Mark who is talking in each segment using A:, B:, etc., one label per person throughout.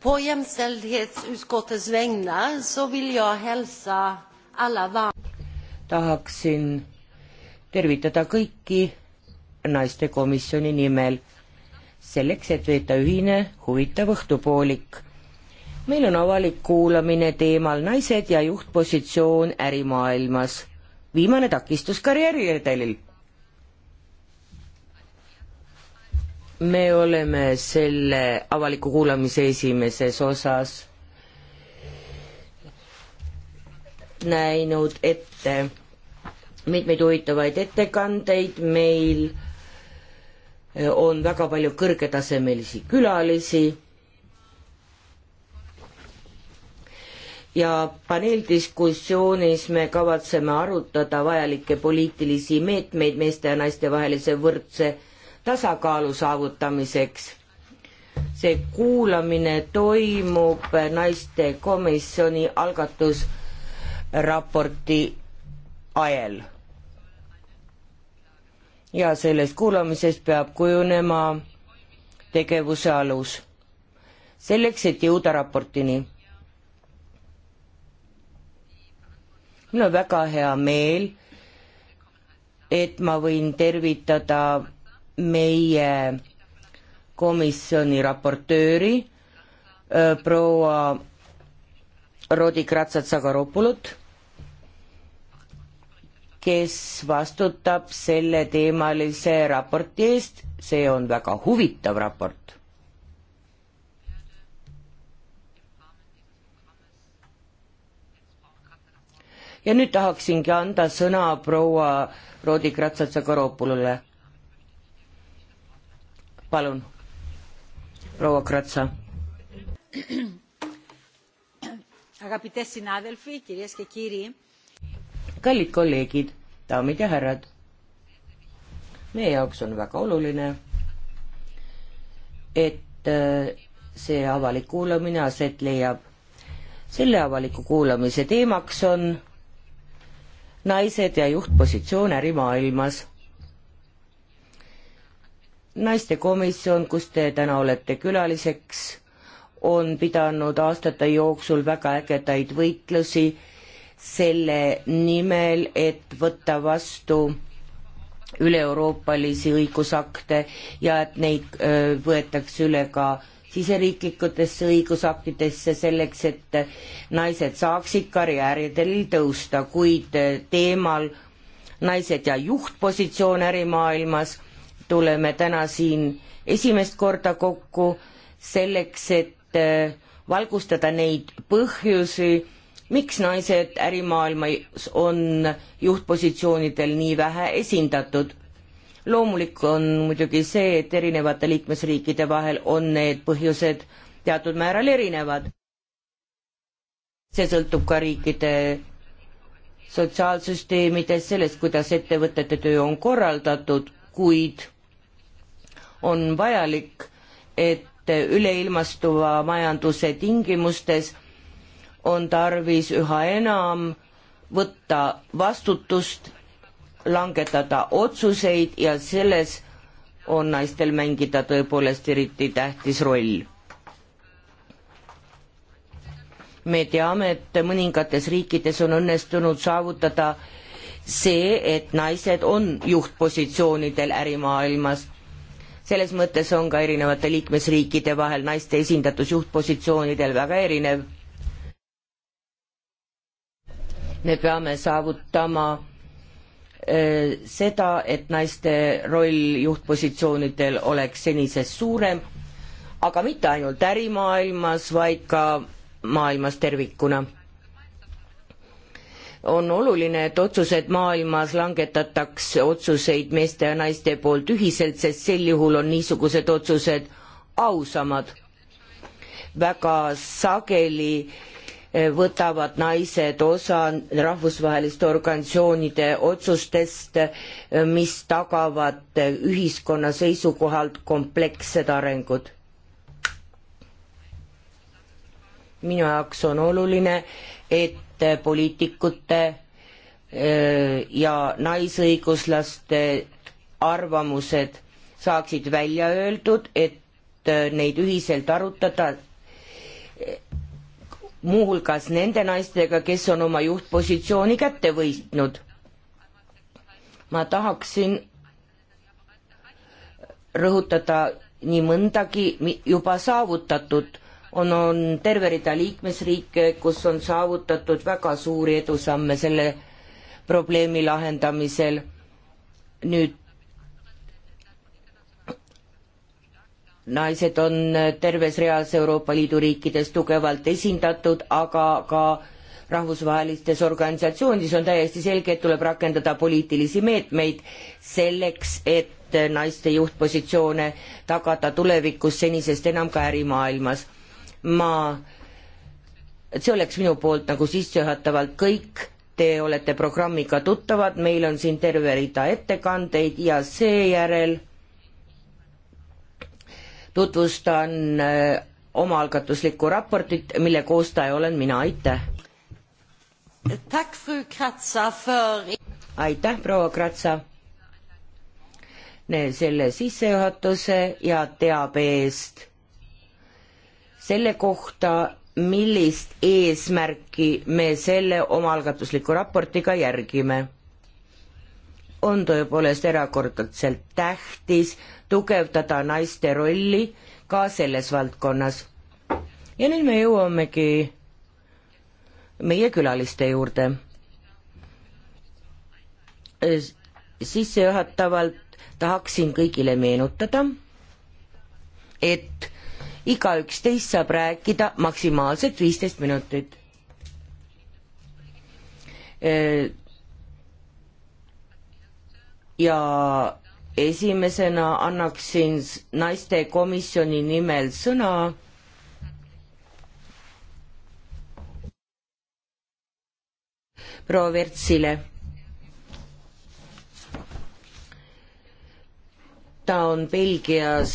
A: På jämställdhetsutskottets vägnar så vill jag hälsa alla varmt.
B: tahaksin tervitada kõiki naistekomisjoni nimel selleks, et veeta ühine huvitav õhtupoolik. meil on avalik kuulamine teemal Naised ja juhtpositsioon ärimaailmas. viimane takistus karjääriredelil me oleme selle avaliku kuulamise esimeses osas näinud ette mitmeid huvitavaid ettekandeid, meil on väga palju kõrgetasemelisi külalisi ja paneeldiskussioonis me kavatseme arutada vajalikke poliitilisi meetmeid meeste ja naiste vahelise võrdse tasakaalu saavutamiseks. see kuulamine toimub naiste komisjoni algatusraporti ajel. ja sellest kuulamisest peab kujunema tegevuse alus, selleks et jõuda raportini mul on väga hea meel, et ma võin tervitada meie komisjoni raportööri proua Rodi Kratsat-Sagaropulut, kes vastutab selle teemalise raporti eest, see on väga huvitav raport. ja nüüd tahaksingi anda sõna proua Rodi Kratsat-Sagaropulule palun, proua Kratsa. kallid kolleegid, daamid ja härrad. meie jaoks on väga oluline, et äh, see avalik kuulamine aset leiab. selle avaliku kuulamise teemaks on naised ja juhtpositsioon ärimaailmas naistekomisjon, kus te täna olete külaliseks, on pidanud aastate jooksul väga ägedaid võitlusi selle nimel, et võtta vastu üle-euroopalisi õigusakte ja et neid öö, võetakse üle ka siseriiklikutesse õigusaktidesse selleks, et naised saaksid karjääridel tõusta, kuid teemal naised ja juhtpositsioon ärimaailmas tuleme täna siin esimest korda kokku selleks, et äh, valgustada neid põhjusi, miks naised ärimaailmas on juhtpositsioonidel nii vähe esindatud. loomulik on muidugi see, et erinevate liikmesriikide vahel on need põhjused teatud määral erinevad. see sõltub ka riikide sotsiaalsüsteemidest, sellest, kuidas ettevõtete töö on korraldatud, kuid on vajalik, et üleilmastuva majanduse tingimustes on tarvis üha enam võtta vastutust, langetada otsuseid ja selles on naistel mängida tõepoolest eriti tähtis roll. me teame, et mõningates riikides on õnnestunud saavutada see, et naised on juhtpositsioonidel ärimaailmas selles mõttes on ka erinevate liikmesriikide vahel naiste esindatus juhtpositsioonidel väga erinev. me peame saavutama äh, seda, et naiste roll juhtpositsioonidel oleks senisest suurem, aga mitte ainult ärimaailmas, vaid ka maailmas tervikuna on oluline, et otsused maailmas langetataks otsuseid meeste ja naiste poolt ühiselt, sest sel juhul on niisugused otsused ausamad. väga sageli eh, võtavad naised osa rahvusvaheliste organisatsioonide otsustest, eh, mis tagavad eh, ühiskonna seisukohalt komplekssed arengud. minu jaoks on oluline, et aktivistide, poliitikute äh, ja naisõiguslaste arvamused saaksid välja öeldud, et äh, neid ühiselt arutada, muuhulgas nende naistega, kes on oma juhtpositsiooni kätte võitnud. ma tahaksin rõhutada nii mõndagi juba saavutatud on, on terve rida liikmesriike, kus on saavutatud väga suuri edusamme selle probleemi lahendamisel. nüüd naised on terves reas Euroopa Liidu riikides tugevalt esindatud, aga ka rahvusvahelistes organisatsioonides on täiesti selge, et tuleb rakendada poliitilisi meetmeid selleks, et naiste juhtpositsioone tagada tulevikus senisest enam ka ärimaailmas ma, see oleks minu poolt nagu sissejuhatavalt kõik, te olete programmiga tuttavad, meil on siin terve rida ettekandeid ja seejärel tutvustan äh, omaalgatuslikku raportit, mille koostaja olen mina, aitäh! aitäh, proua Kratsa! selle sissejuhatuse ja teabe eest selle kohta, millist eesmärki me selle omaalgatusliku raportiga järgime. on tõepoolest erakordselt tähtis tugevdada naiste rolli ka selles valdkonnas. ja nüüd me jõuamegi meie külaliste juurde. sissejuhatavalt tahaksin kõigile meenutada, et igaüks teist saab rääkida maksimaalselt viisteist minutit. Äh, ja esimesena annaksin naistekomisjoni nimel sõna proua Virtsile. ta on Belgias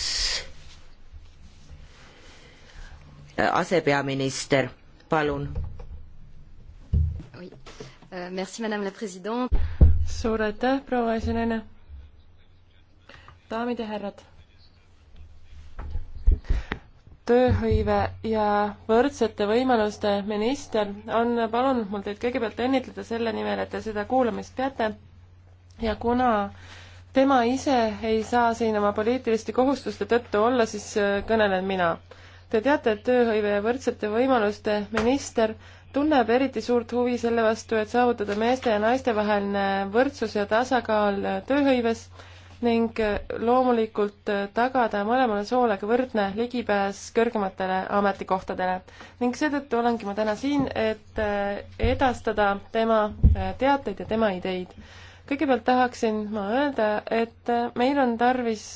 B: asepeaminister, palun.
C: suur aitäh, proua esinaine. daamid ja härrad. tööhõive ja võrdsete võimaluste minister on palunud mul teid kõigepealt õnnitleda selle nimel, et te seda kuulamist peate ja kuna tema ise ei saa siin oma poliitiliste kohustuste tõttu olla, siis kõnelen mina Te teate, et tööhõive ja võrdsete võimaluste minister tunneb eriti suurt huvi selle vastu, et saavutada meeste ja naiste vaheline võrdsus ja tasakaal tööhõives ning loomulikult tagada mõlemale soole ka võrdne ligipääs kõrgematele ametikohtadele. ning seetõttu olengi ma täna siin, et edastada tema teateid ja tema ideid. kõigepealt tahaksin ma öelda, et meil on tarvis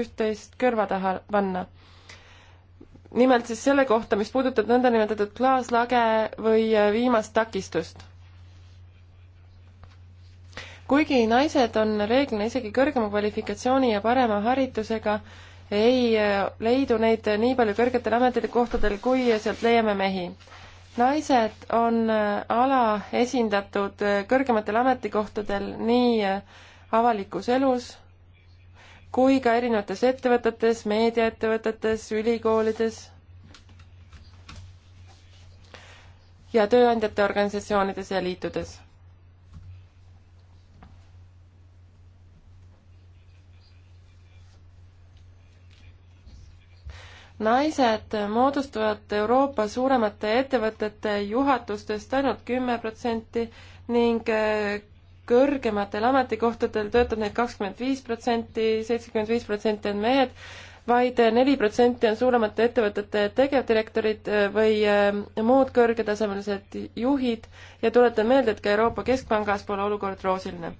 C: üht-teist kõrva taha panna nimelt siis selle kohta, mis puudutab nõndanimetatud klaaslage või äh, viimast takistust. kuigi naised on reeglina isegi kõrgema kvalifikatsiooni ja parema haritusega, ei äh, leidu neid nii palju kõrgetel ametikohtadel, kui sealt leiame mehi. naised on äh, alaesindatud kõrgematel ametikohtadel nii avalikus elus kui ka erinevates ettevõtetes, meediaettevõtetes, ülikoolides ja tööandjate organisatsioonides ja liitudes naised moodustavad Euroopa suuremate ettevõtete juhatustest ainult kümme protsenti ning äh, kõrgematel ametikohtadel töötab neid kakskümmend viis protsenti, seitsekümmend viis protsenti on mehed, vaid neli protsenti on suuremate ettevõtete tegevdirektorid või äh, muud kõrgetasemelised juhid ja tuletan meelde, et ka Euroopa Keskpangas pole olukord roosiline.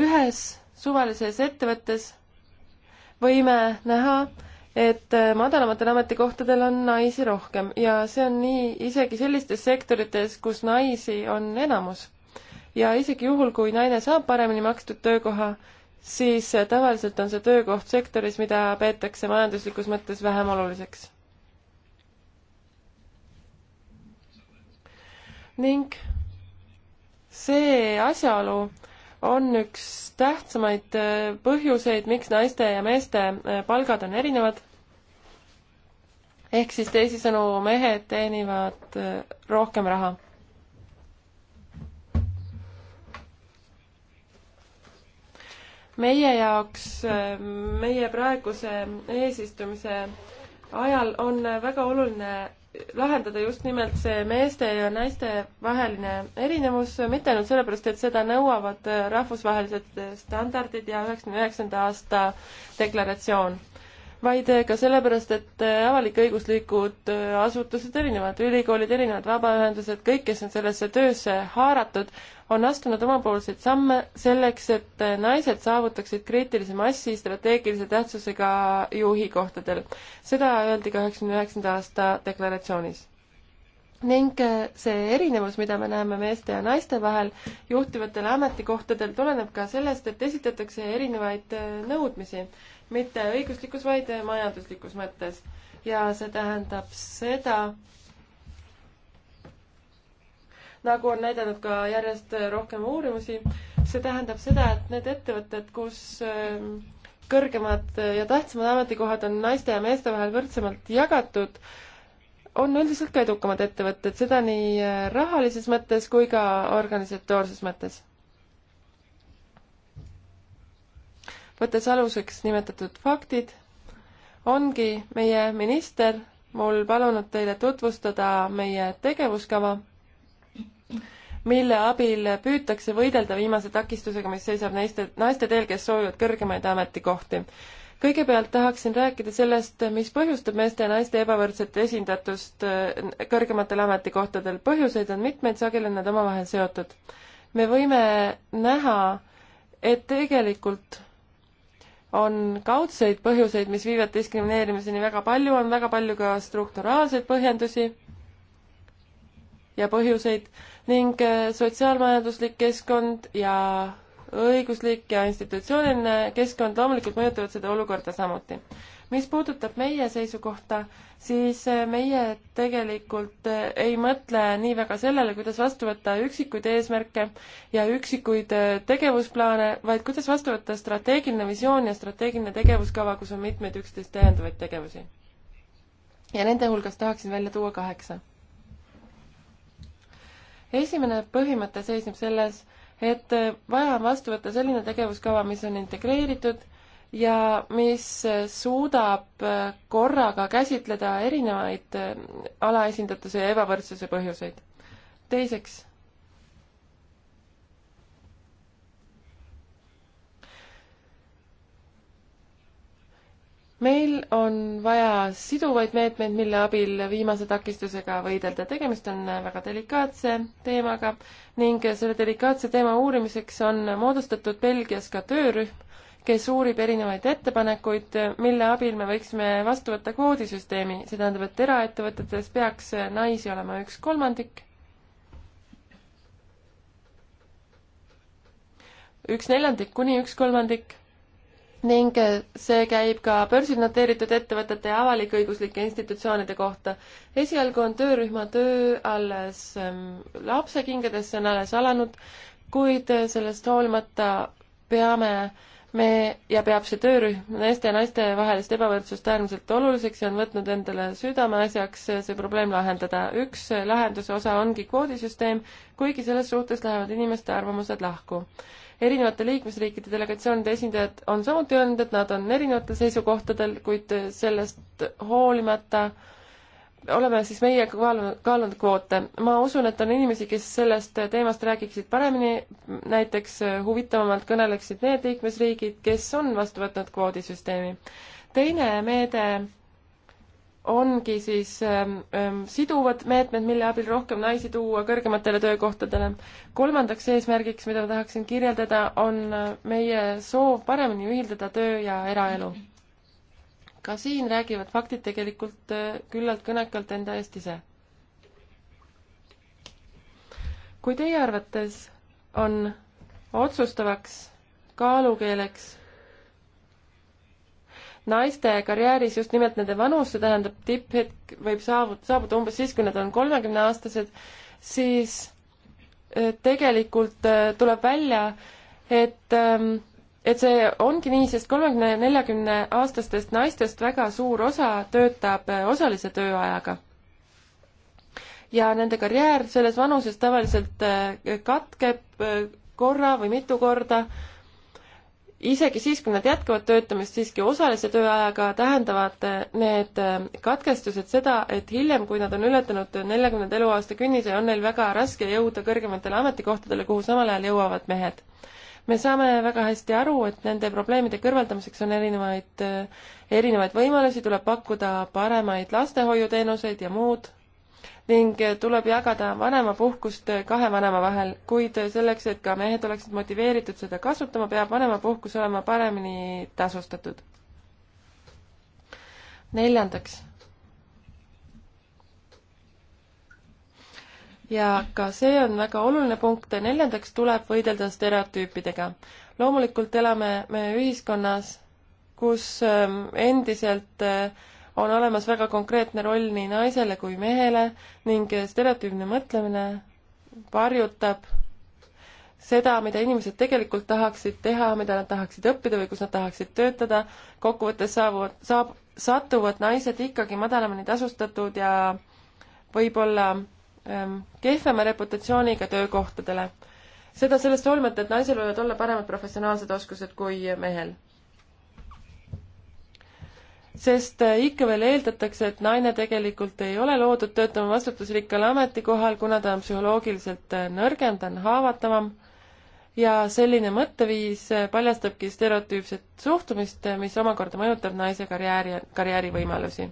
C: ühes suvalises ettevõttes võime näha, et äh, madalamatel ametikohtadel on naisi rohkem ja see on nii isegi sellistes sektorites, kus naisi on enamus. ja isegi juhul, kui naine saab paremini makstud töökoha, siis äh, tavaliselt on see töökoht sektoris, mida peetakse majanduslikus mõttes vähem oluliseks. ning see asjaolu, on üks tähtsamaid äh, põhjuseid, miks naiste ja meeste äh, palgad on erinevad. ehk siis teisisõnu, mehed teenivad äh, rohkem raha. meie jaoks, meie praeguse eesistumise ajal on väga oluline lahendada just nimelt see meeste ja naiste vaheline erinevus, mitte ainult sellepärast, et seda nõuavad äh, rahvusvahelised äh, standardid ja üheksakümne üheksanda aasta deklaratsioon, vaid äh, ka sellepärast, et avalik-õiguslikud asutused erinevad, ülikoolid erinevad, vabaühendused, kõik, kes on sellesse töösse haaratud, on astunud omapoolseid samme selleks, et naised saavutaksid kriitilise massi strateegilise tähtsusega juhikohtadel. seda öeldi ka üheksakümne üheksanda aasta deklaratsioonis ning see erinevus, mida me näeme meeste ja naiste vahel juhtivatel ametikohtadel, tuleneb ka sellest, et esitatakse erinevaid nõudmisi, mitte õiguslikus, vaid majanduslikus mõttes. ja see tähendab seda, nagu on näidanud ka järjest rohkem uurimusi. see tähendab seda, et need ettevõtted, kus ähm, kõrgemad ja tähtsamad ametikohad on naiste ja meeste vahel võrdsemalt jagatud, on üldiselt ka edukamad ettevõtted, seda nii äh, rahalises mõttes kui ka organisatoorses mõttes. võttes aluseks nimetatud faktid, ongi meie minister mul palunud teile tutvustada meie tegevuskava mille abil püütakse võidelda viimase takistusega, mis seisab naiste, naiste teel, kes soovivad kõrgemaid ametikohti. kõigepealt tahaksin rääkida sellest, mis põhjustab meeste ja naiste ebavõrdset esindatust äh, kõrgematel ametikohtadel. põhjuseid on mitmeid, sageli on nad omavahel seotud. me võime näha, et tegelikult on kaudseid põhjuseid, mis viivad diskrimineerimiseni väga palju, on väga palju ka strukturaalseid põhjendusi ja põhjuseid ning äh, sotsiaalmajanduslik keskkond ja õiguslik ja institutsiooniline keskkond loomulikult mõjutavad seda olukorda samuti. mis puudutab meie seisukohta, siis äh, meie tegelikult äh, ei mõtle nii väga sellele, kuidas vastu võtta üksikuid eesmärke ja üksikuid tegevusplaane, vaid kuidas vastu võtta strateegiline visioon ja strateegiline tegevuskava, kus on mitmeid üksteist täiendavaid tegevusi. ja nende hulgas tahaksin välja tuua kaheksa esimene põhimõte seisneb selles, et vaja on vastu võtta selline tegevuskava, mis on integreeritud ja mis suudab korraga käsitleda erinevaid äh, alaesindatuse ja ebavõrdsuse põhjuseid. teiseks meil on vaja siduvaid meetmeid, mille abil viimase takistusega võidelda. tegemist on väga delikaatse teemaga ning selle delikaatse teema uurimiseks on moodustatud Belgias ka töörühm, kes uurib erinevaid ettepanekuid, mille abil me võiksime vastu võtta kvoodisüsteemi, see tähendab, et eraettevõtetes peaks naisi olema üks kolmandik. üks neljandik kuni üks kolmandik ning see käib ka börsil noteeritud ettevõtete ja avalik-õiguslike institutsioonide kohta. esialgu on töörühma töö alles ähm, lapsekingades, see on alles alanud, kuid sellest hoolimata peame me ja peab see töörühm meeste ja naiste vahelist ebavõrdsust äärmiselt oluliseks ja on võtnud endale südameasjaks see probleem lahendada. üks lahenduse osa ongi kvoodisüsteem, kuigi selles suhtes lähevad inimeste arvamused lahku erinevate liikmesriikide delegatsioonide esindajad on samuti öelnud, et nad on erinevatel seisukohtadel, kuid sellest hoolimata oleme siis meie kaalunud, kaalunud kvoote. ma usun, et on inimesi, kes sellest teemast räägiksid paremini, näiteks huvitavamalt kõneleksid need liikmesriigid, kes on vastu võtnud kvoodisüsteemi. teine meede ongi siis ähm, ähm, siduvad meetmed, mille abil rohkem naisi tuua kõrgematele töökohtadele. kolmandaks eesmärgiks, mida ma tahaksin kirjeldada, on äh, meie soov paremini ühildada töö ja eraelu. ka siin räägivad faktid tegelikult äh, küllalt kõnekalt enda eest ise. kui teie arvates on otsustavaks kaalukeeleks naiste karjääris just nimelt nende vanus, see tähendab, tipphetk võib saavut-, saabuda umbes siis, kui nad on kolmekümneaastased, siis eh, tegelikult eh, tuleb välja, et, ehm, et see ongi nii, sest kolmekümne, neljakümne aastastest naistest väga suur osa töötab eh, osalise tööajaga. ja nende karjäär selles vanuses tavaliselt katkeb korra või mitu korda isegi siis, kui nad jätkavad töötamist siiski osalise tööajaga, tähendavad äh, need äh, katkestused seda, et hiljem, kui nad on ületanud neljakümnenda eluaasta künnise, on neil väga raske jõuda kõrgematele ametikohtadele, kuhu samal ajal jõuavad mehed. me saame väga hästi aru, et nende probleemide kõrvaldamiseks on erinevaid, äh, erinevaid võimalusi, tuleb pakkuda paremaid lastehoiuteenuseid ja muud ning tuleb jagada vanemapuhkust kahe vanema vahel, kuid selleks, et ka mehed oleksid motiveeritud seda kasutama, peab vanemapuhkus olema paremini tasustatud. neljandaks. ja ka see on väga oluline punkt, neljandaks tuleb võidelda stereotüüpidega. loomulikult elame me ühiskonnas, kus ähm, endiselt äh, on olemas väga konkreetne roll nii naisele kui mehele ning stereotüüpne mõtlemine varjutab seda, mida inimesed tegelikult tahaksid teha, mida nad tahaksid õppida või kus nad tahaksid töötada. kokkuvõttes saabuvad, saab, satuvad naised ikkagi madalamini tasustatud ja võib-olla ähm, kehvema reputatsiooniga töökohtadele. seda sellest hoolimata, et naisel võivad olla paremad professionaalsed oskused kui mehel sest äh, ikka veel eeldatakse, et naine tegelikult ei ole loodud töötama vastutusrikkal ametikohal, kuna ta on psühholoogiliselt äh, nõrgem, ta on haavatavam ja selline mõtteviis äh, paljastabki stereotüüpset suhtumist, mis omakorda mõjutab naise karjääri, karjäärivõimalusi.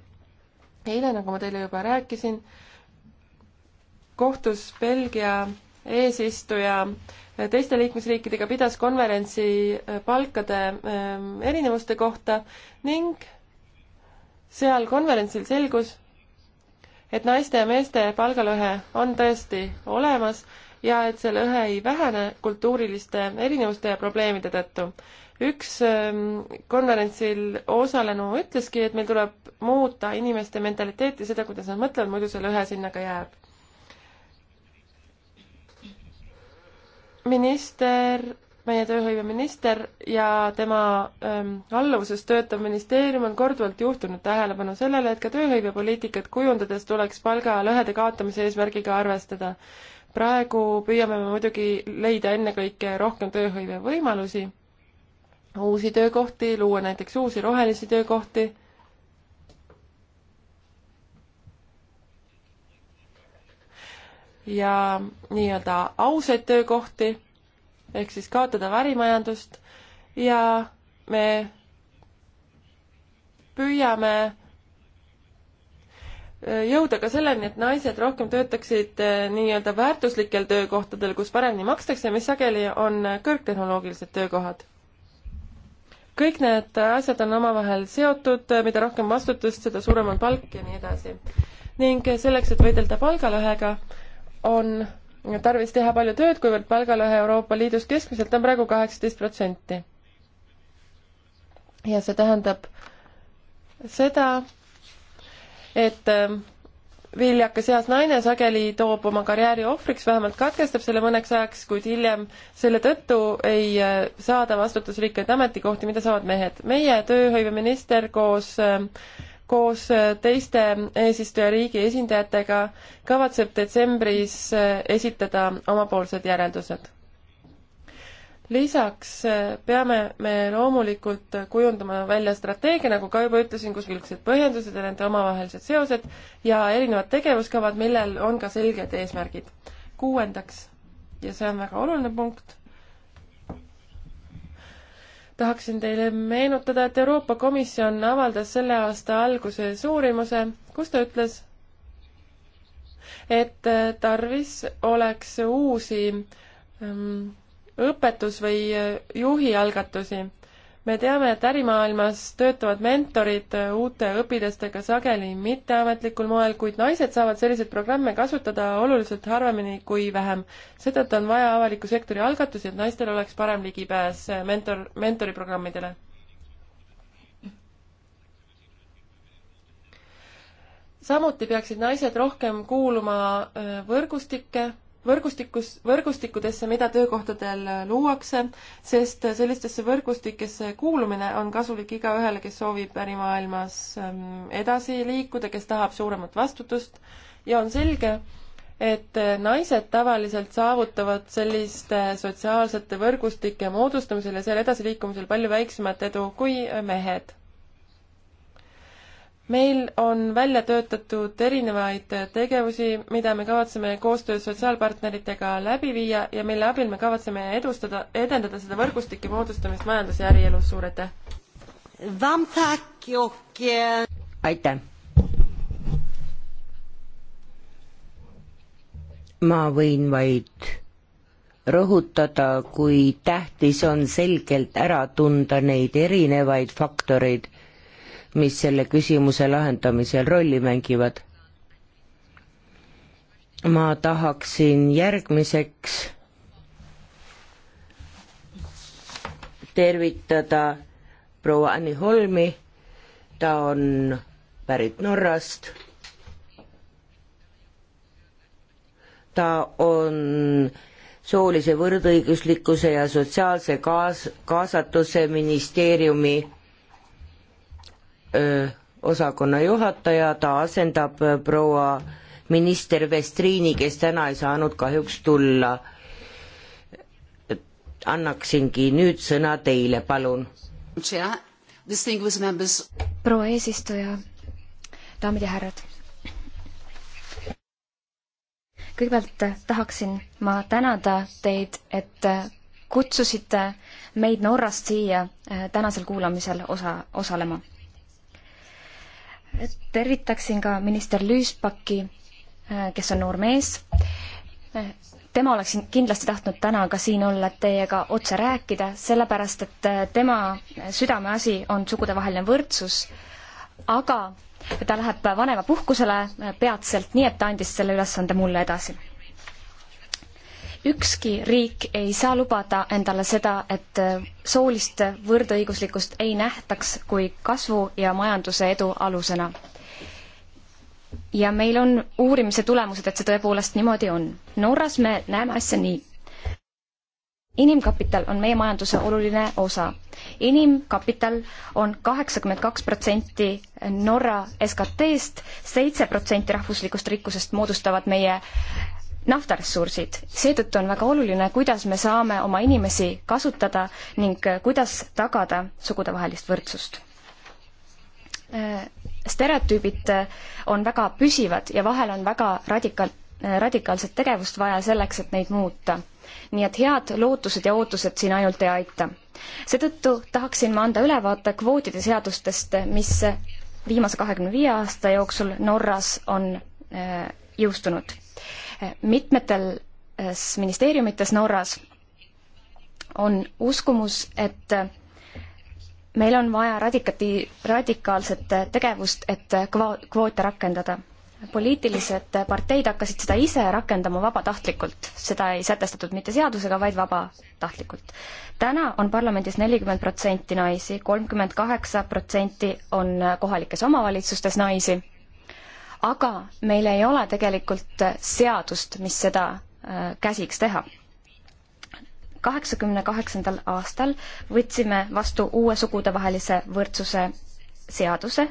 C: eile, nagu ma teile juba rääkisin, kohtus Belgia eesistuja teiste liikmesriikidega, pidas konverentsi palkade ähm, erinevuste kohta ning seal konverentsil selgus, et naiste ja meeste palgalõhe on tõesti olemas ja et see lõhe ei vähene kultuuriliste erinevuste ja probleemide tõttu. üks ähm, konverentsil osalenu ütleski, et meil tuleb muuta inimeste mentaliteeti, seda, kuidas nad mõtlevad, muidu see lõhe sinna ka jääb. minister meie tööhõiveminister ja tema ähm, alluvuses töötav ministeerium on korduvalt juhtunud tähelepanu sellele, et ka tööhõivepoliitikat kujundades tuleks palgalõhede kaotamise eesmärgiga arvestada. praegu püüame me muidugi leida ennekõike rohkem tööhõive võimalusi, uusi töökohti, luua näiteks uusi rohelisi töökohti ja nii-öelda ausaid töökohti ehk siis kaotada varimajandust ja me püüame e, jõuda ka selleni, et naised rohkem töötaksid e, nii-öelda väärtuslikel töökohtadel, kus paremini makstakse, mis sageli on kõrgtehnoloogilised töökohad. kõik need asjad on omavahel seotud, e, mida rohkem vastutust, seda suurem on palk ja nii edasi. ning selleks, et võidelda palgalõhega, on tarvis teha palju tööd, kuivõrd palgalõhe Euroopa Liidus keskmiselt on praegu kaheksateist protsenti. ja see tähendab seda, et ähm, viljakas eas naine sageli toob oma karjääri ohvriks, vähemalt katkestab selle mõneks ajaks, kuid hiljem selle tõttu ei äh, saada vastutusrikkaid ametikohti, mida saavad mehed. meie tööhõiveminister koos äh, koos äh, teiste eesistujariigi esindajatega kavatseb detsembris äh, esitada omapoolsed järeldused. lisaks äh, peame me loomulikult kujundama välja strateegia, nagu ka juba ütlesin, kus külgsed põhjendused ja nende omavahelised seosed ja erinevad tegevuskavad, millel on ka selged eesmärgid. kuuendaks, ja see on väga oluline punkt tahaksin teile meenutada, et Euroopa Komisjon avaldas selle aasta alguses uurimuse, kus ta ütles, et tarvis oleks uusi ähm, õpetus- või juhialgatusi me teame, et ärimaailmas töötavad mentorid uute õpilastega sageli mitteametlikul moel, kuid naised saavad selliseid programme kasutada oluliselt harvemini kui vähem. seetõttu on vaja avaliku sektori algatusi, et naistel oleks parem ligipääs mentor, mentoriprogrammidele. samuti peaksid naised rohkem kuuluma äh, võrgustikke võrgustikus, võrgustikudesse, mida töökohtadel luuakse, sest sellistesse võrgustikesse kuulumine on kasulik igaühele, kes soovib ärimaailmas ähm, edasi liikuda, kes tahab suuremat vastutust ja on selge, et äh, naised tavaliselt saavutavad selliste sotsiaalsete võrgustike moodustamisel ja selle edasiliikumisel palju väiksemat edu kui äh, mehed meil on välja töötatud erinevaid tegevusi, mida me kavatseme koostöös sotsiaalpartneritega läbi viia ja mille abil me kavatseme edustada, edendada seda võrgustike moodustamist majandus- ja ärielus,
A: suur aitäh!
B: aitäh! ma võin vaid rõhutada, kui tähtis on selgelt ära tunda neid erinevaid faktoreid mis selle küsimuse lahendamisel rolli mängivad. ma tahaksin järgmiseks tervitada proua Anni Holmi, ta on pärit Norrast. ta on soolise võrdõiguslikkuse ja sotsiaalse kaas-, kaasatuse ministeeriumi osakonna juhataja, ta asendab proua minister Vestriini, kes täna ei saanud kahjuks tulla. annaksingi nüüd sõna teile, palun.
D: proua eesistuja, daamid ja härrad. kõigepealt tahaksin ma tänada teid, et kutsusite meid Norrast siia äh, tänasel kuulamisel osa, osalema tervitaksin ka minister Lüüspaki, äh, kes on noor mees. Äh, tema oleks kindlasti tahtnud täna ka siin olla, et teiega otse rääkida, sellepärast et äh, tema südameasi on sugudevaheline võrdsus, aga ta läheb vanemapuhkusele peatselt, nii et ta andis selle ülesande mulle edasi ükski riik ei saa lubada endale seda, et äh, soolist võrdõiguslikkust ei nähtaks kui kasvu ja majanduse edu alusena. ja meil on uurimise tulemused, et see tõepoolest niimoodi on. Norras me näeme asja nii. inimkapital on meie majanduse oluline osa. inimkapital on kaheksakümmend kaks protsenti Norra SKT-st, seitse protsenti rahvuslikust rikkusest moodustavad meie naftaressursid. seetõttu on väga oluline, kuidas me saame oma inimesi kasutada ning kuidas tagada sugudevahelist võrdsust. Äh, stereotüübid äh, on väga püsivad ja vahel on väga radikaal, äh, radikaalset tegevust vaja selleks, et neid muuta. nii et head lootused ja ootused siin ainult ei aita. seetõttu tahaksin ma anda ülevaate kvootide seadustest, mis viimase kahekümne viie aasta jooksul Norras on jõustunud mitmetes eh, ministeeriumites Norras on uskumus, et eh, meil on vaja radikati, radikaalset eh, tegevust, et kvo-, kvoote rakendada. poliitilised parteid hakkasid seda ise rakendama vabatahtlikult, seda ei sätestatud mitte seadusega, vaid vabatahtlikult. täna on parlamendis nelikümmend protsenti naisi, kolmkümmend kaheksa protsenti on kohalikes omavalitsustes naisi aga meil ei ole tegelikult seadust, mis seda äh, käsiks teha. kaheksakümne kaheksandal aastal võtsime vastu uue sugudevahelise võrdsuse seaduse,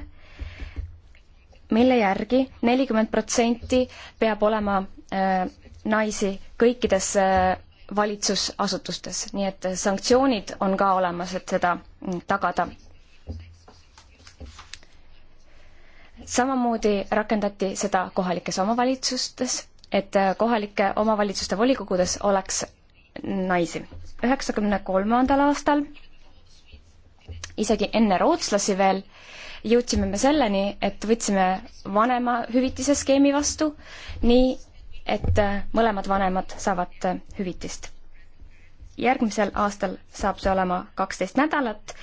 D: mille järgi nelikümmend protsenti peab olema äh, naisi kõikides äh, valitsusasutustes, nii et sanktsioonid on ka olemas, et seda mm, tagada samamoodi rakendati seda kohalikes omavalitsustes, et äh, kohalike omavalitsuste volikogudes oleks naisi. üheksakümne kolmandal aastal, isegi enne rootslasi veel, jõudsime me selleni, et võtsime vanemahüvitise skeemi vastu, nii et äh, mõlemad vanemad saavad äh, hüvitist. järgmisel aastal saab see olema kaksteist nädalat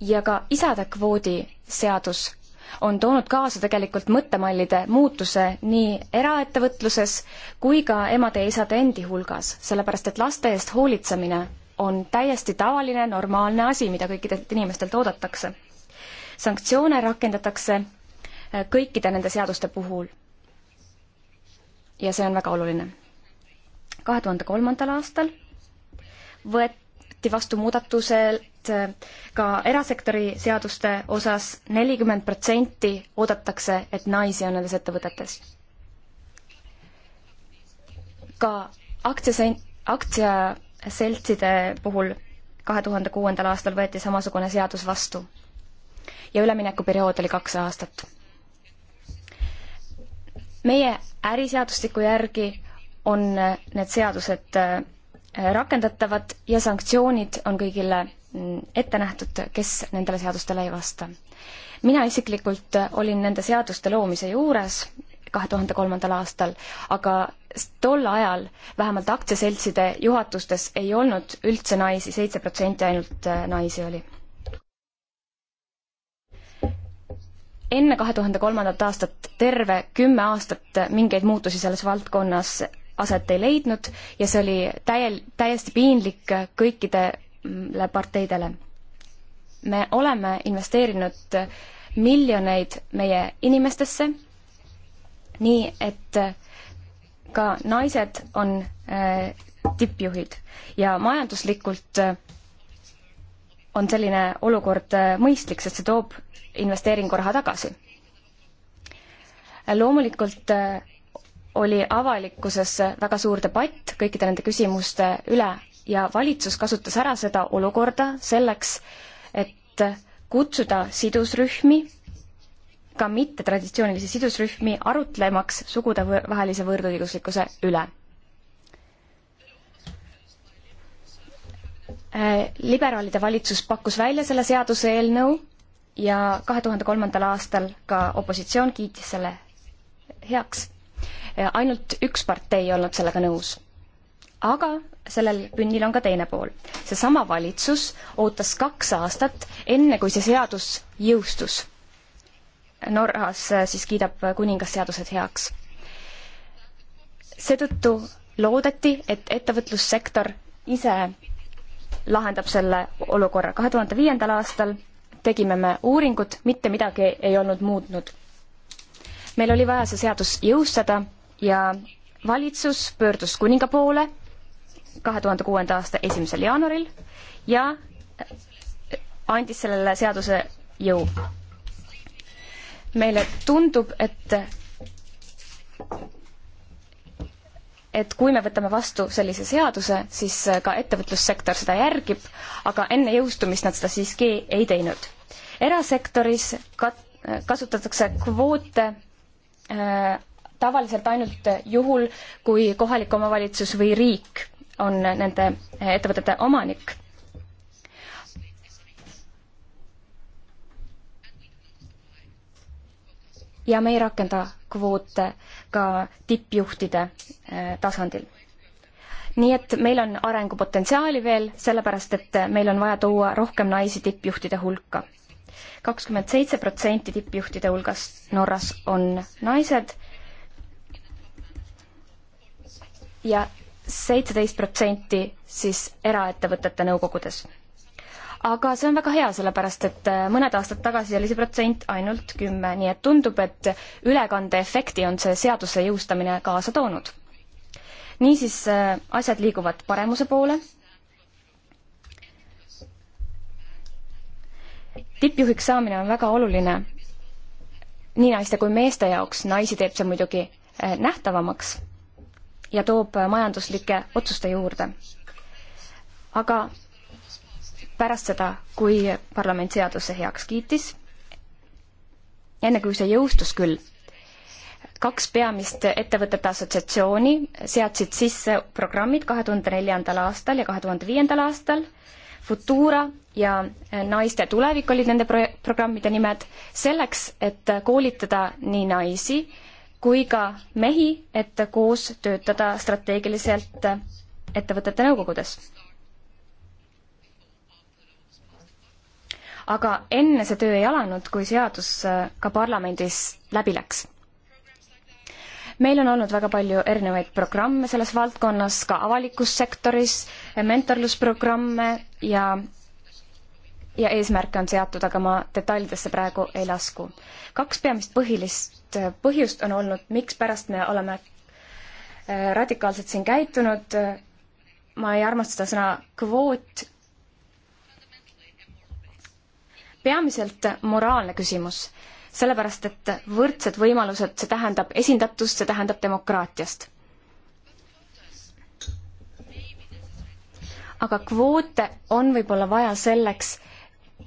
D: ja ka isade kvoodi seadus on toonud kaasa tegelikult mõttemallide muutuse nii eraettevõtluses kui ka emade ja isade endi hulgas, sellepärast et laste eest hoolitsemine on täiesti tavaline, normaalne asi, mida kõikidelt inimestelt oodatakse. sanktsioone rakendatakse äh, kõikide nende seaduste puhul. ja see on väga oluline. kahe tuhande kolmandal aastal võet-, võeti vastu muudatused äh, ka erasektori seaduste osas, nelikümmend protsenti oodatakse, et naisi on nendes ettevõtetes. ka aktsiasen-, aktsiaseltside puhul kahe tuhande kuuendal aastal võeti samasugune seadus vastu. ja üleminekuperiood oli kaks aastat. meie äriseadustiku järgi on need seadused äh, rakendatavad ja sanktsioonid on kõigile mm, ette nähtud, kes nendele seadustele ei vasta. mina isiklikult olin nende seaduste loomise juures kahe tuhande kolmandal aastal, aga tol ajal vähemalt aktsiaseltside juhatustes ei olnud üldse naisi, seitse protsenti ainult äh, naisi oli. enne kahe tuhande kolmandat aastat terve kümme aastat mingeid muutusi selles valdkonnas aset ei leidnud ja see oli täiel, täiesti piinlik kõikidele parteidele. me oleme investeerinud miljoneid meie inimestesse, nii et ka naised on äh, tippjuhid ja majanduslikult äh, on selline olukord äh, mõistlik, sest see toob investeeringu raha tagasi. loomulikult äh, oli avalikkuses väga suur debatt kõikide nende küsimuste üle ja valitsus kasutas ära seda olukorda selleks, et kutsuda sidusrühmi, ka mittetraditsioonilisi sidusrühmi, arutlemaks sugudevahelise võrdõiguslikkuse üle. liberaalide valitsus pakkus välja selle seaduseelnõu ja kahe tuhande kolmandal aastal ka opositsioon kiitis selle heaks Äh, ainult üks partei olnud sellega nõus. aga sellel pünnil on ka teine pool. seesama valitsus ootas kaks aastat, enne kui see seadus jõustus. Norras äh, siis kiidab kuningas seadused heaks. seetõttu loodeti, et ettevõtlussektor ise lahendab selle olukorra. kahe tuhande viiendal aastal tegime me uuringut, mitte midagi ei olnud muutnud. meil oli vaja see seadus jõustada ja valitsus pöördus kuninga poole kahe tuhande kuuenda aasta esimesel jaanuaril ja andis sellele seaduse jõu. meile tundub, et et kui me võtame vastu sellise seaduse, siis ka ettevõtlussektor seda järgib, aga enne jõustumist nad seda siiski ei teinud. erasektoris kat-, kasutatakse kvoote äh, tavaliselt ainult juhul, kui kohalik omavalitsus või riik on nende ettevõtete omanik. ja me ei rakenda kvoote ka tippjuhtide eh, tasandil nii et meil on arengupotentsiaali veel, sellepärast et meil on vaja tuua rohkem naisi tippjuhtide hulka. kakskümmend seitse protsenti tippjuhtide hulgast Norras on naised ja seitseteist protsenti siis eraettevõtete nõukogudes. aga see on väga hea, sellepärast et äh, mõned aastad tagasi oli see protsent ainult kümme, nii et tundub, et ülekandeefekti on see seaduse jõustamine kaasa toonud. niisiis äh, asjad liiguvad paremuse poole. tippjuhiks saamine on väga oluline nii naiste kui meeste jaoks, naisi teeb see muidugi äh, nähtavamaks ja toob majanduslike otsuste juurde. aga pärast seda, kui parlament seaduse heaks kiitis, enne kui see jõustus küll, kaks peamist ettevõtete assotsiatsiooni seadsid sisse programmid kahe tuhande neljandal aastal ja kahe tuhande viiendal aastal. Futura ja Naiste tulevik olid nende pro-, programmide nimed, selleks, et koolitada nii naisi kui ka mehi, et koos töötada strateegiliselt ettevõtete nõukogudes. aga enne see töö ei alanud, kui seadus ka parlamendis läbi läks. meil on olnud väga palju erinevaid programme selles valdkonnas, ka avalikus sektoris, mentorlusprogramme ja ja eesmärke on seatud, aga ma detailidesse praegu ei lasku. kaks peamist põhilist äh, põhjust on olnud, mikspärast me oleme äh, radikaalselt siin käitunud. ma ei armasta seda sõna kvoot. peamiselt moraalne küsimus, sellepärast et võrdsed võimalused, see tähendab esindatust, see tähendab demokraatiast aga kvoote on võib-olla vaja selleks,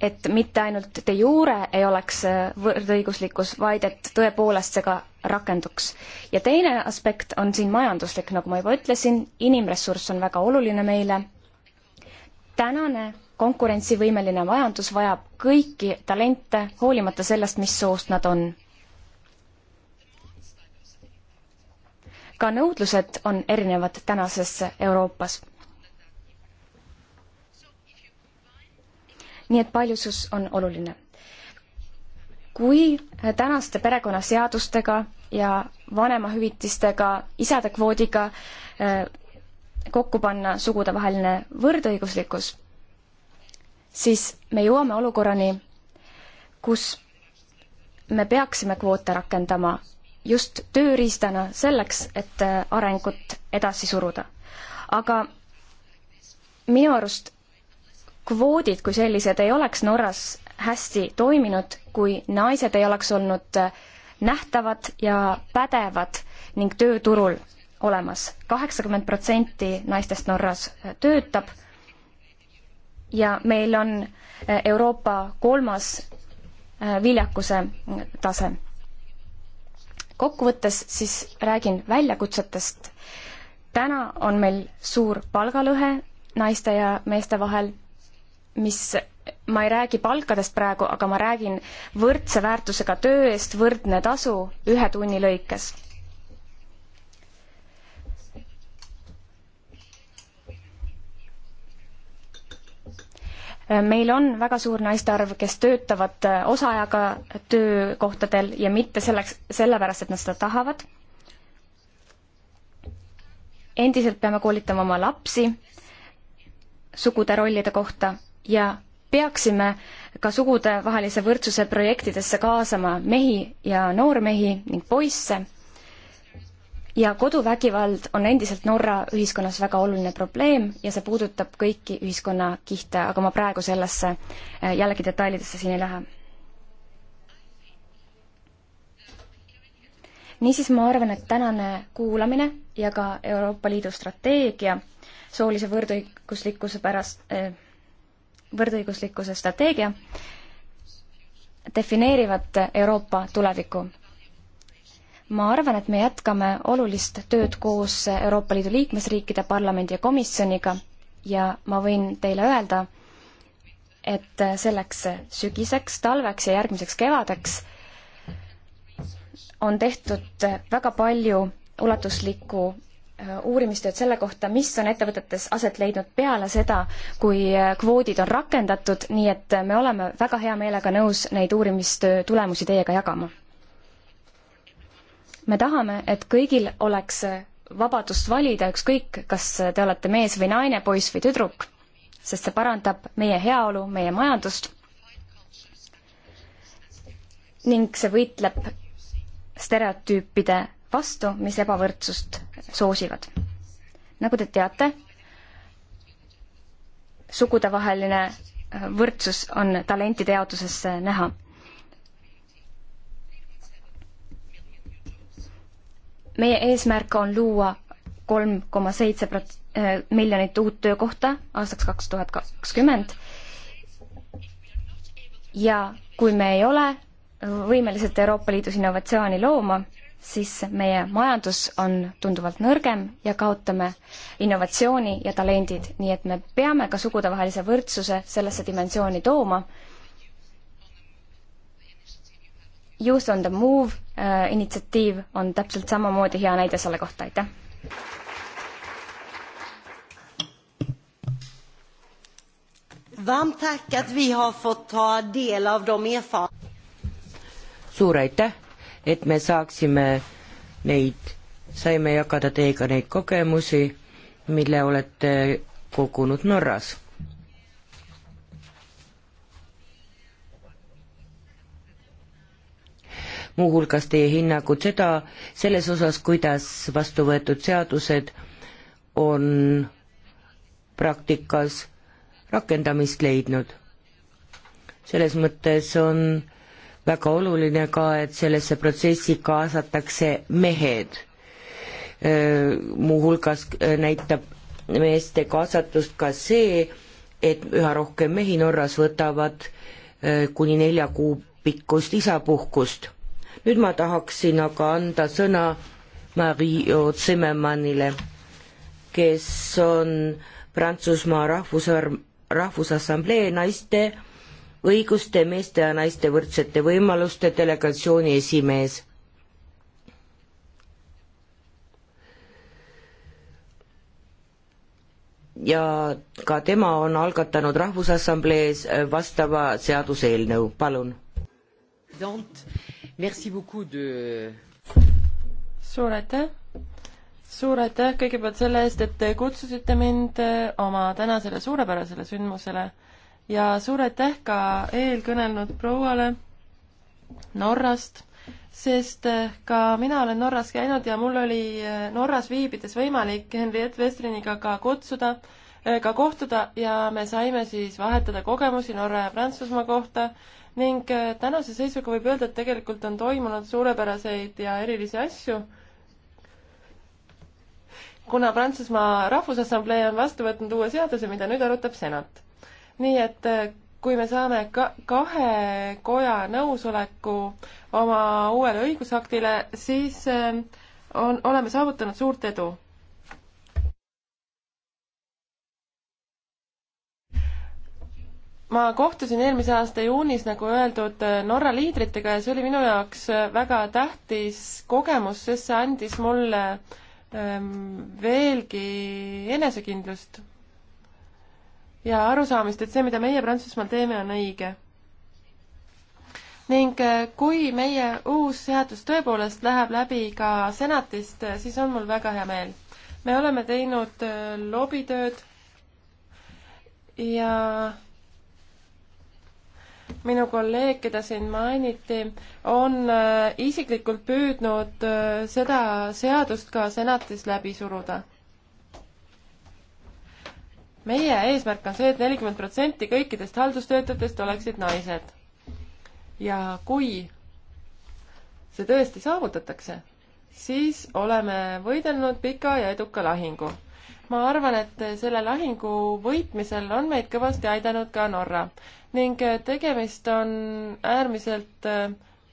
D: et mitte ainult de jure ei oleks võrdõiguslikkus, vaid et tõepoolest see ka rakenduks. ja teine aspekt on siin majanduslik, nagu ma juba ütlesin, inimressurss on väga oluline meile. tänane konkurentsivõimeline majandus vajab kõiki talente, hoolimata sellest, mis soost nad on. ka nõudlused on erinevad tänases Euroopas nii et paljusus on oluline. kui tänaste perekonnaseadustega ja vanemahüvitistega, isade kvoodiga eh, kokku panna sugudevaheline võrdõiguslikkus, siis me jõuame olukorrani, kus me peaksime kvoote rakendama just tööriistana selleks, et eh, arengut edasi suruda. aga minu arust kvoodid kui sellised ei oleks Norras hästi toiminud, kui naised ei oleks olnud äh, nähtavad ja pädevad ning tööturul olemas. kaheksakümmend protsenti naistest Norras äh, töötab ja meil on äh, Euroopa kolmas viljakuse mm, tase. kokkuvõttes siis räägin väljakutsetest. täna on meil suur palgalõhe naiste ja meeste vahel mis, ma ei räägi palkadest praegu, aga ma räägin võrdse väärtusega töö eest võrdne tasu ühe tunni lõikes. meil on väga suur naiste arv, kes töötavad äh, osaajaga töökohtadel ja mitte selleks, sellepärast, et nad seda tahavad. endiselt peame koolitama oma lapsi sugude rollide kohta ja peaksime ka sugudevahelise võrdsuse projektidesse kaasama mehi ja noormehi ning poisse. ja koduvägivald on endiselt Norra ühiskonnas väga oluline probleem ja see puudutab kõiki ühiskonnakihte, aga ma praegu sellesse äh, jällegi detailidesse siin ei lähe. niisiis, ma arvan, et tänane kuulamine ja ka Euroopa Liidu strateegia soolise võrdõiguslikkuse pärast äh, võrdõiguslikkuse strateegia defineerivad Euroopa tulevikku. ma arvan, et me jätkame olulist tööd koos Euroopa Liidu liikmesriikide parlamendi ja komisjoniga ja ma võin teile öelda, et selleks sügiseks, talveks ja järgmiseks kevadeks on tehtud väga palju ulatuslikku Äh, uurimistööd selle kohta, mis on ettevõtetes aset leidnud peale seda, kui äh, kvoodid on rakendatud, nii et äh, me oleme väga hea meelega nõus neid uurimistöö tulemusi teiega jagama. me tahame, et kõigil oleks vabadust valida, ükskõik, kas te olete mees või naine, poiss või tüdruk, sest see parandab meie heaolu, meie majandust ning see võitleb stereotüüpide vastu, mis ebavõrdsust soosivad. nagu te teate, sugudevaheline äh, võrdsus on talentide jaotuses äh, näha. meie eesmärk on luua kolm koma seitse prot-, äh, miljonit uut töökohta aastaks kaks tuhat kakskümmend ja kui me ei ole võimelised Euroopa Liidus innovatsiooni looma, siis meie majandus on tunduvalt nõrgem ja kaotame innovatsiooni ja talendid, nii et me peame ka sugudevahelise võrdsuse sellesse dimensiooni tooma. Youth on the move äh, initsiatiiv on täpselt samamoodi hea näide selle kohta, aitäh!
B: suur aitäh! et me saaksime neid, saime jagada teiega neid kogemusi, mille olete kogunud Norras. muuhulgas teie hinnangud seda, selles osas, kuidas vastu võetud seadused on praktikas rakendamist leidnud. selles mõttes on väga oluline ka, et sellesse protsessi kaasatakse mehed. muuhulgas näitab meeste kaasatust ka see, et üha rohkem mehi Norras võtavad kuni nelja kuu pikkust isapuhkust. nüüd ma tahaksin aga anda sõna Marie Zimmermannile, kes on Prantsusmaa rahvus, Rahvusassamblee naiste õiguste, meeste ja naiste võrdsete võimaluste delegatsiooni esimees. ja ka tema on algatanud Rahvusassamblees äh, vastava seaduseelnõu, palun.
C: suur aitäh suur aitäh kõigepealt selle eest, et te kutsusite mind äh, oma tänasele suurepärasele sündmusele ja suur aitäh ka eelkõnelnud prouale Norrast, sest eh, ka mina olen Norras käinud ja mul oli eh, Norras viibides võimalik Henriette Vestriniga ka kutsuda, eh, ka kohtuda ja me saime siis vahetada kogemusi Norra ja Prantsusmaa kohta ning tänase seisuga võib öelda, et tegelikult on toimunud suurepäraseid ja erilisi asju kuna Prantsusmaa Rahvusassamblee on vastu võtnud uue seaduse, mida nüüd arutab senat nii et äh, kui me saame ka kahe koja nõusoleku oma uuele õigusaktile, siis äh, on, oleme saavutanud suurt edu ma kohtusin eelmise aasta juunis, nagu öeldud, äh, Norra liidritega ja see oli minu jaoks väga tähtis kogemus, sest see andis mulle ähm, veelgi enesekindlust ja arusaamist, et see, mida meie Prantsusmaal teeme, on õige. ning äh, kui meie uus seadus tõepoolest läheb läbi ka senatist, äh, siis on mul väga hea meel. me oleme teinud äh, lobitööd ja minu kolleeg, keda siin mainiti, on isiklikult püüdnud seda seadust ka senatis läbi suruda meie eesmärk on see et, et nelikümmend protsenti kõikidest haldustöötajatest oleksid naised. ja kui see tõesti saavutatakse, siis oleme võidelnud pika ja eduka lahingu. ma arvan, et selle lahingu võitmisel on meid kõvasti aidanud ka Norra ning tegemist on äärmiselt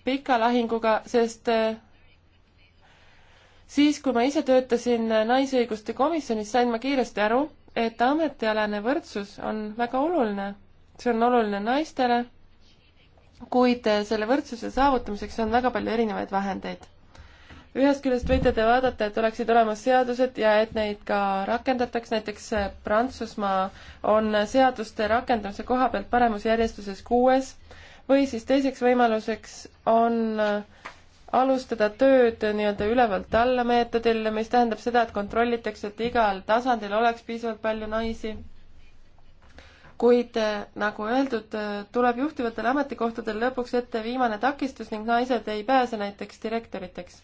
C: pika lahinguga, sest siis, kui ma ise töötasin Naisõiguste komisjonis, sain ma kiiresti aru, et ametialane võrdsus on väga oluline. see on oluline naistele, kuid selle võrdsuse saavutamiseks on väga palju erinevaid vahendeid. ühest küljest võite te vaadata, et oleksid olemas seadused ja et neid ka rakendataks, näiteks Prantsusmaa on seaduste rakendamise koha pealt paremusjärjestuses kuues, või siis teiseks võimaluseks on äh, alustada tööd nii-öelda ülevalt alla meetodil, mis tähendab seda, et kontrollitakse, et igal tasandil oleks piisavalt palju naisi. kuid nagu öeldud, tuleb juhtivatel ametikohtadel lõpuks ette viimane takistus ning naised ei pääse näiteks direktoriteks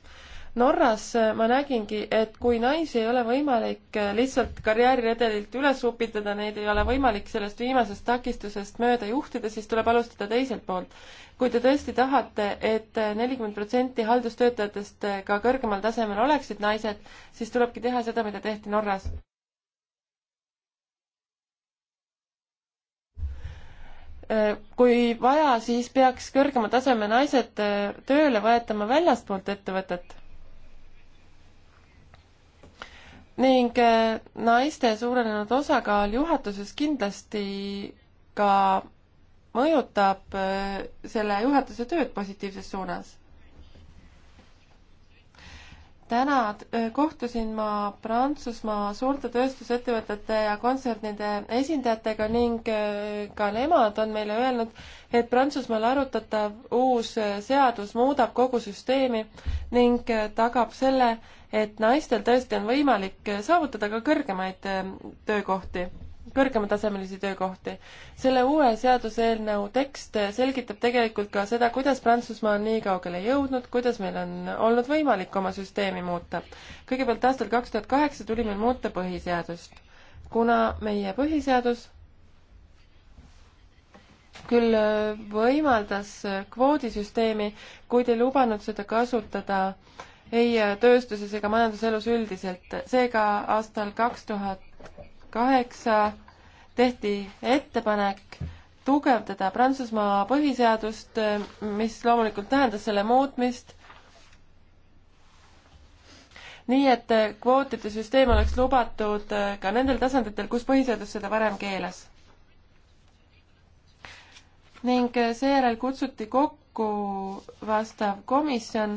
C: Norras äh, ma nägingi, et kui naisi ei ole võimalik äh, lihtsalt karjääriredelilt üles upitada, neid ei ole võimalik sellest viimasest takistusest mööda juhtida, siis tuleb alustada teiselt poolt. kui te tõesti tahate et, et äh, nelikümmend protsenti haldustöötajatest ka kõrgemal tasemel oleksid naised, siis tulebki teha seda, mida tehti Norras. kui vaja, siis peaks kõrgema taseme naised tööle võetama väljastpoolt ettevõtet ning äh, naiste suurenenud osakaal juhatuses kindlasti ka mõjutab äh, selle juhatuse tööd positiivses suunas täna äh, kohtusin ma Prantsusmaa suurte tööstusettevõtete ja kontsernide esindajatega ning äh, ka nemad on meile öelnud, et Prantsusmaal arutatav uus äh, seadus muudab kogu süsteemi ning tagab selle, et naistel tõesti on võimalik saavutada ka kõrgemaid töökohti kõrgematasemelisi töökohti. selle uue seaduseelnõu tekst selgitab tegelikult ka seda, kuidas Prantsusmaa on nii kaugele jõudnud, kuidas meil on olnud võimalik oma süsteemi muuta. kõigepealt aastal kaks tuhat kaheksa tuli meil muuta põhiseadust, kuna meie põhiseadus küll võimaldas kvoodisüsteemi, kuid ei lubanud seda kasutada ei tööstuses ega majanduselus üldiselt. seega aastal kaks tuhat kaheksa tehti ettepanek tugevdada Prantsusmaa põhiseadust, mis loomulikult tähendas selle muutmist, nii et kvootide süsteem oleks lubatud ka nendel tasanditel, kus põhiseadus seda varem keelas. ning seejärel kutsuti kokku vastav komisjon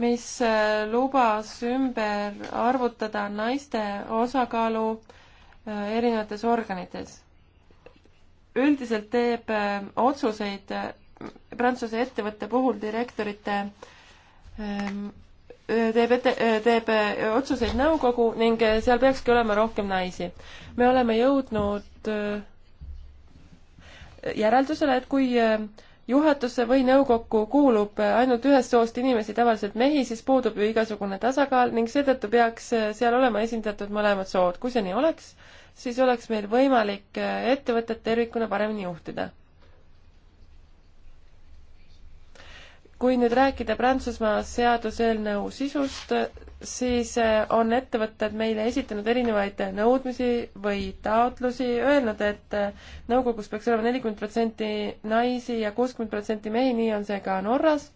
C: mis äh, lubas ümber arvutada naiste osakaalu äh, erinevates organites. üldiselt teeb äh, otsuseid Prantsuse ettevõtte puhul direktorite ähm, teeb ette, teeb otsuseid nõukogu ning seal peakski olema rohkem naisi. me oleme jõudnud järeldusele, et kui juhatusse või nõukokku kuulub ainult ühest soost inimesi, tavaliselt mehi, siis puudub ju igasugune tasakaal ning seetõttu peaks seal olema esindatud mõlemad sood. kui see nii oleks, siis oleks meil võimalik ettevõtet tervikuna paremini juhtida. kui nüüd rääkida Prantsusmaa seaduseelnõu sisust, siis eh, on ettevõtted meile esitanud erinevaid nõudmisi või taotlusi, öelnud, et eh, nõukogus peaks olema nelikümmend protsenti naisi ja kuuskümmend protsenti mehi, nii on see ka Norras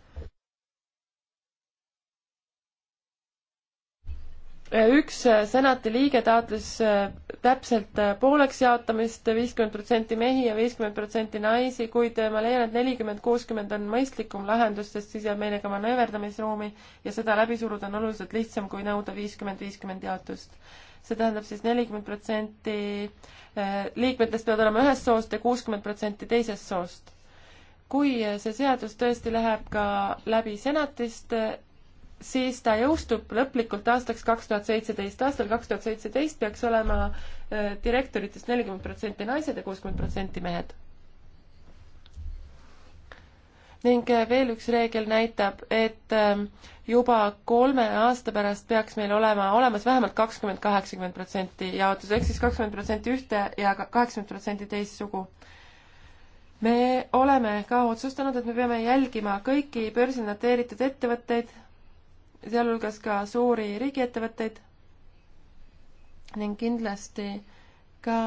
C: üks äh, senati liige taotles äh, täpselt äh, pooleks jaotamist, viiskümmend protsenti mehi ja viiskümmend protsenti naisi, kuid ma leian, et nelikümmend, kuuskümmend on mõistlikum lahendus, sest siis jääb meile ka manööverdamisruumi ja seda läbi suruda on oluliselt lihtsam, kui nõuda viiskümmend, viiskümmend jaotust. see tähendab siis nelikümmend protsenti liikmetest peavad olema ühest soost ja kuuskümmend protsenti teisest soost kui see seadus tõesti läheb ka läbi senatist, siis ta jõustub lõplikult aastaks kaks tuhat seitseteist. aastal kaks tuhat seitseteist peaks olema äh, direktoritest nelikümmend protsenti naised ja kuuskümmend protsenti mehed. ning äh, veel üks reegel näitab, et ähm, juba kolme aasta pärast peaks meil olema olemas vähemalt kakskümmend, kaheksakümmend protsenti jaotus, ehk siis kakskümmend protsenti ühte ja kaheksakümmend protsenti teist sugu me oleme ka otsustanud, et me peame jälgima kõiki börsil noteeritud ettevõtteid, sealhulgas ka suuri riigiettevõtteid ning kindlasti ka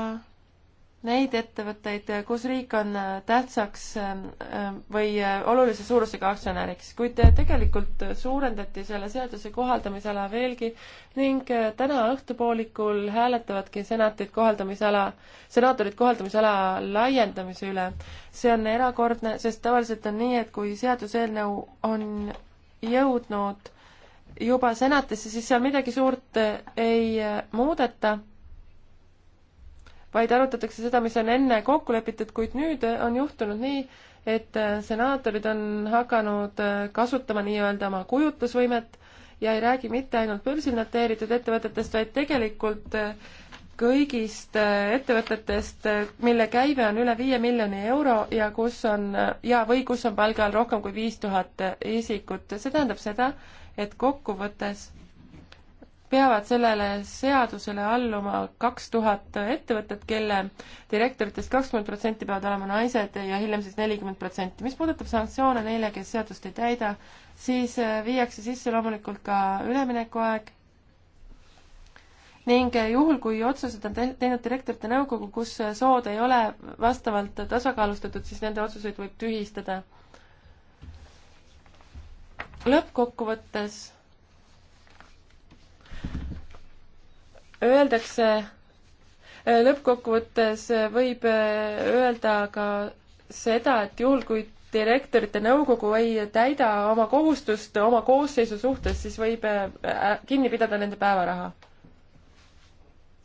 C: neid ettevõtteid, kus riik on tähtsaks ähm, ähm, või äh, olulise suurusega aktsionäriks, kuid tegelikult suurendati selle seaduse kohaldamisala veelgi ning äh, täna õhtupoolikul hääletavadki senatid kohaldamisala, senaatorid kohaldamisala laiendamise üle. see on erakordne, sest tavaliselt on nii, et kui seaduseelnõu on jõudnud juba senatisse, siis seal midagi suurt äh, ei äh, muudeta, vaid arutatakse seda, mis on enne kokku lepitud, kuid nüüd äh, on juhtunud nii, et senaatorid on hakanud kasutama nii-öelda oma kujutlusvõimet ja ei räägi mitte ainult börsil noteeritud ettevõtetest, vaid tegelikult kõigist ettevõtetest, mille käive on üle viie miljoni euro ja kus on ja, või kus on palgal rohkem kui viis tuhat isikut. see tähendab seda, et kokkuvõttes peavad sellele seadusele alluma kaks tuhat ettevõtet, kelle direktoritest kakskümmend protsenti peavad olema naised ja hiljem siis nelikümmend protsenti. mis puudutab sanktsioone neile, kes seadust ei täida, siis äh, viiakse sisse loomulikult ka üleminekuaeg ning äh, juhul, kui otsused on teinud direktorite nõukogu, kus äh, sood ei ole vastavalt tasakaalustatud, siis nende otsuseid võib tühistada lõppkokkuvõttes öeldakse, äh, lõppkokkuvõttes võib äh, öelda ka seda, et juhul, kui direktorite nõukogu ei täida oma kohustust oma koosseisu suhtes, siis võib äh, kinni pidada nende päevaraha.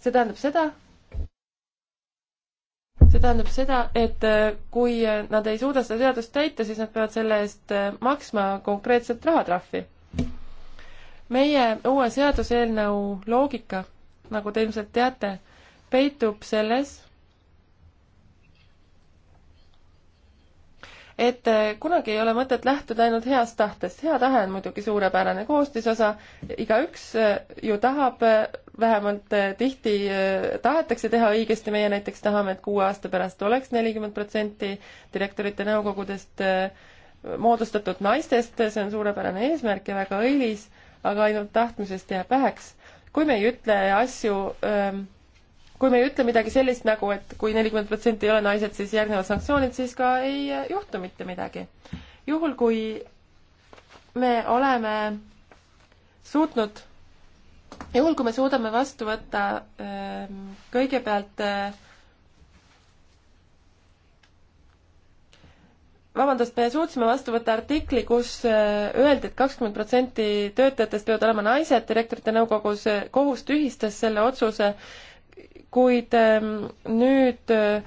C: see tähendab seda, see tähendab seda, et äh, kui äh, nad ei suuda seda seadust täita, siis nad peavad selle eest äh, maksma konkreetselt rahatrahvi. meie uue seaduseelnõu loogika, nagu te ilmselt teate, peitub selles, et eh, kunagi ei ole mõtet lähtuda ainult heast tahtest. hea tahe on muidugi suurepärane koostisosa, igaüks eh, ju tahab, eh, vähemalt tihti tahetakse teha õigesti, meie näiteks tahame, et kuue aasta pärast oleks nelikümmend protsenti direktorite nõukogudest moodustatud naistest, see on suurepärane eesmärk ja väga õilis, aga ainult tahtmisest jääb väheks. kui me ei ütle asju ähm, kui me ei ütle midagi sellist nagu, et kui nelikümmend protsenti ei ole naised, siis järgnevad sanktsioonid, siis ka ei äh, juhtu mitte midagi. juhul, kui me oleme suutnud, juhul kui me suudame vastu võtta ähm, kõigepealt äh, vabandust, me suutsime vastu võtta artikli, kus äh, öeldi et, et kakskümmend protsenti töötajatest peavad olema naised, direktorite nõukogus kohus tühistas selle otsuse kuid ähm, nüüd äh,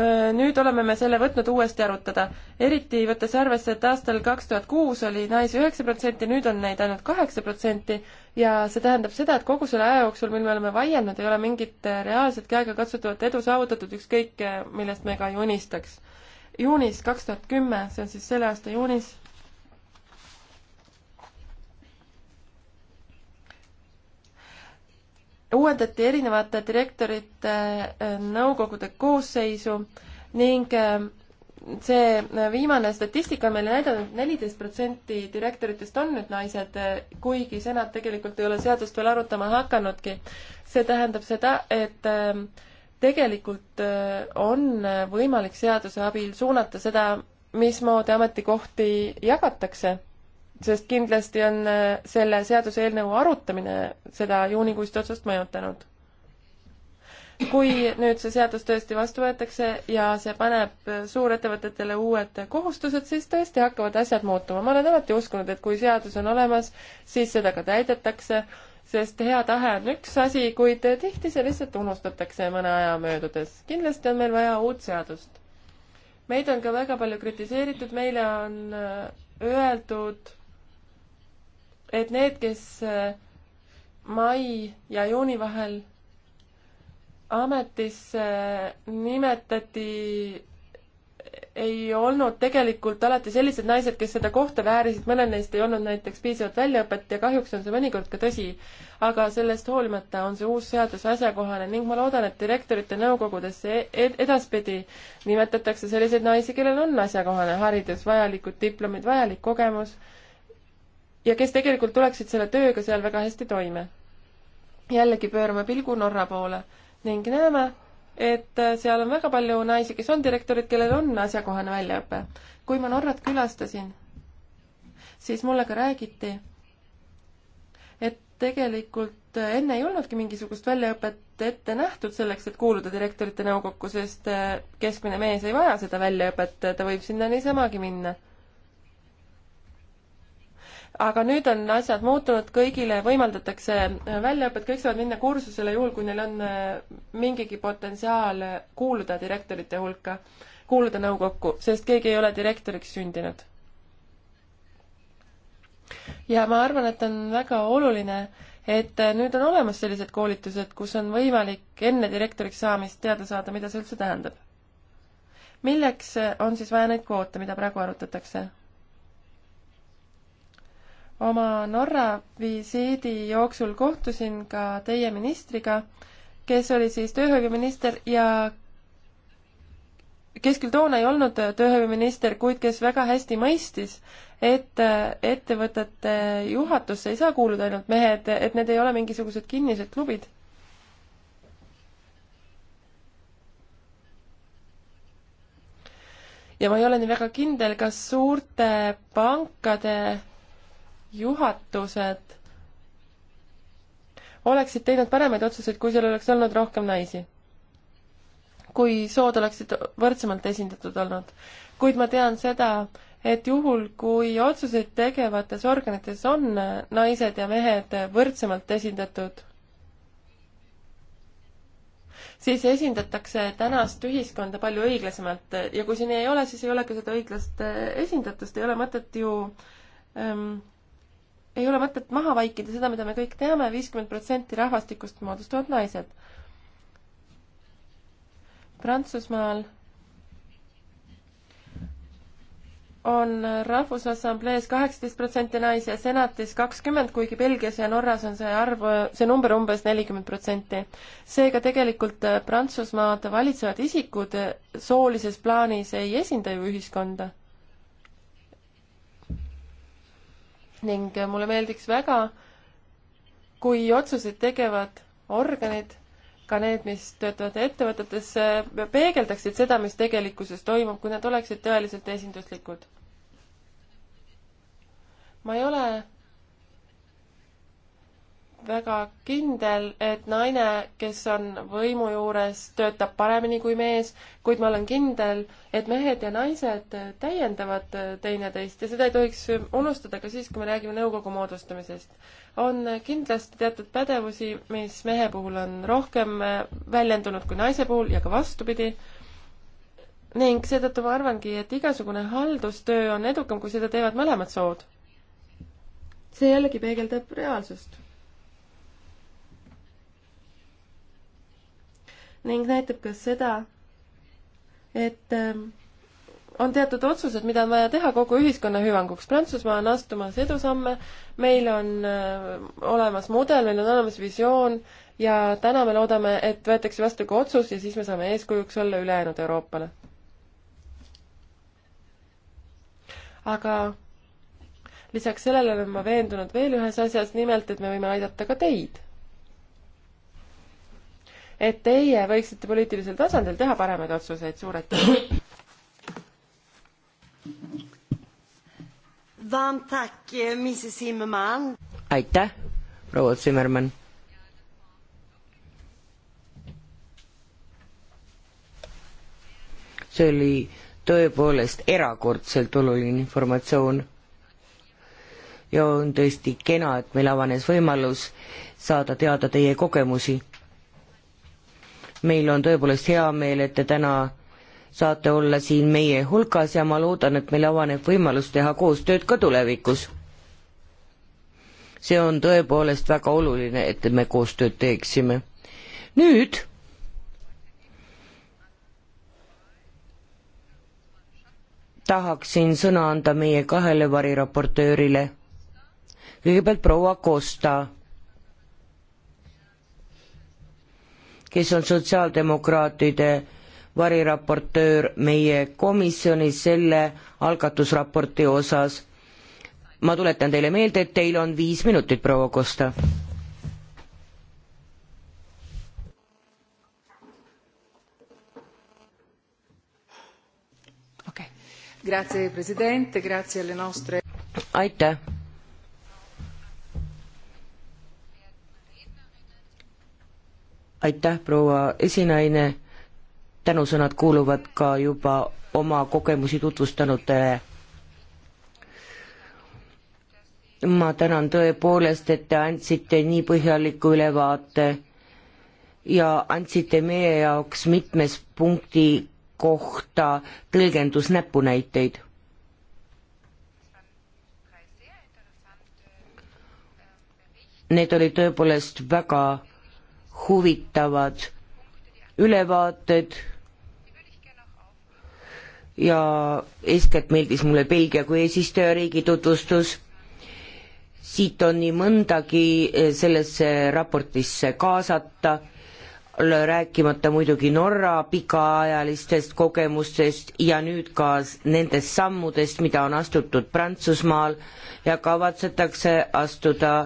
C: äh, nüüd oleme me selle võtnud uuesti arutada, eriti võttes arvesse, et aastal kaks tuhat kuus oli naisi üheksa protsenti, nüüd on neid ainult kaheksa protsenti ja see tähendab seda, et kogu selle aja jooksul, mil me oleme vaielnud, ei ole mingit äh, reaalset käegakatsutavat edu saavutatud, ükskõik millest me ka ei unistaks. juunis kaks tuhat kümme, see on siis selle aasta juunis, uuendati erinevate direktorite äh, nõukogude koosseisu ning äh, see äh, viimane statistika on meile näidanud et, et neliteist protsenti direktoritest on nüüd naised, kuigi senat tegelikult ei ole seadust veel arutama hakanudki. see tähendab seda, et tegelikult on võimalik seaduse abil suunata seda, mismoodi ametikohti jagatakse sest kindlasti on äh, selle seaduseelnõu arutamine seda juunikuist otsust mõjutanud. kui nüüd see seadus tõesti vastu võetakse ja see paneb äh, suurettevõtetele uued kohustused, siis tõesti hakkavad asjad muutuma. ma olen alati uskunud, et kui seadus on olemas, siis seda ka täidetakse, sest hea tahe on üks asi, kuid äh, tihti see lihtsalt unustatakse mõne aja möödudes. kindlasti on meil vaja uut seadust. meid on ka väga palju kritiseeritud, meile on öeldud et need, kes äh, mai ja juuni vahel ametisse äh, nimetati, äh, ei olnud tegelikult alati sellised naised, kes seda kohta väärisid, mõnel neist ei olnud näiteks piisavalt väljaõpet ja kahjuks on see mõnikord ka tõsi. aga sellest hoolimata on see uus seadus asjakohane ning ma loodan, et direktorite nõukogudesse e-, ed edaspidi nimetatakse selliseid naisi, kellel on asjakohane haridus, vajalikud diplomid, vajalik kogemus ja kes tegelikult tuleksid selle tööga seal väga hästi toime. jällegi pöörame pilgu Norra poole ning näeme, et äh, seal on väga palju naisi, kes on direktorid, kellel on asjakohane väljaõpe. kui ma Norrat külastasin, siis mulle ka räägiti, et tegelikult äh, enne ei olnudki mingisugust väljaõpet ette nähtud selleks, et kuuluda direktorite nõukokku, sest äh, keskmine mees ei vaja seda väljaõpet, ta võib sinna niisamagi minna aga nüüd on asjad muutunud, kõigile võimaldatakse väljaõpet, kõik saavad minna kursusele juhul, kui neil on äh, mingigi potentsiaal kuuluda direktorite hulka, kuuluda nõukokku, sest keegi ei ole direktoriks sündinud. ja ma arvan, et on väga oluline, et äh, nüüd on olemas sellised koolitused, kus on võimalik enne direktoriks saamist teada saada, mida see üldse tähendab. milleks äh, on siis vaja neid kvoote, mida praegu arutatakse? oma Norra visiidi jooksul kohtusin ka teie ministriga, kes oli siis tööhõiveminister ja kes küll toona ei olnud tööhõiveminister, kuid kes väga hästi mõistis, et äh, ettevõtete juhatusse ei saa kuuluda ainult mehed, et need ei ole mingisugused kinnised klubid. ja ma ei ole nii väga kindel, kas suurte pankade juhatused oleksid teinud paremaid otsuseid, kui seal oleks olnud rohkem naisi. kui sood oleksid võrdsemalt esindatud olnud. kuid ma tean seda, et juhul, kui otsuseid tegevates organites on naised ja mehed võrdsemalt esindatud, siis esindatakse tänast ühiskonda palju õiglasemalt ja kui see nii ei ole, siis ei ole ka seda õiglast esindatust, ei ole mõtet ju ähm, ei ole mõtet maha vaikida seda, mida me kõik teame, viiskümmend protsenti rahvastikust moodustavad naised. Prantsusmaal on Rahvusassamblees kaheksateist protsenti naisi ja senatis kakskümmend, kuigi Belgias ja Norras on see arv, see number umbes nelikümmend protsenti. seega tegelikult Prantsusmaad valitsevad isikud soolises plaanis ei esinda ju ühiskonda ning mulle meeldiks väga, kui otsuseid tegevad organid, ka need, mis töötavad ettevõtetes, peegeldaksid seda, mis tegelikkuses toimub, kui nad oleksid tõeliselt esinduslikud. ma ei ole väga kindel, et naine, kes on võimu juures, töötab paremini kui mees, kuid ma olen kindel, et mehed ja naised täiendavad teineteist ja seda ei tohiks unustada ka siis, kui me räägime nõukogu moodustamisest. on kindlasti teatud pädevusi, mis mehe puhul on rohkem väljendunud kui naise puhul ja ka vastupidi, ning seetõttu ma arvangi, et igasugune haldustöö on edukam, kui seda teevad mõlemad sood. see jällegi peegeldab reaalsust ning näitab ka seda, et ähm, on teatud otsused, mida on vaja teha kogu ühiskonna hüvanguks. Prantsusmaa on astumas edusamme, meil on äh, olemas mudel, meil on olemas visioon ja täna me loodame, et võetakse vastu ka otsus ja siis me saame eeskujuks olla ülejäänud Euroopale. aga lisaks sellele olen ma veendunud veel ühes asjas, nimelt et me võime aidata ka teid et teie võiksite poliitilisel tasandil teha paremaid otsuseid, suur aitäh!
A: Eh,
B: aitäh, proua Zimmermann! see oli tõepoolest erakordselt oluline informatsioon ja on tõesti kena, et meil avanes võimalus saada teada teie kogemusi meil on tõepoolest hea meel, et te täna saate olla siin meie hulgas ja ma loodan, et meil avaneb võimalus teha koostööd ka tulevikus. see on tõepoolest väga oluline, et me koostööd teeksime. nüüd tahaksin sõna anda meie kahele variraportöörile. kõigepealt proua Costa kes on sotsiaaldemokraatide variraportöör meie komisjonis selle algatusraporti osas. ma tuletan teile meelde, et teil on viis minutit, proua Kosta.
C: Okay. Grazie, grazie nostre...
B: aitäh aitäh, proua esinaine, tänusõnad kuuluvad ka juba oma kogemusi tutvustanutele. ma tänan tõepoolest, et te andsite nii põhjaliku ülevaate ja andsite meie jaoks mitmes punkti kohta tõlgendusnäpunäiteid need olid tõepoolest väga huvitavad ülevaated ja eeskätt meeldis mulle Belgia kui eesistujariigi tutvustus. siit on nii mõndagi eh, sellesse raportisse kaasata, rääkimata muidugi Norra pikaajalistest kogemustest ja nüüd ka nendest sammudest, mida on astutud Prantsusmaal ja kavatsetakse astuda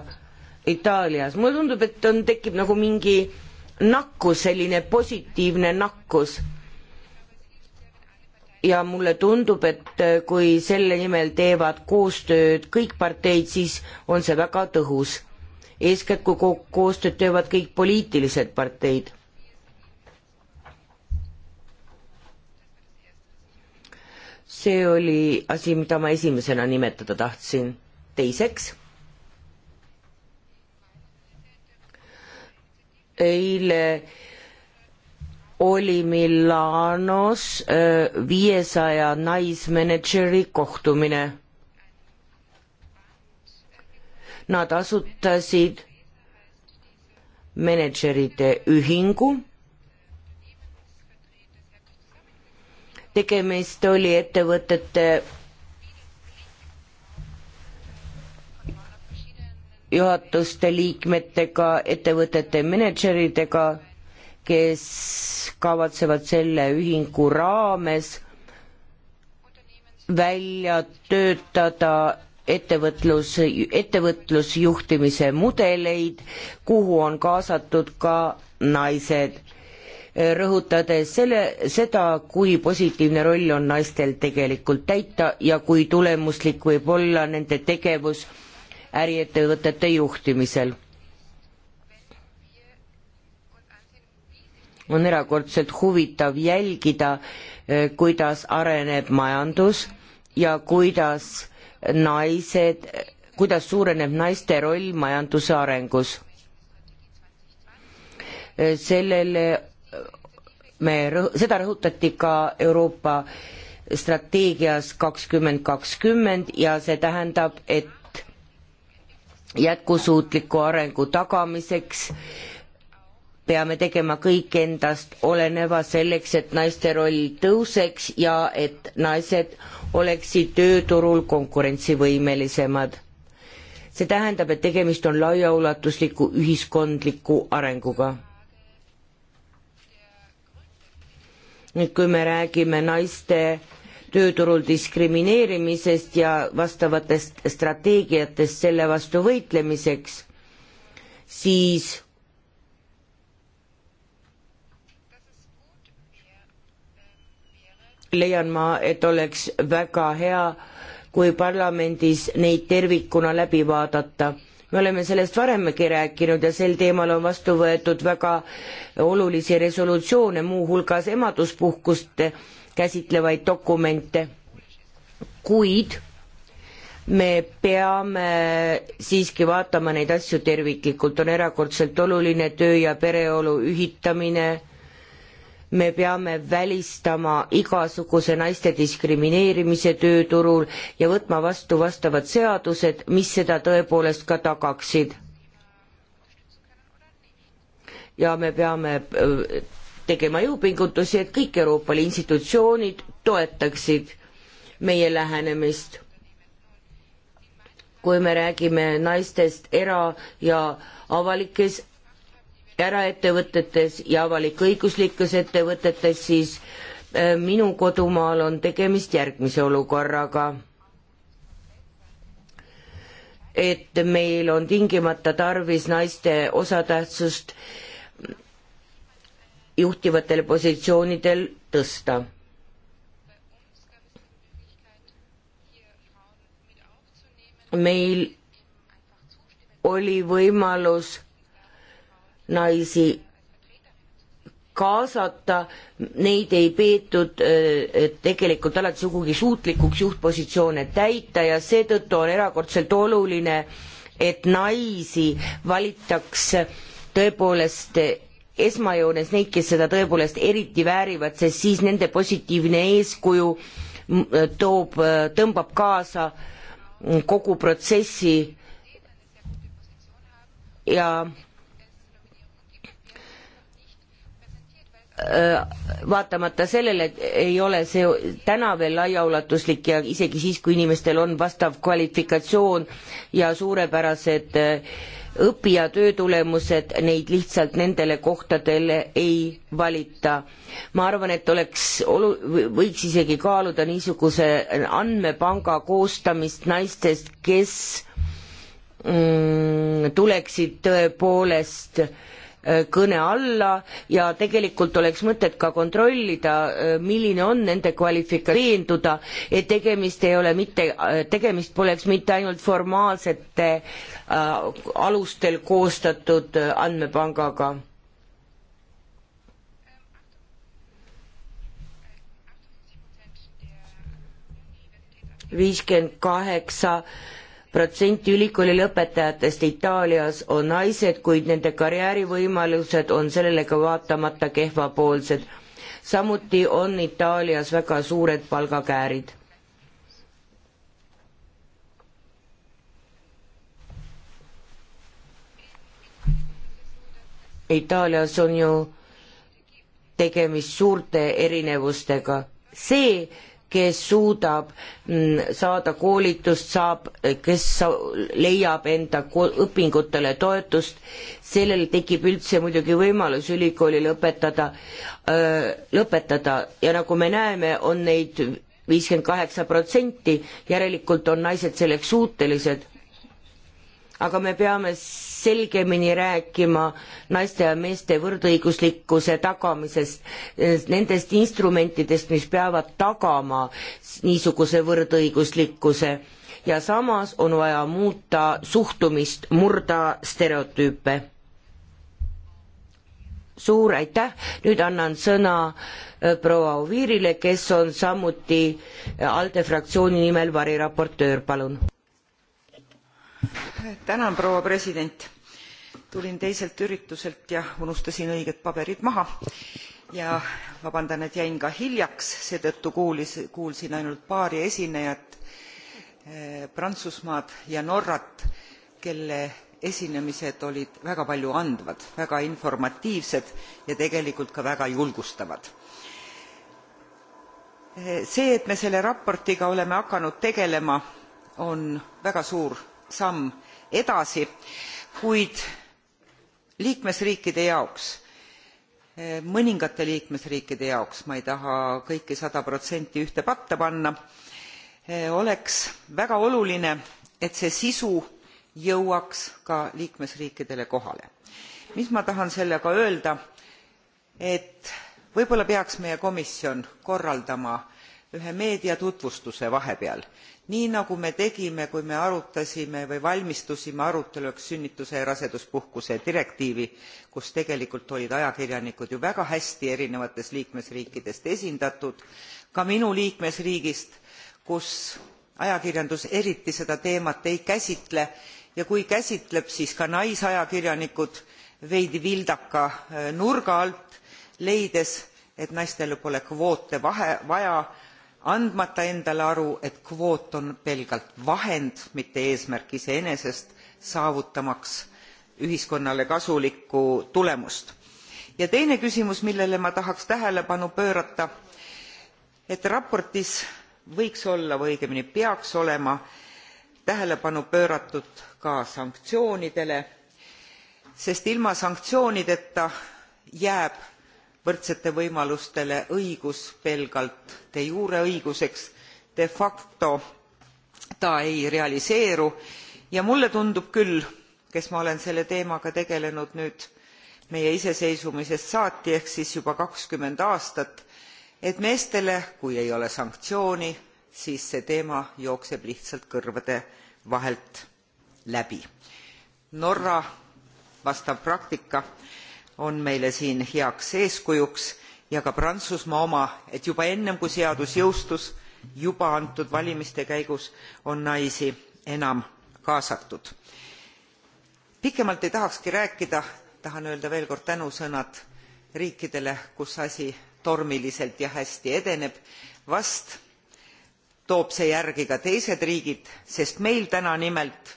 B: Itaalias. mulle tundub, et on, tekib nagu mingi nakkus, selline positiivne nakkus. ja mulle tundub, et äh, kui selle nimel teevad koostööd kõik parteid, siis on see väga tõhus. eeskätt, kui koostööd teevad kõik poliitilised parteid. see oli asi, mida ma esimesena nimetada tahtsin. teiseks eile oli Milanos viiesaja naismänedžeri kohtumine. Nad asutasid mänedžeride ühingu. tegemist oli ettevõtete juhatuste liikmetega, ettevõtete mänedžeridega, kes kavatsevad selle ühingu raames välja töötada ettevõtlus, ettevõtlusjuhtimise mudeleid, kuhu on kaasatud ka naised, rõhutades selle, seda, kui positiivne roll on naistel tegelikult täita ja kui tulemuslik võib olla nende tegevus äriettevõtete juhtimisel. on erakordselt huvitav jälgida, eh, kuidas areneb majandus ja kuidas naised, kuidas suureneb naiste roll majanduse arengus. Eh, sellele me rõh-, seda rõhutati ka Euroopa strateegias kakskümmend kakskümmend ja see tähendab, et jätkusuutliku arengu tagamiseks peame tegema kõik endast oleneva selleks, et naiste roll tõuseks ja et naised oleksid tööturul konkurentsivõimelisemad. see tähendab, et tegemist on laiaulatusliku ühiskondliku arenguga. nüüd, kui me räägime naiste tööturul diskrimineerimisest ja vastavatest strateegiatest selle vastu võitlemiseks, siis leian ma, et oleks väga hea, kui parlamendis neid tervikuna läbi vaadata. me oleme sellest varemgi rääkinud ja sel teemal on vastu võetud väga olulisi resolutsioone, muuhulgas emaduspuhkust käsitlevaid dokumente, kuid me peame siiski vaatama neid asju terviklikult, on erakordselt oluline töö ja pereolu ühitamine, me peame välistama igasuguse naiste diskrimineerimise tööturul ja võtma vastu vastavad seadused, mis seda tõepoolest ka tagaksid. ja me peame tegema jõupingutusi, et kõik Euroopa Liidu institutsioonid toetaksid meie lähenemist. kui me räägime naistest era- ja avalikes eraettevõtetes ja avalik-õiguslikes ettevõtetes, siis äh, minu kodumaal on tegemist järgmise olukorraga et meil on tingimata tarvis naiste osatähtsust juhtivatel positsioonidel tõsta. meil oli võimalus naisi kaasata, neid ei peetud äh, tegelikult alati sugugi suutlikuks juhtpositsioone täita ja seetõttu on erakordselt oluline, et naisi valitaks tõepoolest esmajoones neid, kes seda tõepoolest eriti väärivad, sest siis nende positiivne eeskuju toob, tõmbab kaasa kogu protsessi ja äh, vaatamata sellele ei ole see täna veel laiaulatuslik ja isegi siis, kui inimestel on vastav kvalifikatsioon ja suurepärased äh, õpi- ja töötulemused, neid lihtsalt nendele kohtadele ei valita. ma arvan, et oleks olu-, võiks isegi kaaluda niisuguse andmepanga koostamist naistest, kes mm, tuleksid tõepoolest äh, Äh, kõne alla ja tegelikult oleks mõtet ka kontrollida, äh, milline on nende kvalifikatsioon, veenduda, et tegemist ei ole mitte, äh, tegemist poleks mitte ainult formaalsete alustel koostatud andmepangaga. viiskümmend kaheksa protsenti ülikooli lõpetajatest Itaalias on naised, kuid nende karjäärivõimalused on sellele ka vaatamata kehvapoolsed. samuti on Itaalias väga suured palgakäärid Itaalias on ju tegemist suurte erinevustega. see, kes suudab mm, saada koolitust, saab, kes leiab enda õpingutele toetust, sellel tekib üldse muidugi võimalus ülikoolil õpetada, lõpetada ja nagu me näeme, on neid viiskümmend kaheksa protsenti, järelikult on naised selleks suutelised. aga me peame selgemini rääkima naiste ja meeste võrdõiguslikkuse tagamisest, nendest instrumentidest, mis peavad tagama niisuguse võrdõiguslikkuse ja samas on vaja muuta suhtumist, murda stereotüüpe. suur aitäh, nüüd annan sõna äh, proua Oviirile, kes on samuti äh, ALDE fraktsiooni nimel variraportöör, palun.
E: tänan, proua president tulin teiselt ürituselt ja unustasin õiged paberid maha ja vabandan et jäin ka hiljaks seetõttu kuulsin ainult paari esinejat eh, prantsusmaad ja norrat kelle esinemised olid väga palju andvad väga informatiivsed ja tegelikult ka väga julgustavad. Eh, see et me selle raportiga oleme hakanud tegelema on väga suur samm edasi kuid liikmesriikide jaoks eh, mõningate liikmesriikide jaoks ma ei taha kõiki sada protsenti ühte patta panna eh, oleks väga oluline et see sisu jõuaks ka liikmesriikidele kohale. mis ma tahan sellega öelda et võib olla peaks meie komisjon korraldama ühe meediatutvustuse vahepeal nii nagu me tegime kui me arutasime või valmistusime aruteluks sünnituse ja raseduspuhkuse direktiivi kus tegelikult olid ajakirjanikud ju väga hästi erinevatest liikmesriikidest esindatud ka minu liikmesriigist kus ajakirjandus eriti seda teemat ei käsitle ja kui käsitleb siis ka naisajakirjanikud veidi vildaka äh, nurga alt leides et naistele pole kvoote vaja andmata endale aru et kvoot on pelgalt vahend mitte eesmärk iseenesest saavutamaks ühiskonnale kasulikku tulemust. ja teine küsimus millele ma tahaks tähelepanu pöörata et raportis võiks olla või õigemini peaks olema tähelepanu pööratud ka sanktsioonidele sest ilma sanktsioonideta jääb võrdsete võimalustele õigus pelgalt de jure õiguseks de facto ta ei realiseeru ja mulle tundub küll kes ma olen selle teemaga tegelenud nüüd meie iseseisvumisest saati ehk siis juba aastat et meestele kui ei ole sanktsiooni siis see teema jookseb lihtsalt kõrvade vahelt läbi. norra vastav praktika on meile siin heaks eeskujuks ja ka prantsusmaa oma et juba enne kui seadus jõustus juba antud valimiste käigus on naisi enam kaasatud. pikemalt ei tahakski rääkida tahan öelda veel kord tänusõnad riikidele kus asi tormiliselt ja hästi edeneb vast toob see järgi ka teised riigid sest meil täna nimelt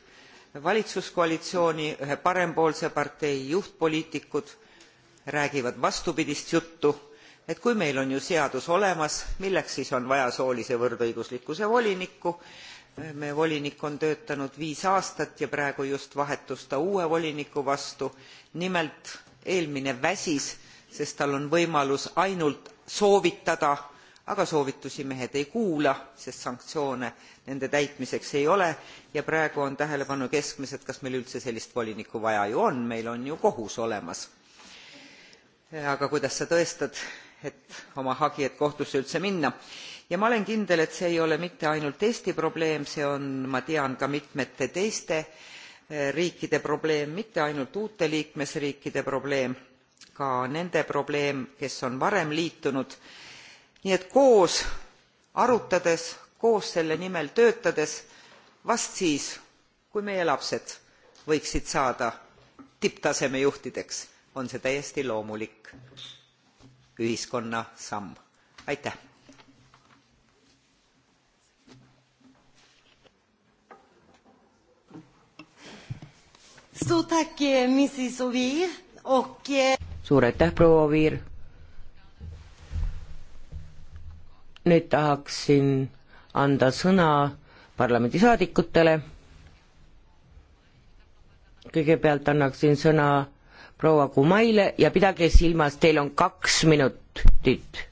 E: valitsuskoalitsiooni ühe parempoolse partei juhtpoliitikud räägivad vastupidist juttu et kui meil on ju seadus olemas milleks siis on vaja soolise võrdõiguslikkuse volinikku me volinik on töötanud viis aastat ja praegu just vahetus ta uue voliniku vastu nimelt eelmine väsis sest tal on võimalus ainult soovitada aga soovitusi mehed ei kuula sest sanktsioone nende täitmiseks ei ole ja praegu on tähelepanu keskmes et kas meil üldse sellist volinikku vaja ju on meil on ju kohus olemas aga kuidas sa tõestad et oma hagi et kohtusse üldse minna ja ma olen kindel et see ei ole mitte ainult eesti probleem see on ma tean ka mitmete teiste eh, riikide probleem mitte ainult uute liikmesriikide probleem ka nende probleem kes on varem liitunud nii et koos arutades koos selle nimel töötades vast siis kui meie lapsed võiksid saada tipptaseme juhtideks on see täiesti loomulik ühiskonna samm. aitäh!
A: Eh, eh,
B: suur aitäh, proua Oviir! nüüd tahaksin anda sõna parlamendisaadikutele. kõigepealt annaksin sõna proua Kumaile ja pidage silmas, teil on kaks minutit.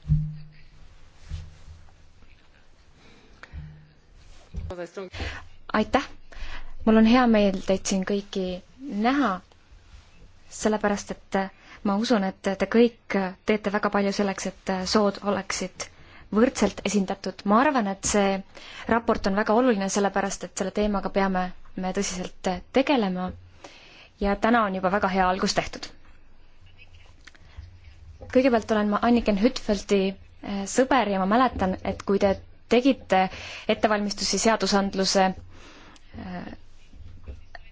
B: aitäh,
D: mul on hea meel teid siin kõiki näha, sellepärast et ma usun, et te kõik teete väga palju selleks, et sood oleksid võrdselt esindatud. ma arvan, et see raport on väga oluline, sellepärast et selle teemaga peame me tõsiselt tegelema ja täna on juba väga hea algus tehtud. kõigepealt olen ma Anniken Hütfeldti äh, sõber ja ma mäletan, et kui te tegite ettevalmistusi seadusandluse äh,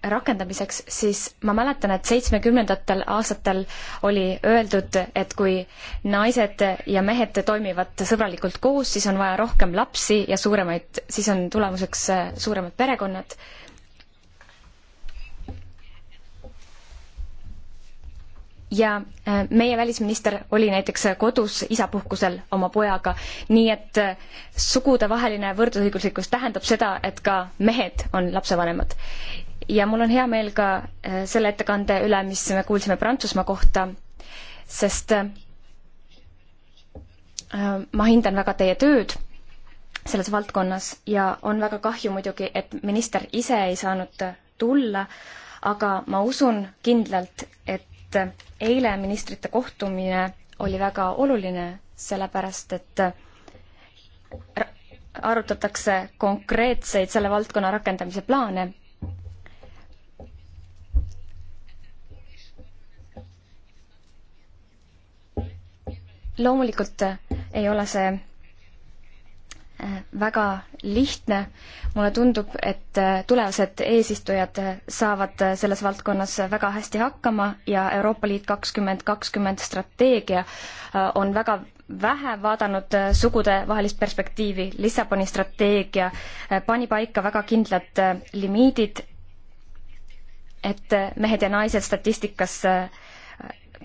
D: rakendamiseks, siis ma mäletan, et seitsmekümnendatel aastatel oli öeldud, et kui naised ja mehed toimivad sõbralikult koos, siis on vaja rohkem lapsi ja suuremaid, siis on tulemuseks äh, suuremad perekonnad ja äh, meie välisminister oli näiteks kodus isapuhkusel oma pojaga, nii et äh, sugudevaheline võrdõiguslikkus tähendab seda, et ka mehed on lapsevanemad. ja mul on hea meel ka äh, selle ettekande üle, mis me kuulsime Prantsusmaa kohta, sest ma hindan väga teie tööd selles valdkonnas ja on väga kahju muidugi, et minister ise ei saanud tulla, aga ma usun kindlalt, et et eile ministrite kohtumine oli väga oluline, sellepärast et arutatakse konkreetseid selle valdkonna rakendamise plaane. loomulikult ei ole see väga lihtne. mulle tundub, et äh, tulevased eesistujad äh, saavad äh, selles valdkonnas väga hästi hakkama ja Euroopa Liit kakskümmend kakskümmend strateegia on väga vähe vaadanud sugudevahelist perspektiivi. Lissaboni strateegia pani paika väga kindlad limiidid, et mehed ja naised statistikas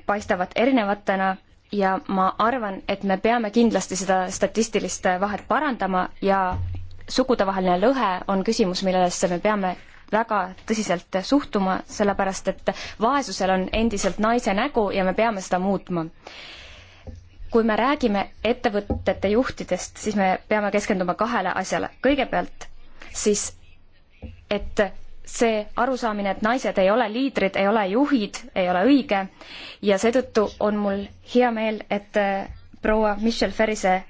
D: paistavad erinevatena ja ma arvan, et me peame kindlasti seda statistilist vahet parandama ja sugudevaheline lõhe on küsimus, millesse me peame väga tõsiselt suhtuma, sellepärast et vaesusel on endiselt naise nägu ja me peame seda muutma. kui me räägime ettevõtete juhtidest, siis me peame keskenduma kahele asjale. kõigepealt siis, et see arusaamine, et naised ei ole liidrid, ei ole juhid, ei ole õige ja seetõttu on mul hea meel, et äh, proua Michelle Ferrise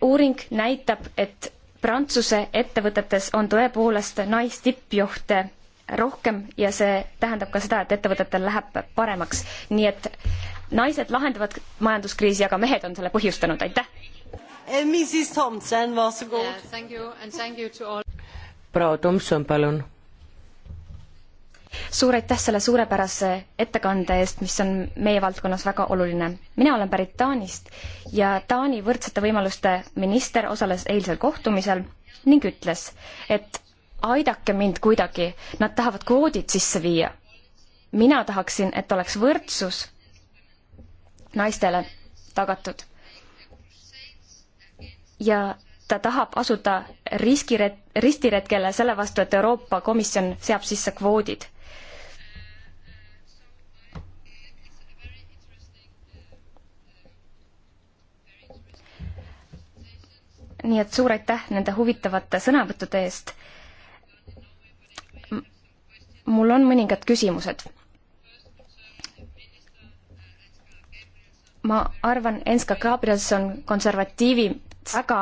D: uuring näitab, et Prantsuse ettevõtetes on tõepoolest naistippjuhte rohkem ja see tähendab ka seda, et ettevõtetel läheb paremaks. nii et naised lahendavad majanduskriisi, aga mehed on selle põhjustanud, aitäh! Eh, proua
B: Tomson, palun
D: suur aitäh selle suurepärase ettekande eest, mis on meie valdkonnas väga oluline. mina olen pärit Taanist ja Taani võrdsete võimaluste minister osales eilsel kohtumisel ning ütles, et aidake mind kuidagi, nad tahavad kvoodid sisse viia. mina tahaksin, et oleks võrdsus naistele tagatud. ja ta tahab asuda riskiret-, ristiretkele selle vastu, et Euroopa Komisjon seab sisse kvoodid nii et suur aitäh nende huvitavate sõnavõttude eest. mul on mõningad küsimused. ma arvan, Enska Gabrielson konservatiivi väga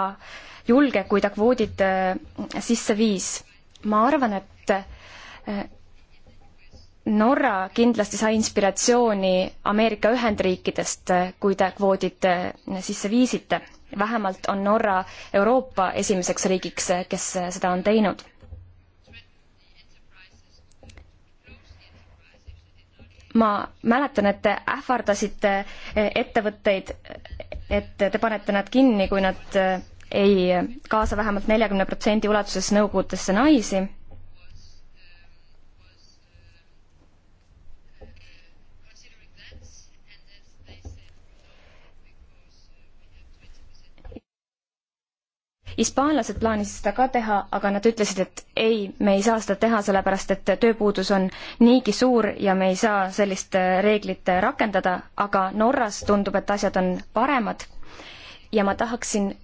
D: julge, kui ta kvoodid äh, sisse viis. ma arvan, et äh, Norra kindlasti sai inspiratsiooni Ameerika Ühendriikidest, äh, kui te kvoodid sisse viisite vähemalt on Norra Euroopa esimeseks riigiks, kes seda on teinud. ma mäletan, et te ähvardasite ettevõtteid, et te panete nad kinni, kui nad ei kaasa vähemalt neljakümne protsendi ulatuses nõukogudesse naisi hispaanlased plaanisid seda ka teha, aga nad ütlesid, et ei, me ei saa seda teha, sellepärast et tööpuudus on niigi suur ja me ei saa sellist äh, reeglit äh, rakendada, aga Norras tundub, et asjad on paremad. ja ma tahaksin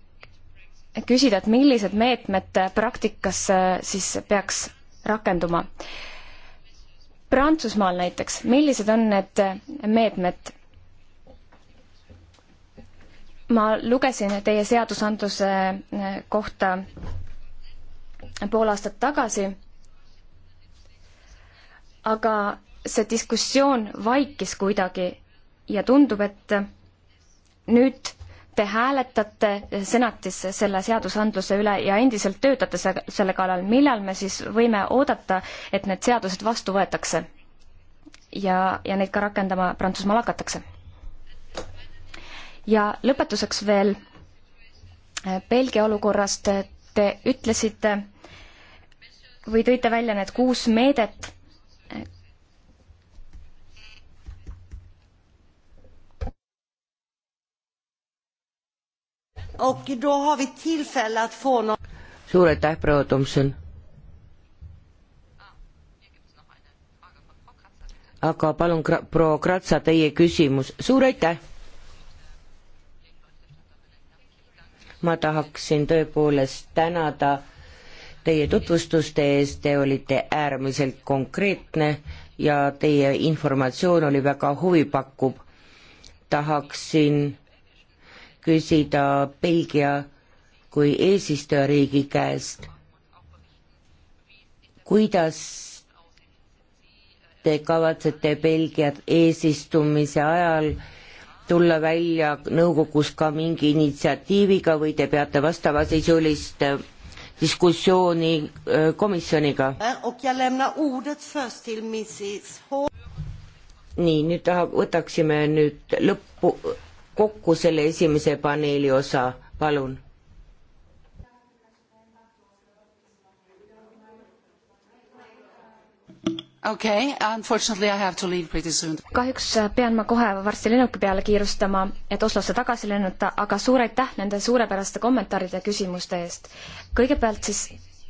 D: küsida, et millised meetmed äh, praktikas siis peaks rakenduma? Prantsusmaal näiteks, millised on need meetmed? ma lugesin teie seadusandluse eh, kohta pool aastat tagasi, aga see diskussioon vaikis kuidagi ja tundub, et nüüd te hääletate senatis selle seadusandluse üle ja endiselt töötate selle kallal, millal me siis võime oodata, et need seadused vastu võetakse ja, ja neid ka rakendama Prantsusmaal hakatakse? ja lõpetuseks veel äh, Belgia olukorrast. Äh, te ütlesite või tõite välja need kuus meedet
A: och då har vi tillfälle att få någon...
B: Suur aitäh, proua Tomson. aga palun, proua Kratsa, teie küsimus. suur aitäh ma tahaksin tõepoolest tänada teie tutvustuste eest, te olite äärmiselt konkreetne ja teie informatsioon oli väga huvipakkuv. tahaksin küsida Belgia kui eesistujariigi käest, kuidas te kavatsete Belgiat eesistumise ajal tulla välja nõukogus ka mingi initsiatiiviga või te peate vastavasisulist äh, diskussiooni äh, komisjoniga? nii, nüüd taha, võtaksime nüüd lõppu, kokku selle esimese paneeli osa, palun
C: okay, unfortunately I have to leave pretty soon.
D: kahjuks äh, pean ma kohe varsti lennuki peale kiirustama, et Oslosse tagasi lennata, aga suur aitäh nende suurepäraste kommentaaride ja küsimuste eest. kõigepealt siis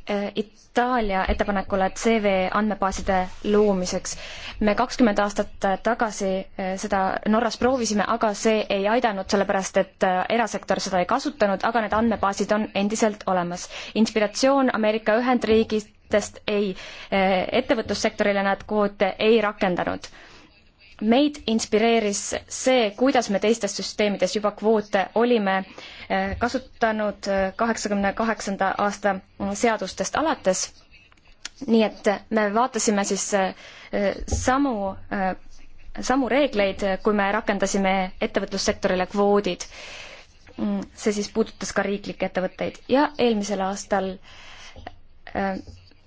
D: äh, Itaalia ettepanekule CV andmebaaside loomiseks. me kakskümmend aastat äh, tagasi äh, seda Norras proovisime, aga see ei aidanud, sellepärast et äh, erasektor seda ei kasutanud, aga need andmebaasid on endiselt olemas. inspiratsioon Ameerika Ühendriigist mõttest ei, eh, ettevõtlussektorile nad kvoote ei rakendanud. meid inspireeris see, kuidas me teistes süsteemides juba kvoote olime eh, kasutanud eh, kaheksakümne kaheksanda aasta seadustest alates. nii et me vaatasime siis samu samu reegleid, kui me rakendasime ettevõtlussektorile kvoodid. Mm, see siis puudutas ka riiklikke ettevõtteid ja eelmisel aastal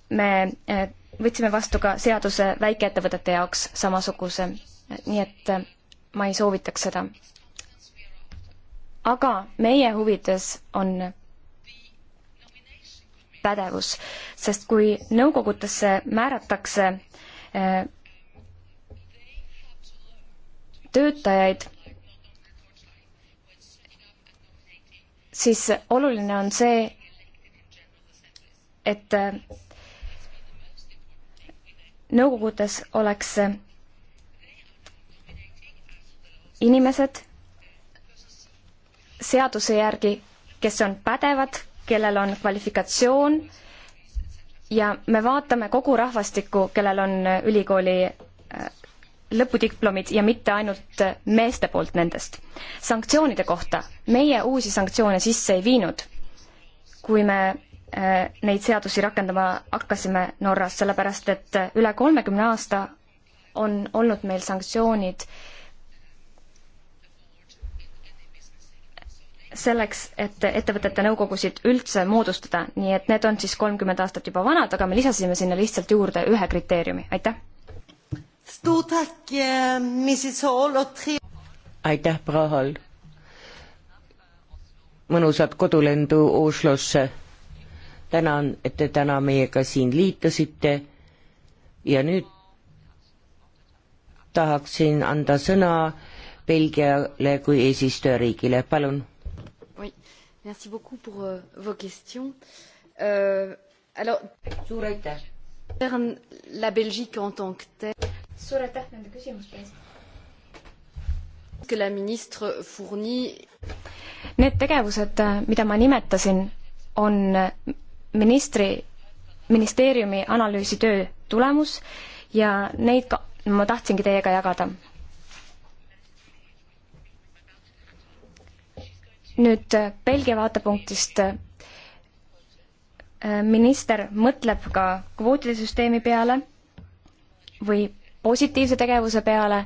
D: me eh, võtsime vastu ka seaduse väikeettevõtete jaoks samasuguse, nii et eh, ma ei soovitaks seda. aga meie huvides on pädevus, sest kui nõukogutesse määratakse eh, töötajaid, siis oluline on see, et nõukogudes oleks inimesed seaduse järgi, kes on pädevad, kellel on kvalifikatsioon ja me vaatame kogu rahvastikku, kellel on äh, ülikooli äh, lõpudiplomid ja mitte ainult äh, meeste poolt nendest. sanktsioonide kohta, meie uusi sanktsioone sisse ei viinud. kui me Äh, neid seadusi rakendama hakkasime Norras, sellepärast et üle kolmekümne aasta on olnud meil sanktsioonid selleks, et ettevõtete nõukogusid üldse moodustada, nii et need on siis kolmkümmend aastat juba vanad, aga me lisasime sinna lihtsalt juurde ühe kriteeriumi, aitäh. Eh,
B: aitäh, Prahal. mõnusat kodulendu Oslosse tänan, et te täna meiega siin liitusite ja nüüd tahaksin anda sõna Belgiale kui eesistujariigile, palun.
D: Merci beaucoup pour euh, vos questions. Euh, alors, suur aitäh. La Belgique en tant que telle. Suur aitäh nende küsimuste eest. Que la ministre fournit. Need tegevused, mida ma nimetasin, on ministri, ministeeriumi analüüsitöö tulemus ja neid ka ma tahtsingi teiega jagada. nüüd äh, Belgia vaatepunktist äh, minister mõtleb ka kvootide süsteemi peale või positiivse tegevuse peale,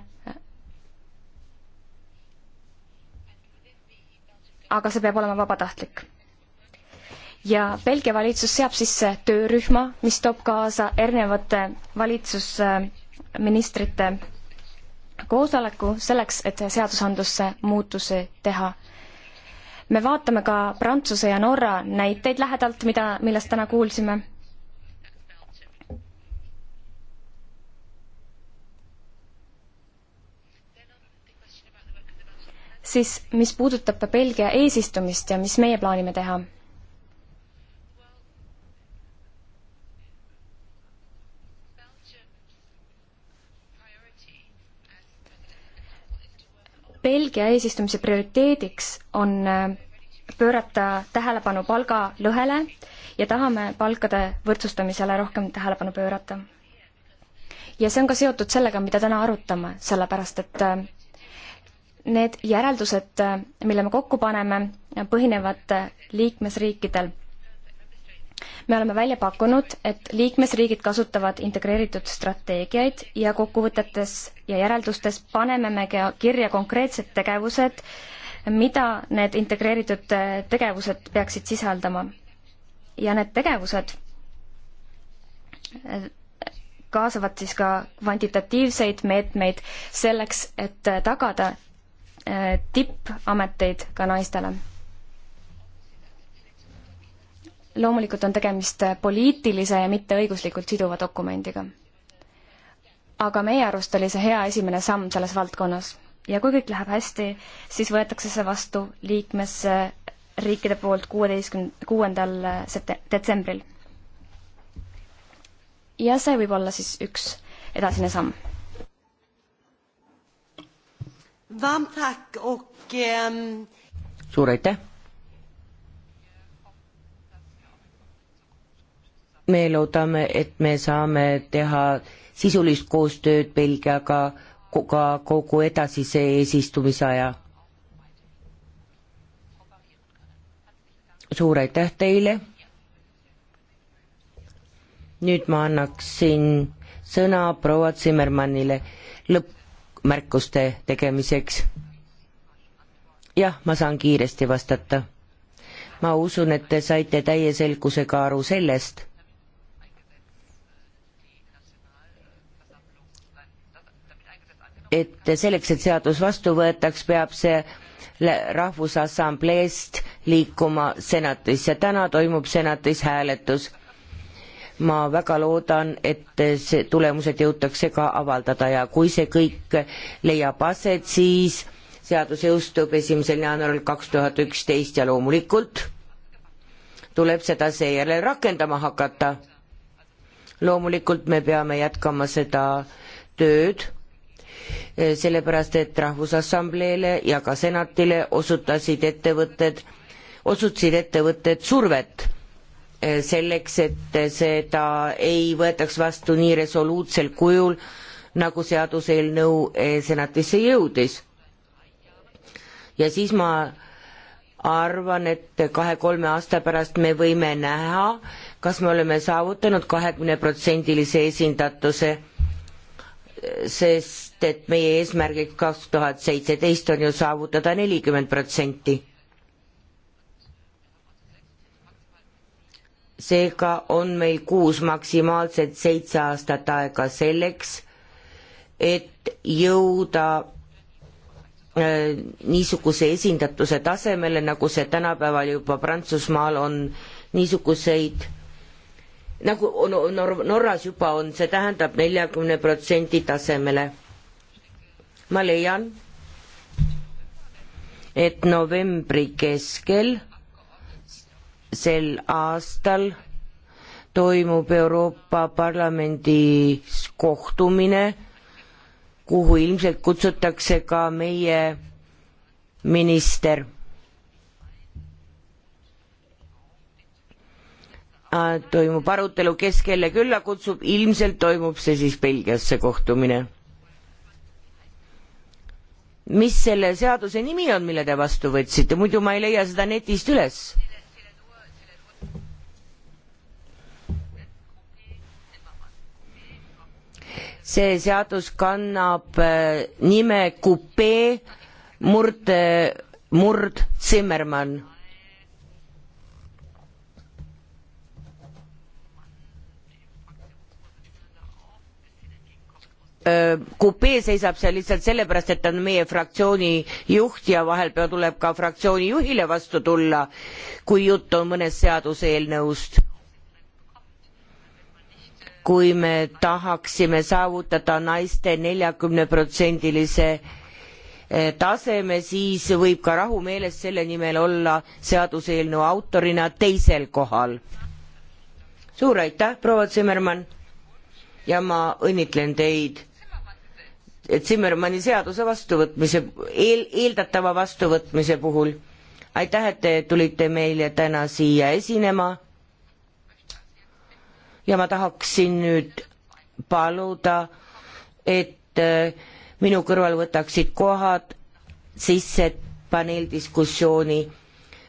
D: aga see peab olema vabatahtlik ja Belgia valitsus seab sisse töörühma, mis toob kaasa erinevate valitsusministrite koosoleku selleks, et seadusandlusse muutusi teha. me vaatame ka Prantsuse ja Norra näiteid lähedalt, mida, millest täna kuulsime. siis, mis puudutab Belgia eesistumist ja mis meie plaanime teha Belgia eesistumise prioriteediks on äh, pöörata tähelepanu palgalõhele ja tahame palkade võrdsustamisele rohkem tähelepanu pöörata. ja see on ka seotud sellega, mida täna arutame, sellepärast et äh, need järeldused, äh, mille me kokku paneme, põhinevad liikmesriikidel me oleme välja pakkunud, et liikmesriigid kasutavad integreeritud strateegiaid ja kokkuvõtetes ja järeldustes paneme me kirja konkreetsed tegevused, mida need integreeritud äh, tegevused peaksid sisaldama. ja need tegevused äh, kaasavad siis ka kvantitatiivseid meetmeid selleks, et tagada äh, tippameteid ka naistele loomulikult on tegemist poliitilise ja mitte õiguslikult siduva dokumendiga. aga meie arust oli see hea esimene samm selles valdkonnas ja kui kõik läheb hästi, siis võetakse see vastu liikmesriikide poolt kuueteistkümne, kuuendal sete-, detsembril. ja see võib olla siis üks edasine samm.
A: Ehm,
B: suur aitäh! me loodame, et me saame teha sisulist koostööd Belgiaga ka kogu edasise eesistumise aja. suur aitäh teile. nüüd ma annaksin sõna proua Zimmermannile lõppmärkuste tegemiseks. jah, ma saan kiiresti vastata. ma usun, et te saite täie selgusega aru sellest et selleks, et seadus vastu võetaks, peab see Rahvusassambleest liikuma senatisse, täna toimub senatis hääletus. ma väga loodan, et see tulemused jõutakse ka avaldada ja kui see kõik leiab aset, siis seadus jõustub esimesel jaanuaril kaks tuhat üksteist ja loomulikult tuleb seda seejärel rakendama hakata. loomulikult me peame jätkama seda tööd Eh, sellepärast et Rahvusassambleele ja ka senatile osutasid ettevõtted, osutasid ettevõtted survet eh, selleks, et seda ei võetaks vastu nii resoluutsel kujul, nagu seaduseelnõu eh, senatisse jõudis. ja siis ma arvan, et kahe-kolme aasta pärast me võime näha, kas me oleme saavutanud kahekümneprotsendilise esindatuse, sest sest et meie eesmärgiks kaks tuhat seitseteist on ju saavutada nelikümmend protsenti. seega on meil kuus maksimaalselt seitse aastat aega selleks, et jõuda äh, niisuguse esindatuse tasemele, nagu see tänapäeval juba Prantsusmaal on, niisuguseid nagu Norras juba on, see tähendab neljakümne protsendi tasemele ma leian, et novembri keskel sel aastal toimub Euroopa Parlamendis kohtumine, kuhu ilmselt kutsutakse ka meie minister. Ah, toimub arutelu, kes kelle külla kutsub, ilmselt toimub see siis Belgias, see kohtumine mis selle seaduse nimi on, mille te vastu võtsite, muidu ma ei leia seda netist üles. see seadus kannab äh, nime Coupé murd, murd Zimmermann kupee seisab seal lihtsalt sellepärast, et ta on meie fraktsiooni juht ja vahel pea tuleb ka fraktsiooni juhile vastu tulla, kui jutt on mõnest seaduseelnõust. kui me tahaksime saavutada naiste neljakümne protsendilise taseme, siis võib ka rahumeeles selle nimel olla seaduseelnõu autorina teisel kohal. suur aitäh, proua Zimmermann ja ma õnnitlen teid Zimmermanni seaduse vastuvõtmise, eel, eeldatava vastuvõtmise puhul. aitäh, et te tulite meile täna siia esinema. ja ma tahaksin nüüd paluda, et äh, minu kõrval võtaksid kohad sisse paneeldiskussiooni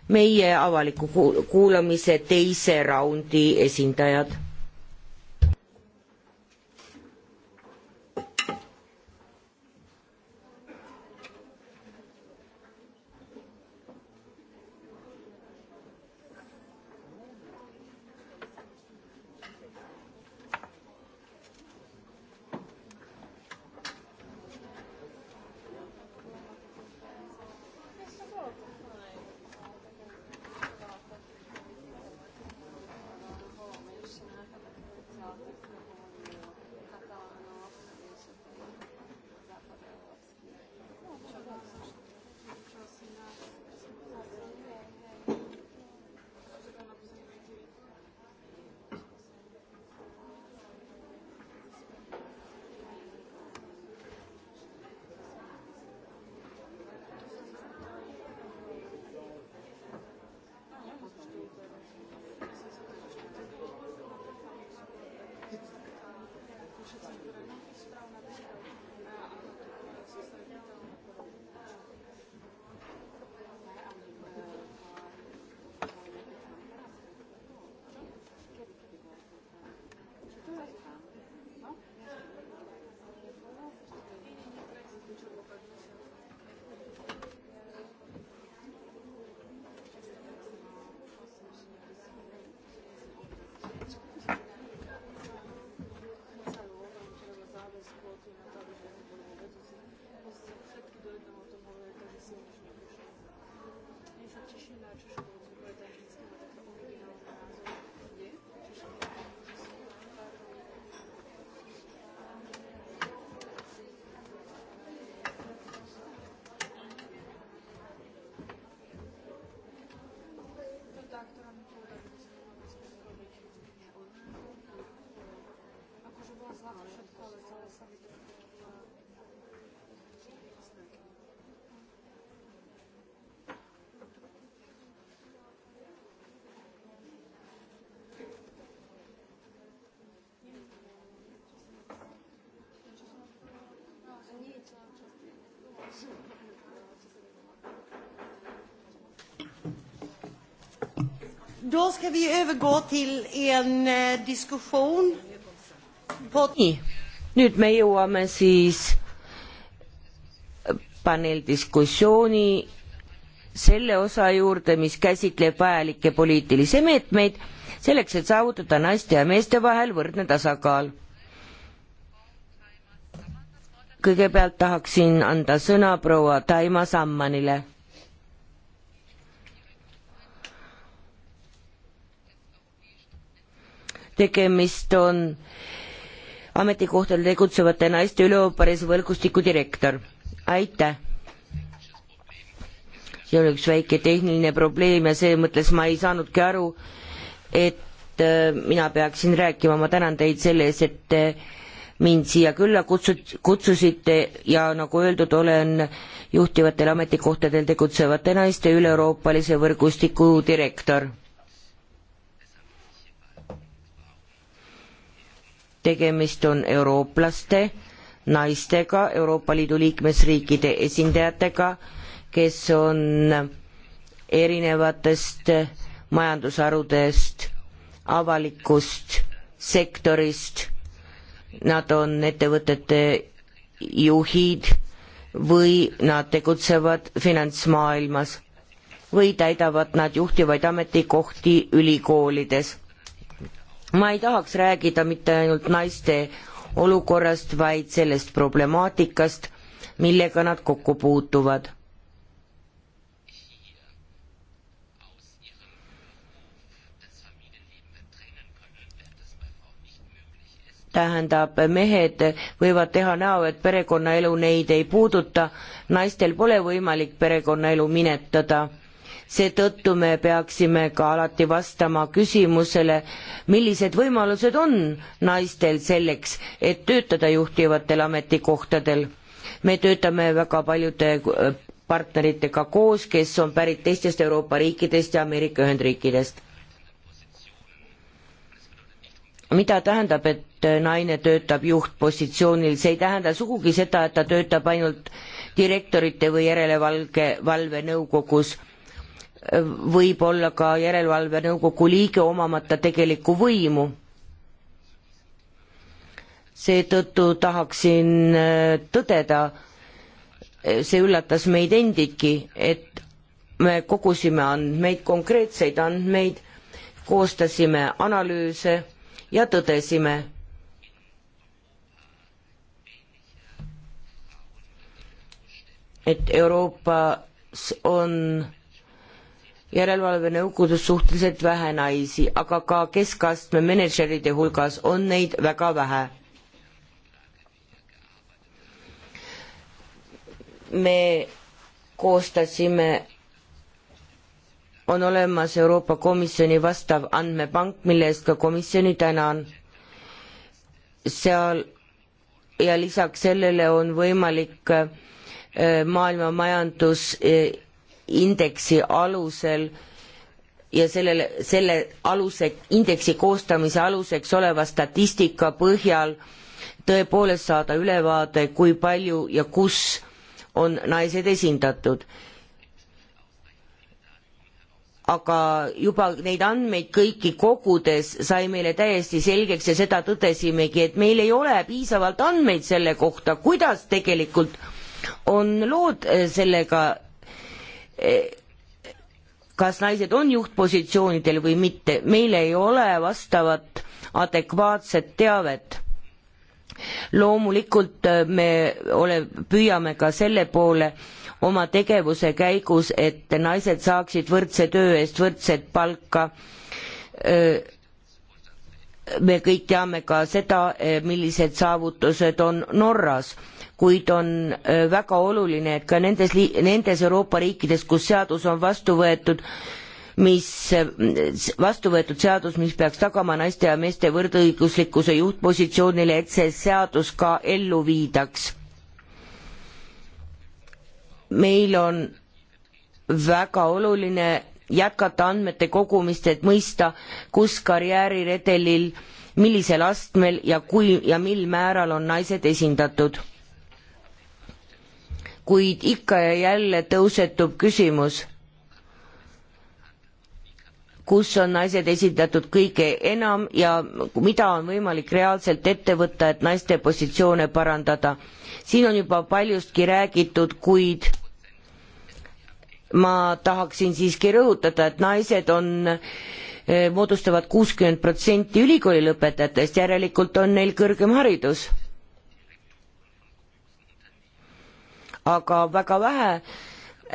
B: meie avaliku kuulamise teise raundi esindajad
D: znalazł się w kole, całe sobie
A: Då ska vi övergå till en eh, diskussion
B: nii, nüüd me jõuame siis paneeldiskussiooni selle osa juurde, mis käsitleb vajalikke poliitilisi meetmeid selleks, et saavutada naiste ja meeste vahel võrdne tasakaal. kõigepealt tahaksin anda sõna proua Taima Sammanile. tegemist on ametikohtadel tegutsevate naiste üleooperise võrgustiku direktor. aitäh! see on üks väike tehniline probleem ja selles mõttes ma ei saanudki aru, et äh, mina peaksin rääkima, ma tänan teid selle eest, et äh, mind siia külla kutsut-, kutsusite ja nagu öeldud, olen juhtivatel ametikohtadel tegutsevate naiste üleeuroopalise võrgustiku direktor tegemist on eurooplaste, naistega, Euroopa Liidu liikmesriikide esindajatega, kes on erinevatest majandusharudest, avalikust sektorist, nad on ettevõtete juhid või nad tegutsevad finantsmaailmas või täidavad nad juhtivaid ametikohti ülikoolides ma ei tahaks rääkida mitte ainult naiste olukorrast, vaid sellest problemaatikast, millega nad kokku puutuvad. tähendab, mehed võivad teha näo, et perekonnaelu neid ei puuduta, naistel pole võimalik perekonnaelu minetada seetõttu me peaksime ka alati vastama küsimusele, millised võimalused on naistel selleks, et töötada juhtivatel ametikohtadel. me töötame väga paljude äh, partneritega koos, kes on pärit teistest Euroopa riikidest ja Ameerika Ühendriikidest. mida tähendab, et naine töötab juhtpositsioonil, see ei tähenda sugugi seda, et ta töötab ainult direktorite või järelevalve, valvenõukogus võib olla ka järelevalvenõukogu liige, omamata tegelikku võimu. seetõttu tahaksin äh, tõdeda, äh, see üllatas meid endidki, et me kogusime andmeid, konkreetseid andmeid, koostasime analüüse ja tõdesime, et Euroopas on järelevalvenõukogus suhteliselt vähe naisi, aga ka keskastme mänedžeride hulgas on neid väga vähe. me koostasime, on olemas Euroopa Komisjoni vastav andmepank, mille eest ka komisjoni tänan. seal ja lisaks sellele on võimalik äh, maailma majandus äh, indeksi alusel ja sellele, selle aluse, indeksi koostamise aluseks oleva statistika põhjal tõepoolest saada ülevaade, kui palju ja kus on naised esindatud. aga juba neid andmeid kõiki kogudes sai meile täiesti selgeks ja seda tõdesimegi, et meil ei ole piisavalt andmeid selle kohta, kuidas tegelikult on lood sellega kas naised on juhtpositsioonidel või mitte, meil ei ole vastavat adekvaatset teavet. loomulikult äh, me ole, püüame ka selle poole oma tegevuse käigus, et naised saaksid võrdse töö eest võrdset palka. Äh, me kõik teame ka seda, äh, millised saavutused on Norras kuid on äh, väga oluline, et ka nendes, nendes Euroopa riikides, kus seadus on vastu võetud, mis, äh, vastu võetud seadus, mis peaks tagama naiste ja meeste võrdõiguslikkuse juhtpositsioonile, et see seadus ka ellu viidaks. meil on väga oluline jätkata andmete kogumist, et mõista, kus karjääriredelil, millisel astmel ja kui ja mil määral on naised esindatud kuid ikka ja jälle tõusetub küsimus, kus on naised esindatud kõige enam ja mida on võimalik reaalselt ette võtta, et naiste positsioone parandada. siin on juba paljustki räägitud, kuid ma tahaksin siiski rõhutada, et naised on eh, moodustavad kuuskümmend protsenti ülikooli lõpetajatest, järelikult on neil kõrgem haridus aga väga vähe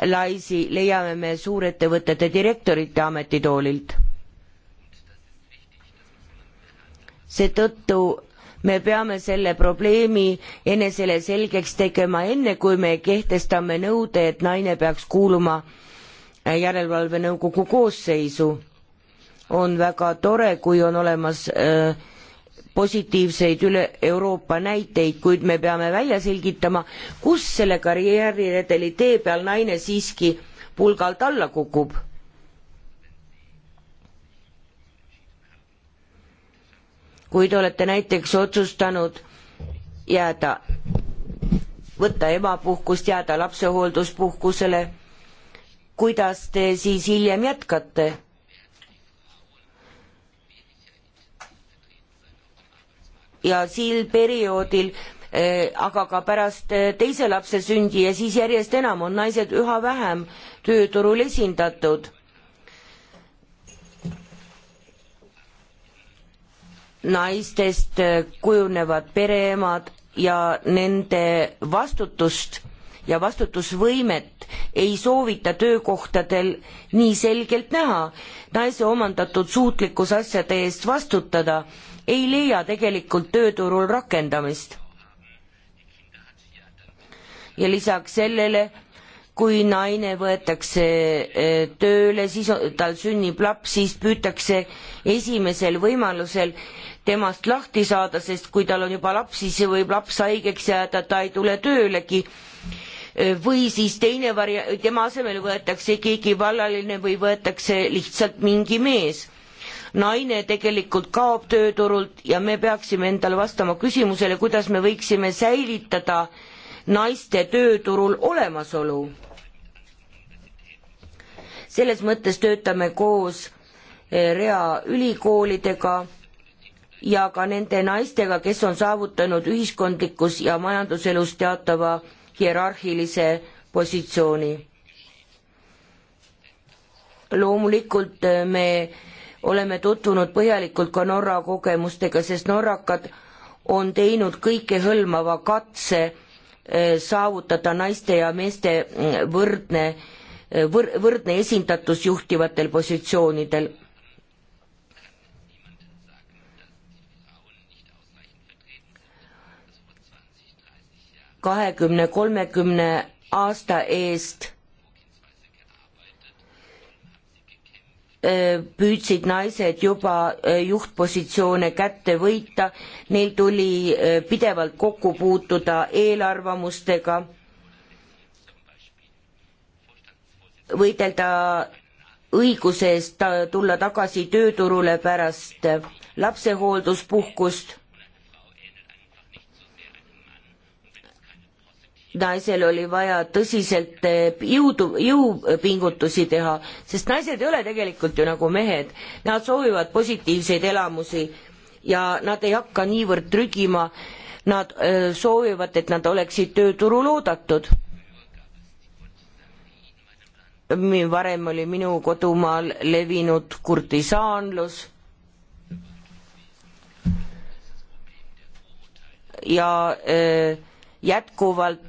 B: laisi leiame me suurettevõtete direktorite ametitoolilt. seetõttu me peame selle probleemi enesele selgeks tegema enne, kui me kehtestame nõude, et naine peaks kuuluma järelevalvenõukogu koosseisu. on väga tore, kui on olemas öö, äh, positiivseid üle Euroopa näiteid, kuid me peame välja selgitama, kus selle karjääriredeli tee peal naine siiski pulgalt alla kukub. kui te olete näiteks otsustanud jääda, võtta emapuhkust, jääda lapsehoolduspuhkusele, kuidas te siis hiljem jätkate? ja sel perioodil eh, aga ka pärast eh, teise lapse sündi ja siis järjest enam on naised üha vähem tööturul esindatud. naistest eh, kujunevad pereemad ja nende vastutust ja vastutusvõimet ei soovita töökohtadel nii selgelt näha. naise omandatud suutlikkus asjade eest vastutada ei leia tegelikult tööturul rakendamist. ja lisaks sellele, kui naine võetakse eh, tööle, siis tal sünnib laps, siis püütakse esimesel võimalusel temast lahti saada, sest kui tal on juba laps, siis võib laps haigeks jääda, ta ei tule töölegi eh, või siis teine varia-, tema asemel võetakse keegi vallaline või võetakse lihtsalt mingi mees naine tegelikult kaob tööturult ja me peaksime endale vastama küsimusele, kuidas me võiksime säilitada naiste tööturul olemasolu. selles mõttes töötame koos eh, rea ülikoolidega ja ka nende naistega, kes on saavutanud ühiskondlikus ja majanduselus teatava hierarhilise positsiooni. loomulikult eh, me oleme tutvunud põhjalikult ka Norra kogemustega, sest norrakad on teinud kõikehõlmava katse eh, saavutada naiste ja meeste mm, võrdne, eh, võr-, võrdne esindatus juhtivatel positsioonidel. kahekümne, kolmekümne aasta eest Äh, püüdsid naised juba äh, juhtpositsioone kätte võita, neil tuli äh, pidevalt kokku puutuda eelarvamustega, võidelda õiguse eest tulla tagasi tööturule pärast lapsehoolduspuhkust naisel oli vaja tõsiselt eh, jõudu, jõupingutusi teha, sest naised ei ole tegelikult ju nagu mehed, nad soovivad positiivseid elamusi ja nad ei hakka niivõrd trügima, nad öö, eh, soovivad, et nad oleksid tööturul oodatud. varem oli minu kodumaal levinud kurdisaanlus ja öö, eh, jätkuvalt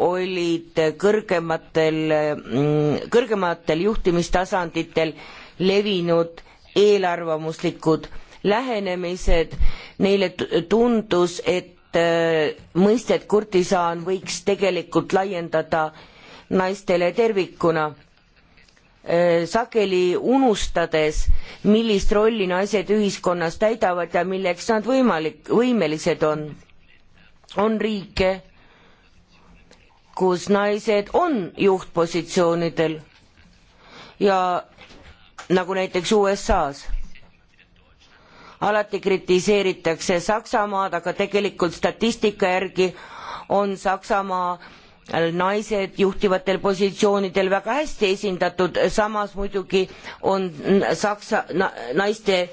B: olid kõrgematel, mm, kõrgematel juhtimistasanditel levinud eelarvamuslikud lähenemised, neile tundus, et äh, mõistet kurtisaan võiks tegelikult laiendada naistele tervikuna äh, sageli unustades millist rolli naised ühiskonnas täidavad ja milleks nad võimalik võimelised on on riike kus naised on juhtpositsioonidel ja nagu näiteks USA-s. alati kritiseeritakse Saksamaad, aga tegelikult statistika järgi on Saksamaa naised juhtivatel positsioonidel väga hästi esindatud, samas muidugi on Saksa na, naiste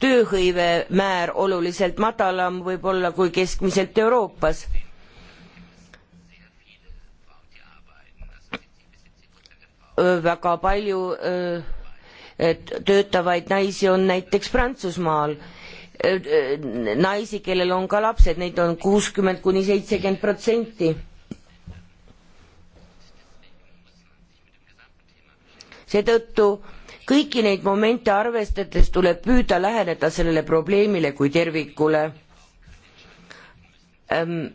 B: tööhõive määr oluliselt madalam võib-olla kui keskmiselt Euroopas väga palju töötavaid naisi on näiteks Prantsusmaal, naisi, kellel on ka lapsed, neid on kuuskümmend kuni seitsekümmend protsenti. seetõttu kõiki neid momente arvestades tuleb püüda läheneda sellele probleemile kui tervikule ähm,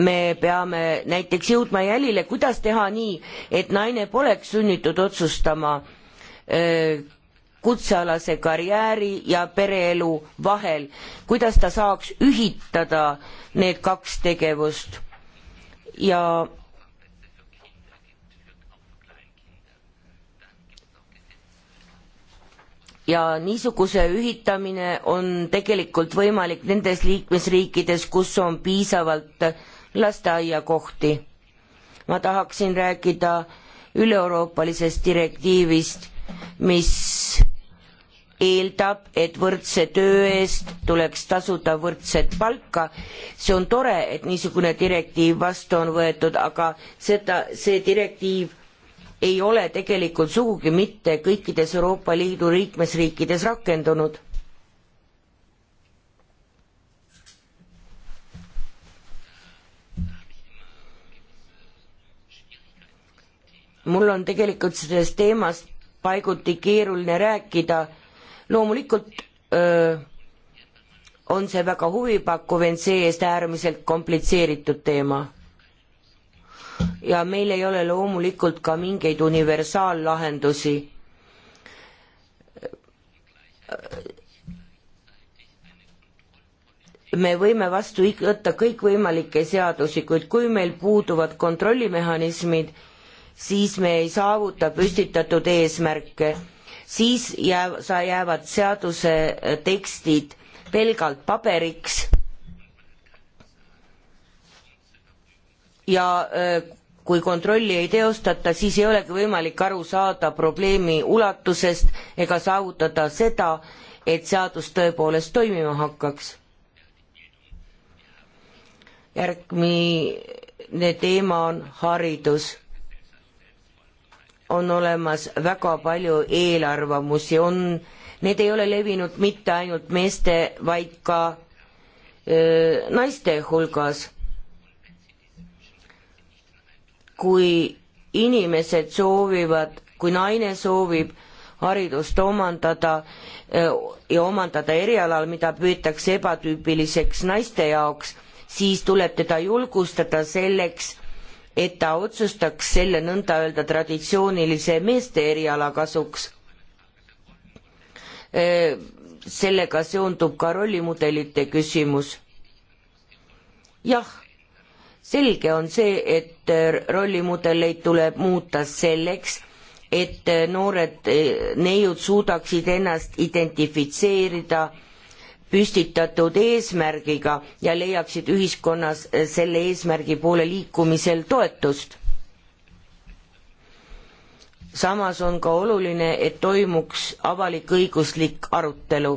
B: me peame näiteks jõudma jälile, kuidas teha nii, et naine poleks sunnitud otsustama kutsealase karjääri ja pereelu vahel, kuidas ta saaks ühitada need kaks tegevust ja ja niisuguse ühitamine on tegelikult võimalik nendes liikmesriikides, kus on piisavalt äh, lasteaiakohti. ma tahaksin rääkida üleeuroopalisest direktiivist, mis eeldab, et võrdse töö eest tuleks tasuda võrdset palka. see on tore, et niisugune direktiiv vastu on võetud, aga seda, see direktiiv ei ole tegelikult sugugi mitte kõikides Euroopa Liidu liikmesriikides rakendunud mul on tegelikult sellest teemast paiguti keeruline rääkida, loomulikult öö, on see väga huvipakkuv, ent see-eest äärmiselt komplitseeritud teema. ja meil ei ole loomulikult ka mingeid universaallahendusi. me võime vastu võtta kõikvõimalikke seadusi, kuid kui meil puuduvad kontrollimehhanismid, siis me ei saavuta püstitatud eesmärke, siis jääv, sa jäävad seaduse tekstid pelgalt paberiks ja äh, kui kontrolli ei teostata, siis ei olegi võimalik aru saada probleemi ulatusest ega saavutada seda, et seadus tõepoolest toimima hakkaks. järgmine teema on haridus on olemas väga palju eelarvamusi, on, need ei ole levinud mitte ainult meeste, vaid ka öö, naiste hulgas. kui inimesed soovivad, kui naine soovib haridust omandada öö, ja omandada erialal, mida püütakse ebatüüpiliseks naiste jaoks, siis tuleb teda julgustada selleks et ta otsustaks selle nõnda öelda traditsioonilise meeste eriala kasuks. sellega seondub ka rollimudelite küsimus. jah, selge on see, et äh, rollimudeleid tuleb muuta selleks, et äh, noored äh, neiud suudaksid ennast identifitseerida püstitatud eesmärgiga ja leiaksid ühiskonnas eh, selle eesmärgi poole liikumisel toetust. samas on ka oluline, et toimuks avalik-õiguslik arutelu.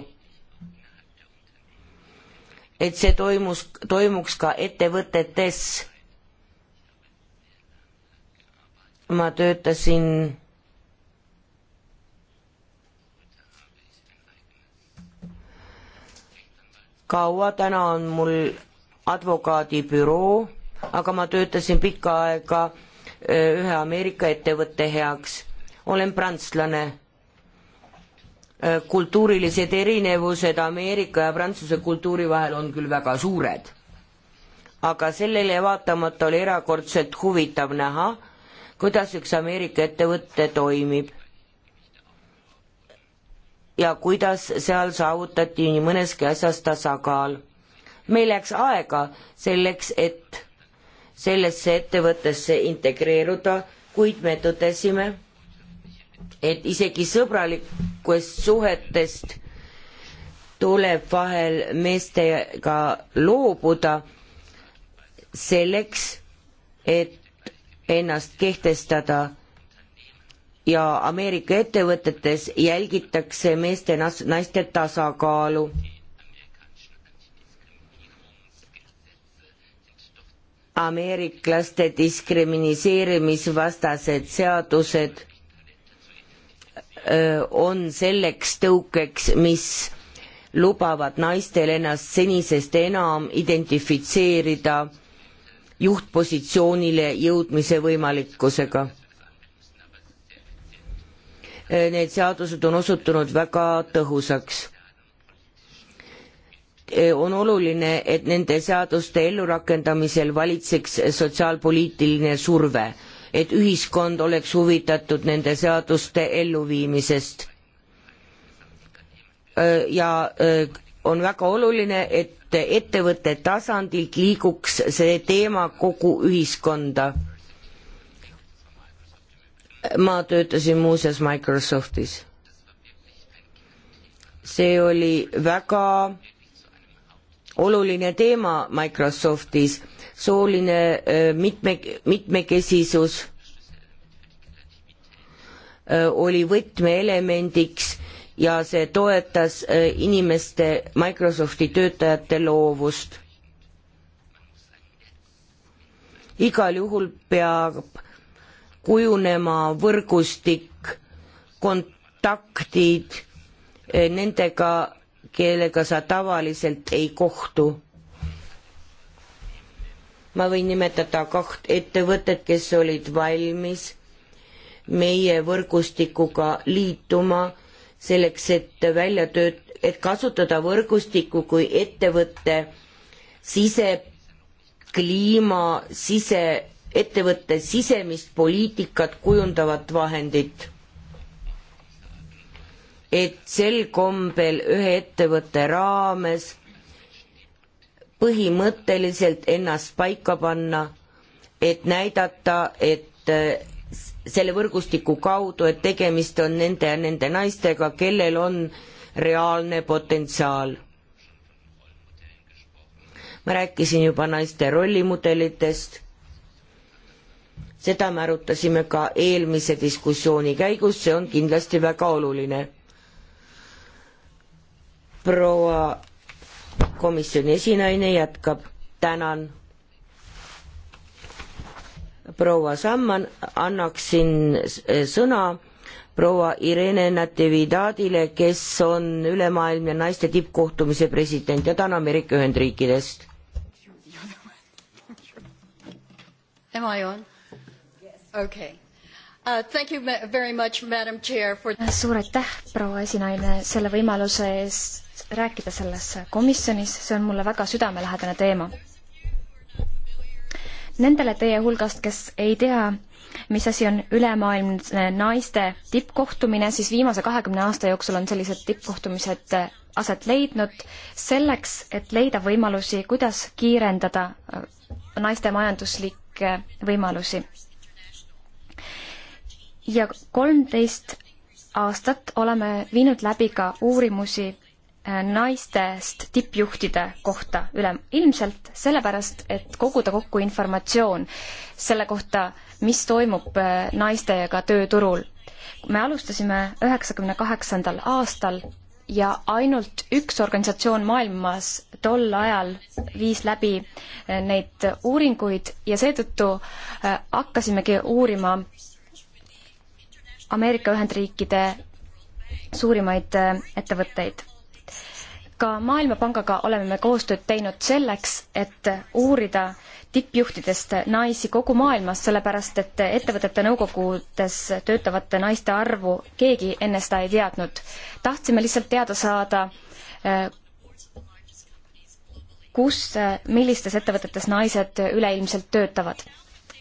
B: et see toimus, toimuks ka ettevõtetes. ma töötasin kaua, täna on mul advokaadibüroo, aga ma töötasin pikka aega ühe Ameerika ettevõtte heaks. olen prantslane. kultuurilised erinevused Ameerika ja Prantsuse kultuuri vahel on küll väga suured. aga sellele vaatamata oli erakordselt huvitav näha, kuidas üks Ameerika ettevõte toimib ja kuidas seal saavutati nii mõneski asjas tasakaal. meil läks aega selleks, et sellesse ettevõttesse integreeruda, kuid me tõdesime, et isegi sõbralikust suhetest tuleb vahel meestega loobuda selleks, et ennast kehtestada ja Ameerika ettevõtetes jälgitakse meeste nas-, naiste tasakaalu. ameeriklaste diskrimineerimisvastased seadused öö, on selleks tõukeks, mis lubavad naistel ennast senisest enam identifitseerida juhtpositsioonile jõudmise võimalikkusega Eh, need seadused on osutunud väga tõhusaks. Eh, on oluline, et nende seaduste ellurakendamisel valitseks sotsiaalpoliitiline surve, et ühiskond oleks huvitatud nende seaduste elluviimisest. Eh, ja on väga oluline, et ettevõtte tasandilt liiguks see teema kogu ühiskonda ma töötasin muuseas Microsoftis. see oli väga oluline teema Microsoftis, sooline äh, mitme, mitmekesisus äh, oli võtmeelemendiks ja see toetas äh, inimeste, Microsofti töötajate loovust. igal juhul peab kujunema võrgustik, kontaktid eh, nendega, kellega sa tavaliselt ei kohtu. ma võin nimetada kaht ettevõtet, kes olid valmis meie võrgustikuga liituma selleks, et välja tööt-, et kasutada võrgustikku kui ettevõtte sisekliima, sise ettevõtte sisemist poliitikat kujundavat vahendit. et sel kombel ühe ettevõtte raames põhimõtteliselt ennast paika panna, et näidata, et äh, selle võrgustiku kaudu, et tegemist on nende ja nende naistega, kellel on reaalne potentsiaal. ma rääkisin juba naiste rollimudelitest seda me arutasime ka eelmise diskussiooni käigus, see on kindlasti väga oluline. proua komisjoni esinaine jätkab, tänan. proua Samman, annaksin sõna proua Irene Natividadile, kes on ülemaailmne naiste tippkohtumise president ja ta on Ameerika Ühendriikidest.
D: tema ju on Okay. Uh, thank you very much, Madam Chair, for suur aitäh, proua esinaine, selle võimaluse eest rääkida selles komisjonis, see on mulle väga südamelähedane teema. Nendele teie hulgast, kes ei tea, mis asi on ülemaailmne naiste tippkohtumine, siis viimase kahekümne aasta jooksul on sellised tippkohtumised aset leidnud selleks, et leida võimalusi, kuidas kiirendada naiste majanduslikke võimalusi ja kolmteist aastat oleme viinud läbi ka uurimusi äh, naistest tippjuhtide kohta üle, ilmselt sellepärast, et koguda kokku informatsioon selle kohta, mis toimub äh, naistega tööturul. me alustasime üheksakümne kaheksandal aastal ja ainult üks organisatsioon maailmas tol ajal viis läbi äh, neid uuringuid ja seetõttu hakkasimegi uurima Ameerika Ühendriikide suurimaid äh, ettevõtteid. ka Maailmapangaga oleme me koostööd teinud selleks, et uurida tippjuhtidest naisi kogu maailmas, sellepärast et ettevõtete nõukogudes töötavate naiste arvu keegi enne seda ei teadnud. tahtsime lihtsalt teada saada, äh, kus, äh, millistes ettevõtetes naised üleilmselt töötavad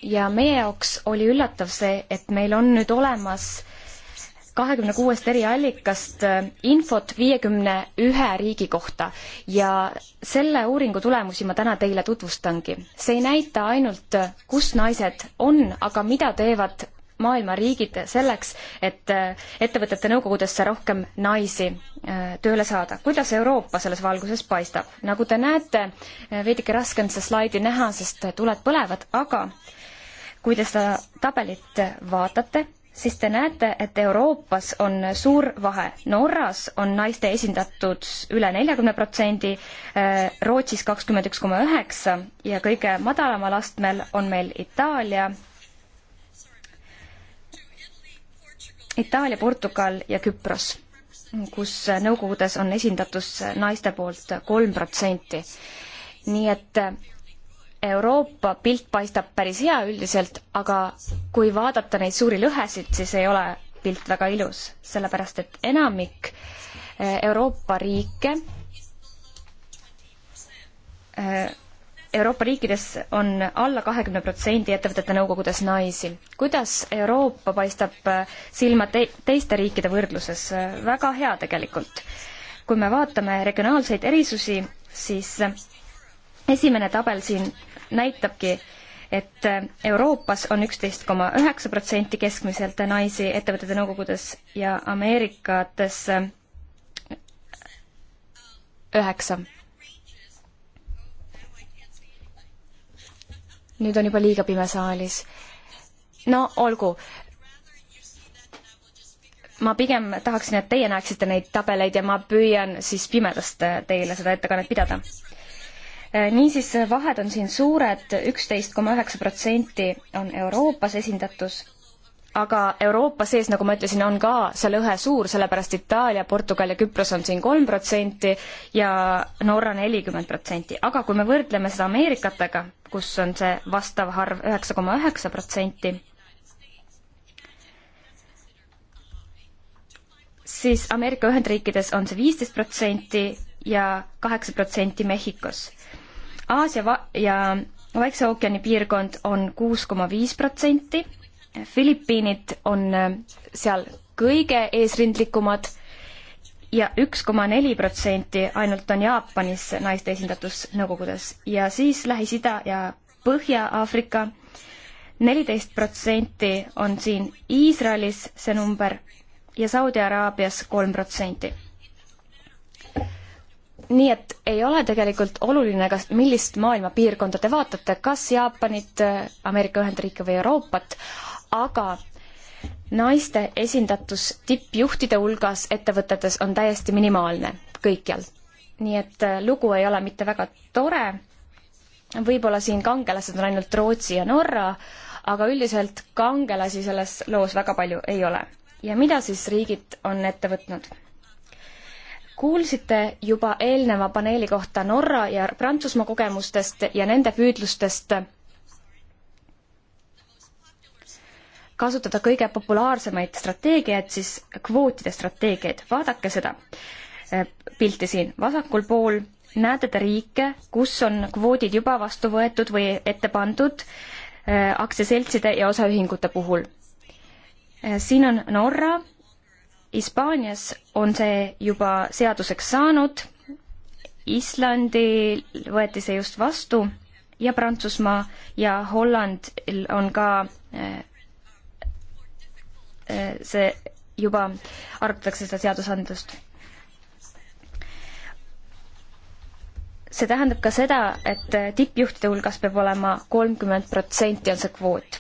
D: ja meie jaoks oli üllatav see, et meil on nüüd olemas kahekümne kuuest eri allikast äh, infot viiekümne ühe riigi kohta ja selle uuringu tulemusi ma täna teile tutvustangi. see ei näita ainult, äh, kus naised on, aga mida teevad maailma riigid selleks, et äh, ettevõtete nõukogudesse rohkem naisi tööle saada. kuidas Euroopa selles valguses paistab? nagu te näete, veidike raske on seda slaidi näha, sest tuled põlevad, aga äh, kui te seda tabelit vaatate, siis te näete, et Euroopas on suur vahe. Norras on naiste esindatud üle neljakümne protsendi, äh, Rootsis kakskümmend üks koma üheksa ja kõige madalamal astmel on meil Itaalia, Itaalia, Portugal ja Küpros, kus nõukogudes on esindatus naiste poolt kolm protsenti. nii et Euroopa pilt paistab päris hea üldiselt, aga kui vaadata neid suuri lõhesid, siis ei ole pilt väga ilus, sellepärast et enamik eh, Euroopa riike, eh, Euroopa riikides on alla kahekümne protsendi ettevõtete nõukogudes naisi. kuidas Euroopa paistab eh, silma te teiste riikide võrdluses? väga hea tegelikult. kui me vaatame regionaalseid erisusi, siis esimene tabel siin näitabki, et Euroopas on üksteist koma üheksa protsenti keskmiselt naisi ettevõtete nõukogudes ja Ameerikates üheksa. nüüd on juba liiga pime saalis. no olgu. ma pigem tahaksin, et teie näeksite neid tabeleid ja ma püüan siis pimedast teile seda ettekannet pidada. Äh, niisiis, vahed on siin suured, üksteist koma üheksa protsenti on Euroopas esindatus, aga Euroopa sees, nagu ma ütlesin, on ka see lõhe suur, sellepärast Itaalia, Portugal ja Küpros on siin kolm protsenti ja Norra nelikümmend protsenti, aga kui me võrdleme seda Ameerikatega, kus on see vastav arv üheksa koma üheksa protsenti, siis Ameerika Ühendriikides on see viisteist protsenti ja kaheksa protsenti Mehhikos Aasia va- ja Vaikse ookeani piirkond on kuus koma viis protsenti, Filipiinid on äh, seal kõige eesrindlikumad ja üks koma neli protsenti ainult on Jaapanis naiste esindatus nõukogudes ja siis Lähis-Ida ja Põhja-Aafrika, neliteist protsenti on siin Iisraelis see number ja Saudi-Araabias kolm protsenti nii et ei ole tegelikult oluline, kas, millist maailma piirkonda te vaatate, kas Jaapanit, Ameerika Ühendriike või Euroopat, aga naiste esindatus tippjuhtide hulgas ettevõtetes on täiesti minimaalne kõikjal. nii et äh, lugu ei ole mitte väga tore, võib-olla siin kangelased on ainult Rootsi ja Norra, aga üldiselt kangelasi selles loos väga palju ei ole. ja mida siis riigid on ette võtnud? kuulsite juba eelneva paneeli kohta Norra ja Prantsusmaa kogemustest ja nende püüdlustest kasutada kõige populaarsemaid strateegiaid, siis kvootide strateegiaid. vaadake seda eh, pilti siin vasakul pool, näete te riike, kus on kvoodid juba vastu võetud või ette pandud eh, aktsiaseltside ja osaühingute puhul. Eh, siin on Norra Hispaanias on see juba seaduseks saanud, Islandil võeti see just vastu ja Prantsusmaa ja Hollandil on ka äh, äh, see juba, arutatakse seda seadusandlust. see tähendab ka seda, et tippjuhtide hulgas peab olema kolmkümmend protsenti on see kvoot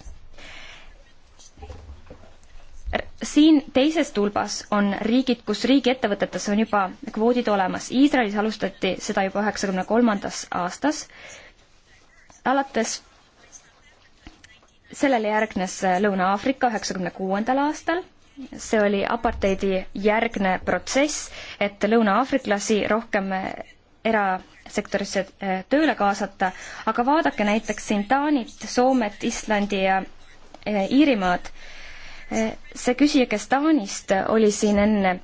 D: siin teises tulbas on riigid, kus riigiettevõtetes on juba kvoodid olemas. Iisraelis alustati seda juba üheksakümne kolmandas aastas. alates sellele järgnes Lõuna-Aafrika üheksakümne kuuendal aastal. see oli aparteidi järgne protsess, et lõuna-aafriklasi rohkem erasektorisse äh, tööle kaasata, aga vaadake näiteks siin Taanit, Soomet, Islandi ja äh, Iirimaad see küsija, kes Taanist oli siin enne,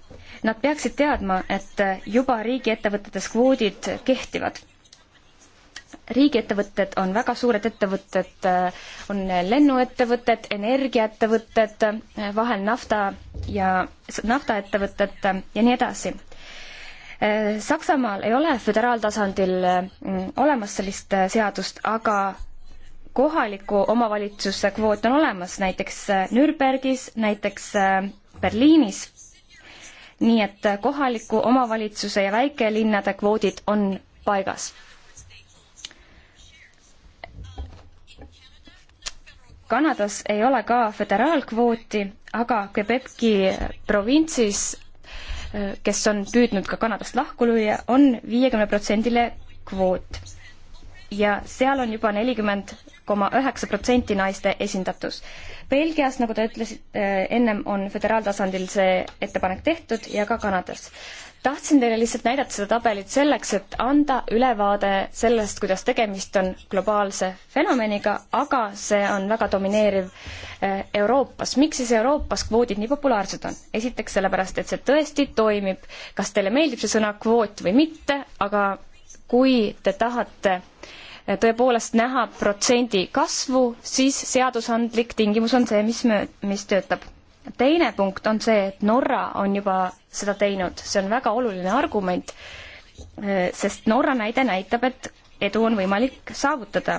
D: nad peaksid teadma, et juba riigiettevõtetes kvoodid kehtivad. riigiettevõtted on väga suured ettevõtted, on lennuettevõtted, energiaettevõtted, vahel nafta ja naftaettevõtted ja nii edasi Saksamaal ei ole föderaaltasandil mm, olemas sellist äh, seadust, aga kohaliku omavalitsuse kvoot on olemas näiteks äh, Nürnbergis, näiteks äh, Berliinis. nii et äh, kohaliku omavalitsuse ja väikelinnade kvoodid on paigas. Kanadas ei ole ka föderaalkvooti, aga Quebec'i provintsis, kes on püüdnud ka Kanadast lahku lüüa, on viiekümne protsendile kvoot. ja seal on juba nelikümmend koma üheksa protsenti naiste esindatus. Belgias, nagu te ütlesite, äh, ennem on föderaaltasandil see ettepanek tehtud ja ka Kanadas. tahtsin teile lihtsalt näidata seda tabelit selleks, et anda ülevaade sellest, kuidas tegemist on globaalse fenomeniga, aga see on väga domineeriv äh, Euroopas. miks siis Euroopas kvoodid nii populaarsed on? esiteks sellepärast, et see tõesti toimib. kas teile meeldib see sõna kvoot või mitte, aga kui te tahate Äh, tõepoolest näha protsendi kasvu, siis seadusandlik tingimus on see, mis möö-, mis töötab. teine punkt on see, et Norra on juba seda teinud, see on väga oluline argument, äh, sest Norra näide näitab, et edu on võimalik saavutada.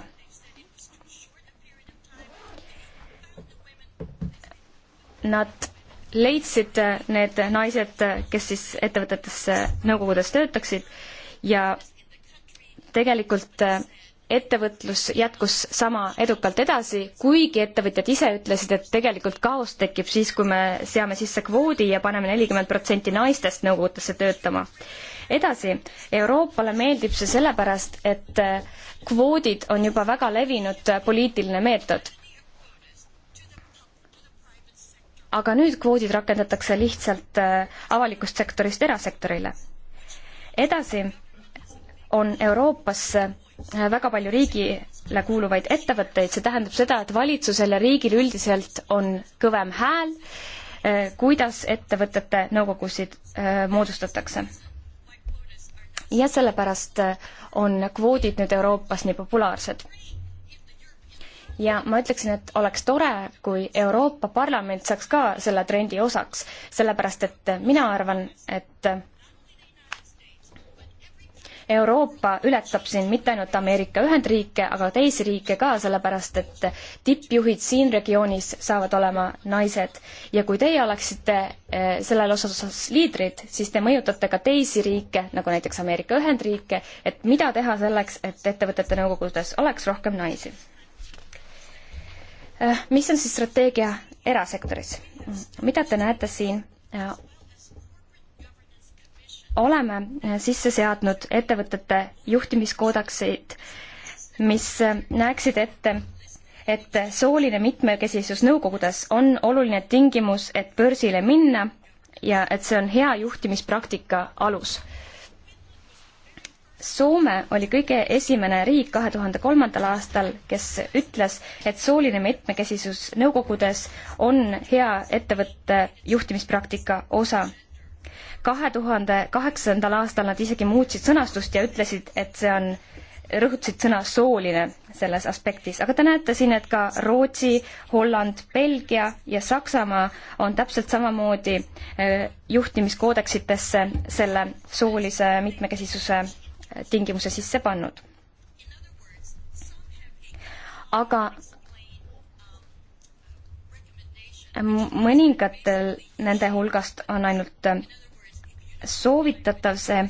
D: Nad leidsid äh, need naised, kes siis ettevõtetes, nõukogudes töötaksid ja tegelikult äh, ettevõtlus jätkus sama edukalt edasi, kuigi ettevõtjad ise ütlesid, et tegelikult kaos tekib siis, kui me seame sisse kvoodi ja paneme nelikümmend protsenti naistest nõukogudesse töötama. edasi, Euroopale meeldib see sellepärast, et eh, kvoodid on juba väga levinud eh, poliitiline meetod. aga nüüd kvoodid rakendatakse lihtsalt eh, avalikust sektorist erasektorile. edasi on Euroopas Äh, väga palju riigile kuuluvaid ettevõtteid, see tähendab seda, et valitsusel ja riigil üldiselt on kõvem hääl, äh, kuidas ettevõtete nõukogusid äh, moodustatakse. ja sellepärast on kvoodid nüüd Euroopas nii populaarsed. ja ma ütleksin, et oleks tore, kui Euroopa Parlament saaks ka selle trendi osaks, sellepärast et mina arvan, et Euroopa ületab siin mitte ainult Ameerika Ühendriike, aga teisi riike ka, sellepärast et tippjuhid siin regioonis saavad olema naised. ja kui teie oleksite eh, sellel osas liidrid, siis te mõjutate ka teisi riike, nagu näiteks Ameerika Ühendriike, et mida teha selleks, et ettevõtete nõukogudes oleks rohkem naisi. Eh, mis on siis strateegia erasektoris? mida te näete siin eh, oleme äh, sisse seadnud ettevõtete juhtimiskoodakseid, mis äh, näeksid ette, et sooline mitmekesisus nõukogudes on oluline tingimus, et börsile minna ja et see on hea juhtimispraktika alus. Soome oli kõige esimene riik kahe tuhande kolmandal aastal, kes ütles, et sooline mitmekesisus nõukogudes on hea ettevõtte juhtimispraktika osa kahe tuhande kaheksandal aastal nad isegi muutsid sõnastust ja ütlesid, et see on, rõhutasid sõna sooline selles aspektis, aga te näete siin, et ka Rootsi, Holland, Belgia ja Saksamaa on täpselt samamoodi äh, juhtimiskoodeksitesse selle soolise mitmekesisuse äh, tingimuse sisse pannud. aga mõningatel nende hulgast on ainult äh, soovitatav see,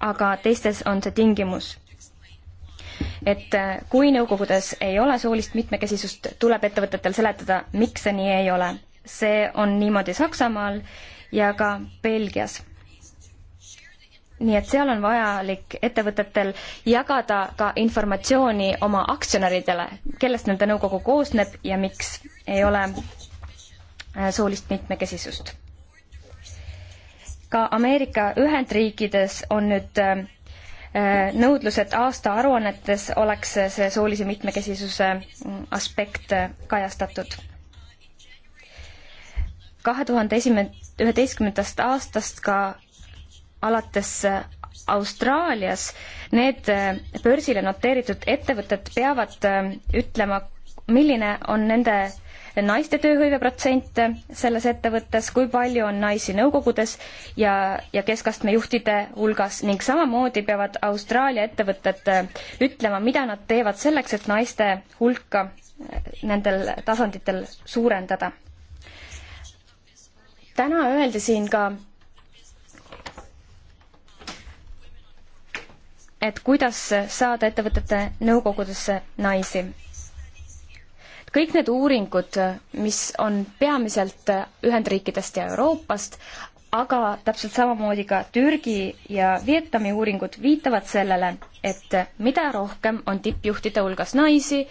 D: aga teistes on see tingimus. et äh, kui nõukogudes ei ole soolist mitmekesisust, tuleb ettevõtetel seletada, miks see nii ei ole. see on niimoodi Saksamaal ja ka Belgias nii et seal on vajalik ettevõtetel jagada ka informatsiooni oma aktsionäridele, kellest nende nõukogu koosneb ja miks ei ole äh, soolist mitmekesisust ka Ameerika Ühendriikides on nüüd äh, nõudlus, et aastaaruannetes oleks see soolise mitmekesisuse mm, aspekt äh, kajastatud. kahe tuhande esimene, üheteistkümnendast aastast ka alates äh, Austraalias need börsile noteeritud ettevõtted peavad ütlema, milline on nende naiste tööhõive protsente selles ettevõttes, kui palju on naisi nõukogudes ja, ja keskastme juhtide hulgas ning samamoodi peavad Austraalia ettevõtted äh, ütlema, mida nad teevad selleks, et naiste hulka äh, nendel tasanditel suurendada. täna öeldi siin ka et kuidas saada ettevõtete nõukogudesse naisi kõik need uuringud, mis on peamiselt Ühendriikidest ja Euroopast, aga täpselt samamoodi ka Türgi ja Vietnami uuringud viitavad sellele, et mida rohkem on tippjuhtide hulgas naisi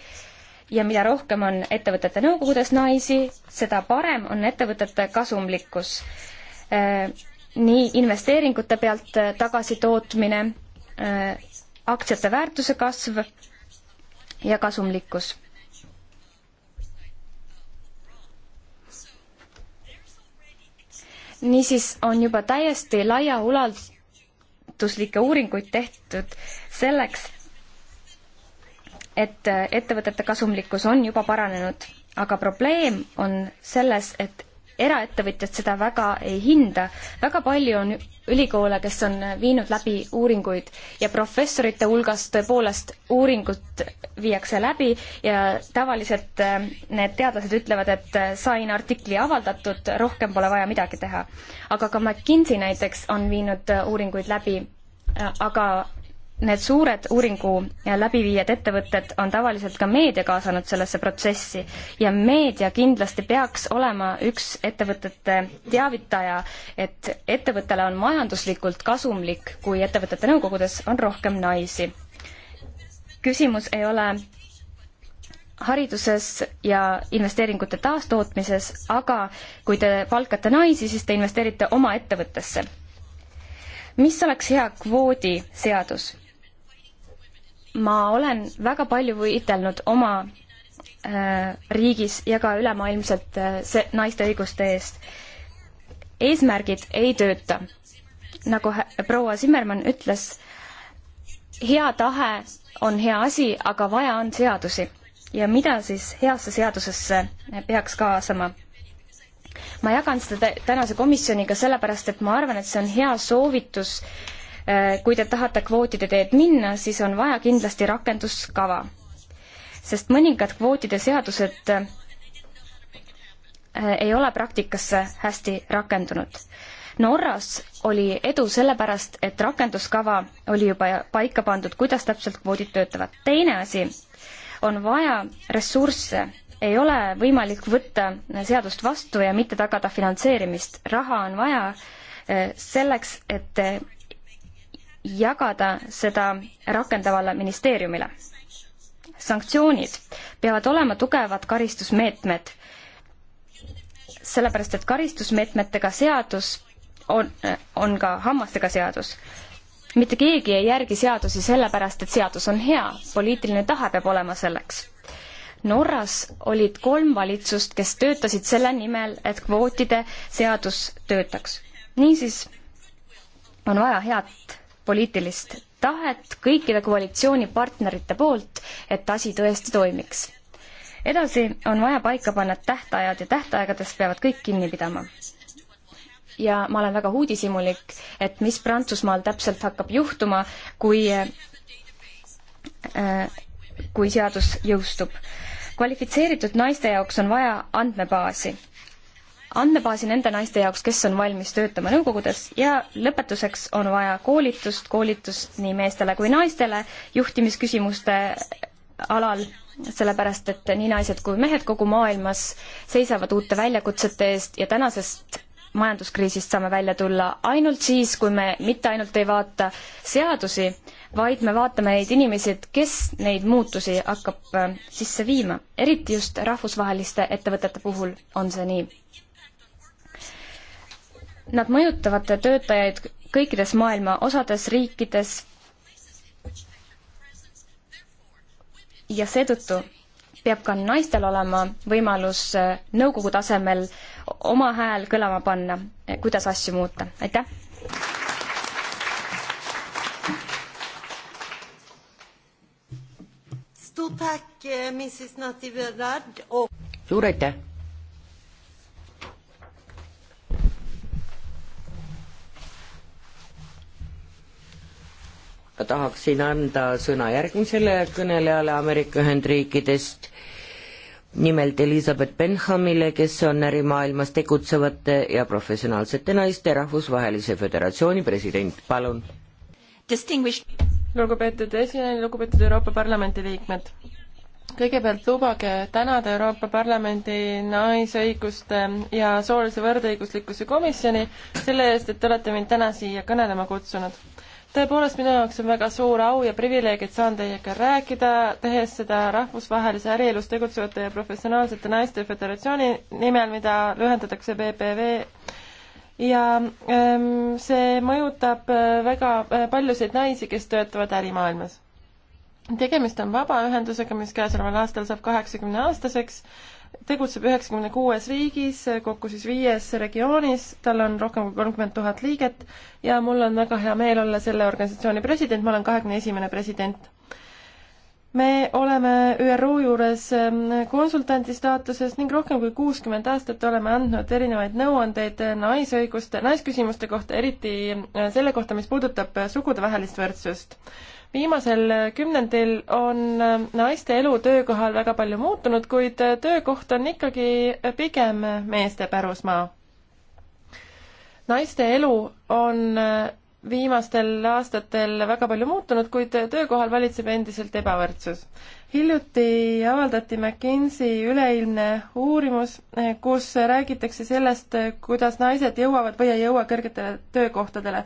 D: ja mida rohkem on ettevõtete nõukogudes naisi, seda parem on ettevõtete kasumlikkus. Äh, nii investeeringute pealt äh, tagasitootmine, äh, aktsiate väärtuse kasv ja kasumlikkus niisiis on juba täiesti laiaulatuslikke uuringuid tehtud selleks, et äh, ettevõtete kasumlikkus on juba paranenud, aga probleem on selles, et eraettevõtjad seda väga ei hinda. väga palju on ülikoole, kes on viinud läbi uuringuid ja professorite hulgas tõepoolest uuringut viiakse läbi ja tavaliselt äh, need teadlased ütlevad, et äh, sain artikli avaldatud, rohkem pole vaja midagi teha. aga ka McKinsey näiteks on viinud äh, uuringuid läbi, aga need suured uuringu läbiviijad ettevõtted on tavaliselt ka meedia kaasanud sellesse protsessi ja meedia kindlasti peaks olema üks ettevõtete teavitaja, et ettevõttele on majanduslikult kasumlik, kui ettevõtete nõukogudes on rohkem naisi. küsimus ei ole hariduses ja investeeringute taastootmises, aga kui te palkate naisi, siis te investeerite oma ettevõttesse. mis oleks hea kvoodiseadus? ma olen väga palju võidelnud oma äh, riigis ja ka ülemaailmselt äh, see, naiste õiguste eest. eesmärgid ei tööta. nagu proua Zimmermann ütles, hea tahe on hea asi, aga vaja on seadusi. ja mida siis heasse seadusesse peaks kaasama? ma jagan seda tänase komisjoniga sellepärast, et ma arvan, et see on hea soovitus äh, Äh, kui te tahate kvootide teed minna, siis on vaja kindlasti rakenduskava. sest mõningad kvootide seadused äh, ei ole praktikasse hästi rakendunud. Norras oli edu sellepärast, et rakenduskava oli juba paika pandud, kuidas täpselt kvoodid töötavad. teine asi, on vaja ressursse, ei ole võimalik võtta seadust vastu ja mitte tagada finantseerimist. raha on vaja äh, selleks, et jagada seda rakendavale ministeeriumile. sanktsioonid peavad olema tugevad karistusmeetmed, sellepärast et karistusmeetmetega seadus on, on ka hammastega seadus. mitte keegi ei järgi seadusi sellepärast, et seadus on hea, poliitiline tahe peab olema selleks. Norras olid kolm valitsust, kes töötasid selle nimel, et kvootide seadus töötaks. niisiis on vaja head poliitilist tahet kõikide koalitsioonipartnerite poolt, et asi tõesti toimiks. edasi on vaja paika panna tähtajad ja tähtaegadest peavad kõik kinni pidama. ja ma olen väga uudishimulik, et mis Prantsusmaal täpselt hakkab juhtuma, kui äh, kui seadus jõustub. kvalifitseeritud naiste jaoks on vaja andmebaasi andmebaasi nende naiste jaoks, kes on valmis töötama nõukogudes ja lõpetuseks on vaja koolitust, koolitust nii meestele kui naistele juhtimisküsimuste alal, sellepärast et nii naised kui mehed kogu maailmas seisavad uute väljakutsete eest ja tänasest majanduskriisist saame välja tulla ainult siis, kui me mitte ainult ei vaata seadusi, vaid me vaatame neid inimesi, et kes neid muutusi hakkab äh, sisse viima. eriti just rahvusvaheliste ettevõtete puhul on see nii. Nad mõjutavad töötajaid kõikides maailma osades, riikides. ja seetõttu peab ka naistel olema võimalus nõukogu tasemel oma hääl kõlama panna, kuidas asju muuta. aitäh!
A: Eh,
B: suur aitäh! tahaksin anda sõna järgmisele kõnelejale Ameerika Ühendriikidest, nimelt Elizabeth Benhamile, kes on ärimaailmas tegutsevate ja professionaalsete naiste rahvusvahelise föderatsiooni president, palun.
C: lugupeetud esineja, lugupeetud Euroopa Parlamendi liikmed kõigepealt lubage tänada Euroopa Parlamendi naisõiguste ja soolise võrdõiguslikkuse komisjoni selle eest, et te olete mind täna siia kõnelema kutsunud tõepoolest, minu jaoks on väga suur au ja privileeg, et saan teiega rääkida, tehes seda rahvusvahelise ärielus tegutsevate ja professionaalsete naiste föderatsiooni nimel, mida lühendatakse PPV ja ehm, see mõjutab äh, väga äh, paljusid naisi, kes töötavad ärimaailmas tegemist on vabaühendusega, mis käesoleval aastal saab kaheksakümne aastaseks tegutseb üheksakümne kuues riigis, kokku siis viies regioonis, tal on rohkem kui kolmkümmend tuhat liiget ja mul on väga hea meel olla selle organisatsiooni president, ma olen kahekümne esimene president. me oleme ÜRO juures ähm, konsultandi staatuses ning rohkem kui kuuskümmend aastat oleme andnud erinevaid nõuandeid naisõiguste, naisküsimuste kohta, eriti äh, selle kohta, mis puudutab sugudevahelist võrdsust viimasel kümnendil on äh, naiste elu töökohal väga palju muutunud, kuid äh, töökoht on ikkagi pigem meeste pärusmaa. naiste elu on äh, viimastel aastatel väga palju muutunud, kuid töökohal valitseb endiselt ebavõrdsus. hiljuti avaldati McKinsey üleilmne uurimus, kus räägitakse sellest, kuidas naised jõuavad või ei jõua kõrgetele töökohtadele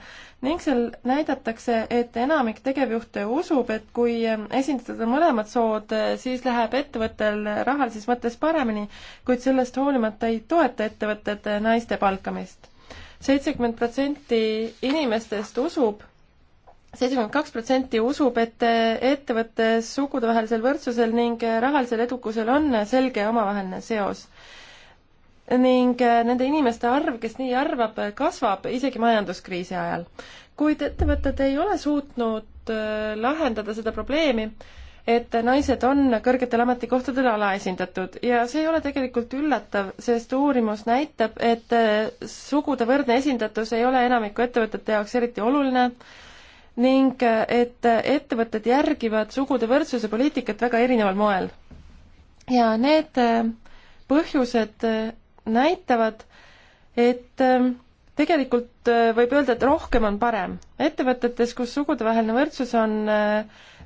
C: ning seal näidatakse, et enamik tegevjuhte usub, et kui esindada mõlemad sood, siis läheb ettevõttel rahalises mõttes paremini, kuid sellest hoolimata ei toeta ettevõtted naiste palkamist seitsekümmend protsenti inimestest usub, seitsekümmend kaks protsenti usub, et ettevõttes sugudevahelisel võrdsusel ning rahalisel edukusel on selge omavaheline seos. ning nende inimeste arv, kes nii arvab, kasvab isegi majanduskriisi ajal. kuid ettevõtted ei ole suutnud äh, lahendada seda probleemi, et naised on kõrgetel ametikohtadel alaesindatud ja see ei ole tegelikult üllatav, sest uurimus näitab, et äh, sugude võrdne esindatus ei ole enamiku ettevõtete jaoks eriti oluline ning äh, et äh, ettevõtted järgivad sugude võrdsuse poliitikat väga erineval moel. ja need põhjused näitavad, et tegelikult võib öelda, et rohkem on parem. ettevõtetes, kus sugudevaheline võrdsus on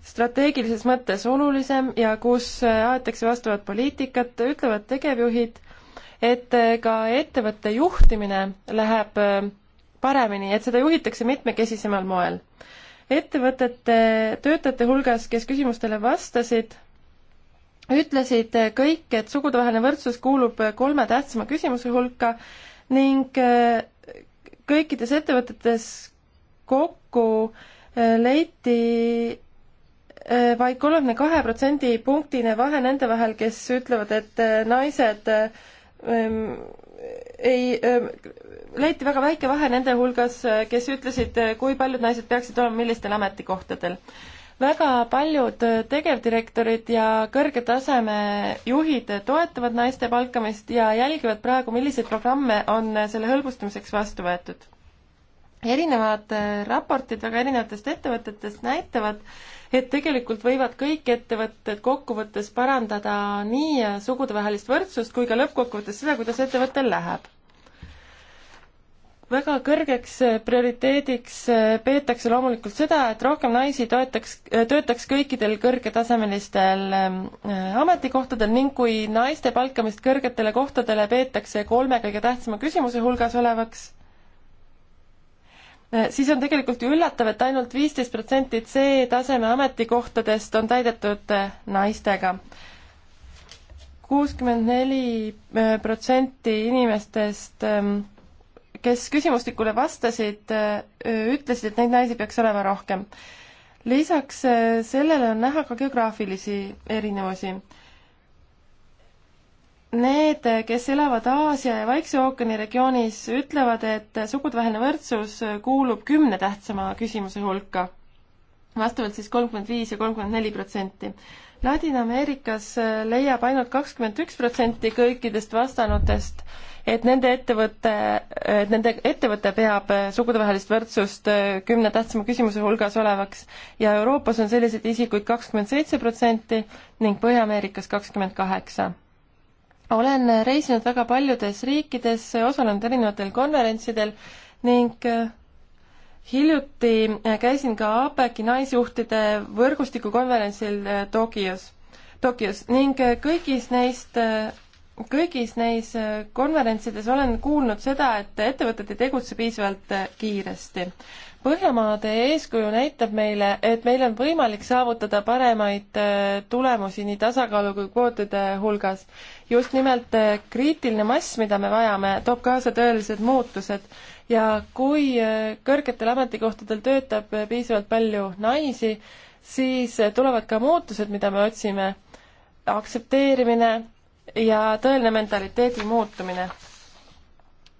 C: strateegilises mõttes olulisem ja kus aetakse vastavat poliitikat, ütlevad tegevjuhid, et ka ettevõtte juhtimine läheb paremini, et seda juhitakse mitmekesisemal moel. ettevõtete töötajate hulgas, kes küsimustele vastasid, ütlesid kõik, et sugudevaheline võrdsus kuulub kolme tähtsama küsimuse hulka ning kõikides ettevõtetes kokku leiti Äh, vaid kolmekümne kahe protsendi punktine vahe nende vahel, kes ütlevad, et äh, naised ähm, ei ähm,, leiti väga väike vahe nende hulgas, äh, kes ütlesid, kui paljud naised peaksid olema millistel ametikohtadel. väga paljud tegevdirektorid ja kõrge taseme juhid toetavad naiste palkamist ja jälgivad praegu, milliseid programme on selle hõlbustamiseks vastu võetud. erinevad raportid väga erinevatest ettevõtetest näitavad, et tegelikult võivad kõik ettevõtted kokkuvõttes parandada nii sugudevahelist võrdsust kui ka lõppkokkuvõttes seda, kuidas ettevõttel läheb väga kõrgeks prioriteediks peetakse loomulikult seda, et rohkem naisi toetaks, töötaks kõikidel kõrgetasemelistel äh, ametikohtadel ning kui naiste palkamist kõrgetele kohtadele peetakse kolme kõige tähtsama küsimuse hulgas olevaks, Äh, siis on tegelikult ju üllatav, et ainult viisteist protsenti C-taseme ametikohtadest on täidetud äh, naistega. kuuskümmend neli protsenti äh, inimestest, ähm, kes küsimustikule vastasid, ütlesid, et neid naisi peaks olema rohkem. lisaks sellele on näha ka geograafilisi erinevusi Need, kes elavad Aasia ja Vaikse ookeani regioonis, ütlevad, et sugudevaheline võrdsus kuulub kümne tähtsama küsimuse hulka, vastavalt siis kolmkümmend viis ja kolmkümmend neli protsenti. Ladina-Ameerikas leiab ainult kakskümmend üks protsenti kõikidest vastanutest, et nende ettevõte, et nende ettevõte peab sugudevahelist võrdsust kümne tähtsama küsimuse hulgas olevaks ja Euroopas on selliseid isikuid kakskümmend seitse protsenti ning Põhja-Ameerikas kakskümmend kaheksa olen reisinud väga paljudes riikides, osalenud erinevatel konverentsidel ning eh, hiljuti eh, käisin ka APEC-i naisjuhtide võrgustikukonverentsil eh, Tokyos, Tokyos ning kõigis neist, kõigis neis konverentsides olen kuulnud seda, et ettevõtted ei tegutse piisavalt kiiresti. Põhjamaade eeskuju näitab meile, et meil on võimalik saavutada paremaid tulemusi nii tasakaalu kui kvootide hulgas just nimelt äh, kriitiline mass, mida me vajame, toob kaasa tõelised muutused ja kui äh, kõrgetel ametikohtadel töötab äh, piisavalt palju naisi, siis tulevad ka muutused, mida me otsime, aktsepteerimine ja tõeline mentaliteedi muutumine.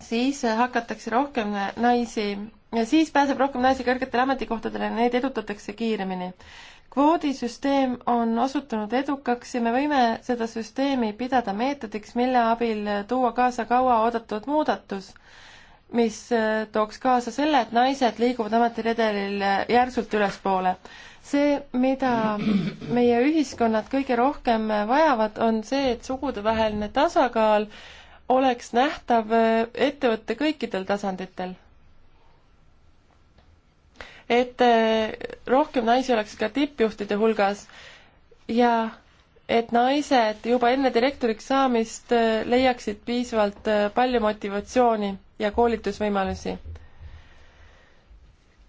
C: siis hakatakse rohkem naisi ja siis pääseb rohkem naisi kõrgetele ametikohtadele ja neid edutatakse kiiremini kvoodisüsteem on osutunud edukaks ja me võime seda süsteemi pidada meetodiks, mille abil tuua kaasa kauaoodatud muudatus, mis äh, tooks kaasa selle, et naised liiguvad ametiredelil äh, järsult ülespoole. see, mida meie ühiskonnad kõige rohkem äh, vajavad, on see, et sugudevaheline tasakaal oleks nähtav ettevõtte kõikidel tasanditel et äh, rohkem naisi oleks ka tippjuhtide hulgas ja et naised juba enne direktoriks saamist äh, leiaksid piisavalt äh, palju motivatsiooni ja koolitusvõimalusi.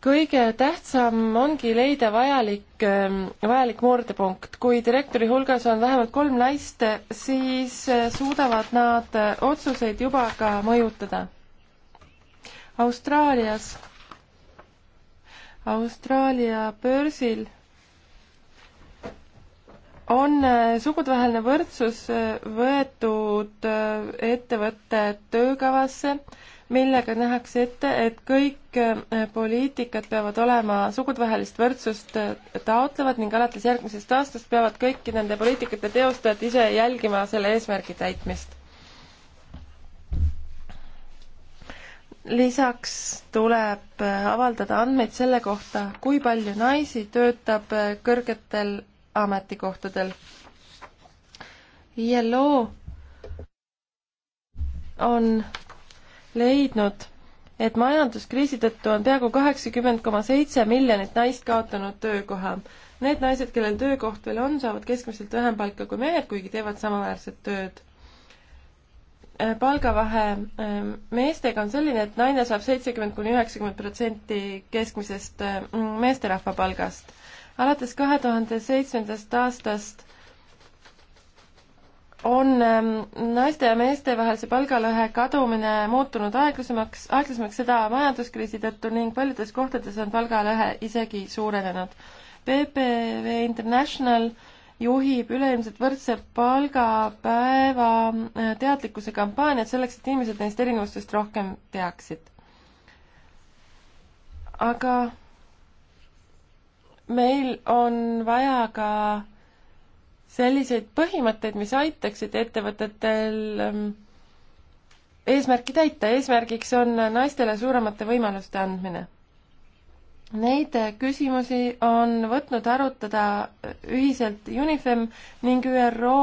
C: kõige tähtsam ongi leida vajalik, ähm, vajalik murdepunkt. kui direktori hulgas on vähemalt kolm naist, siis suudavad nad otsuseid juba ka mõjutada. Austraalias Austraalia börsil on äh, sugudevaheline võrdsus äh, võetud äh, ettevõtte töökavasse, millega nähakse ette, et kõik poliitikad peavad olema sugudevahelist võrdsust taotlevad ning alates järgmisest aastast peavad kõiki nende poliitikate teostajad ise jälgima selle eesmärgi täitmist lisaks tuleb avaldada andmeid selle kohta, kui palju naisi töötab kõrgetel ametikohtadel. ILO on leidnud, et majanduskriisi tõttu on peaaegu kaheksakümmend koma seitse miljonit naist kaotanud töökoha. Need naised, kellel töökoht veel on, saavad keskmiselt vähem palka kui mehed, kuigi teevad samaväärset tööd Äh, palgavahe äh, meestega on selline, et naine saab seitsekümmend kuni üheksakümmend protsenti keskmisest äh, meesterahva palgast. alates kahe tuhande seitsmendast aastast on ähm, naiste ja meeste vahelise palgalõhe kadumine muutunud aeglasemaks, aeglasemaks seda majanduskriisi tõttu ning paljudes kohtades on palgalõhe isegi suurenenud. PPV International äh, juhib üleilmselt võrdse palgapäeva äh, teadlikkuse kampaaniat selleks, et inimesed neist erinevustest rohkem teaksid. aga meil on vaja ka selliseid põhimõtteid, mis aitaksid ettevõtetel ähm, eesmärki täita, eesmärgiks on naistele suuremate võimaluste andmine Neid küsimusi on võtnud arutada ühiselt UNIFEM ning ÜRO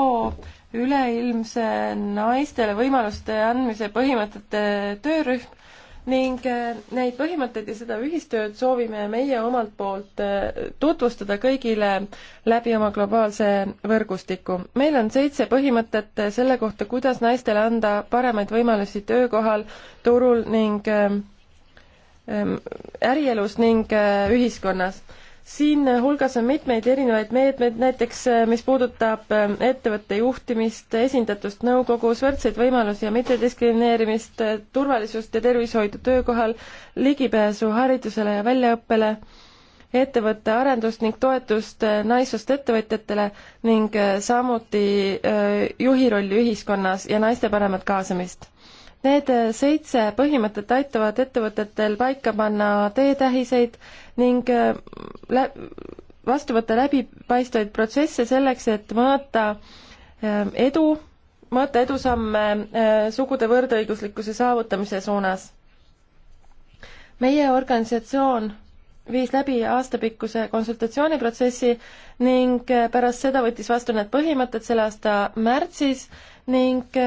C: üleilmse naistele võimaluste andmise põhimõtete töörühm ning eh, neid põhimõtteid ja seda ühistööd soovime meie omalt poolt eh, tutvustada kõigile läbi oma globaalse võrgustiku. meil on seitse põhimõtet eh, selle kohta, kuidas naistele anda paremaid võimalusi töökohal, turul ning Ähm, ärielus ning äh, ühiskonnas. siin äh, hulgas on mitmeid erinevaid meetmeid, näiteks äh, mis puudutab ähm, ettevõtte juhtimist, esindatust nõukogus, võrdseid võimalusi ja mittediskrimineerimist, turvalisust ja tervishoidu töökohal, ligipääsu haridusele ja väljaõppele, ettevõtte arendust ning toetust naissoost ettevõtjatele ning samuti juhi rolli ühiskonnas ja naiste paremat kaasamist Need seitse põhimõtet aitavad ettevõtetel paika panna teetähiseid ning äh, lä vastu võtta läbipaistvaid protsesse selleks, et mõõta ähm, edu, mõõta edusamme äh, sugude võrdõiguslikkuse saavutamise suunas. meie organisatsioon viis läbi aastapikkuse konsultatsiooniprotsessi ning äh, pärast seda võttis vastu need põhimõtted selle aasta märtsis ning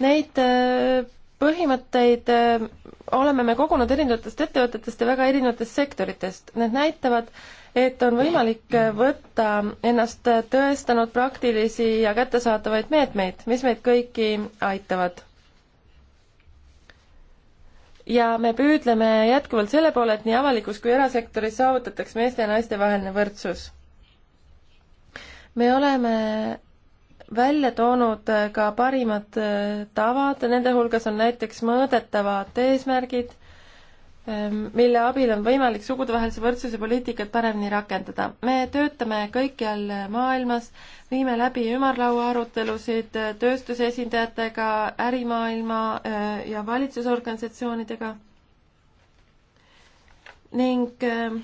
C: neid põhimõtteid äh, oleme me kogunud erinevatest ettevõtetest ja väga erinevatest sektoritest. Need näitavad, et on võimalik äh, võtta ennast äh, tõestanud praktilisi ja kättesaadavaid meetmeid, mis meid kõiki aitavad. ja me püüdleme jätkuvalt selle poole, et nii avalikus kui erasektoris saavutatakse meeste ja naiste vaheline võrdsus. me oleme välja toonud äh, ka parimad äh, tavad, nende hulgas on näiteks mõõdetavad eesmärgid, ähm, mille abil on võimalik sugudevahelise võrdsuse poliitikat paremini rakendada. me töötame kõikjal äh, maailmas, viime läbi ümarlaua arutelusid tööstuse esindajatega, ärimaailma ja valitsusorganisatsioonidega ning ähm,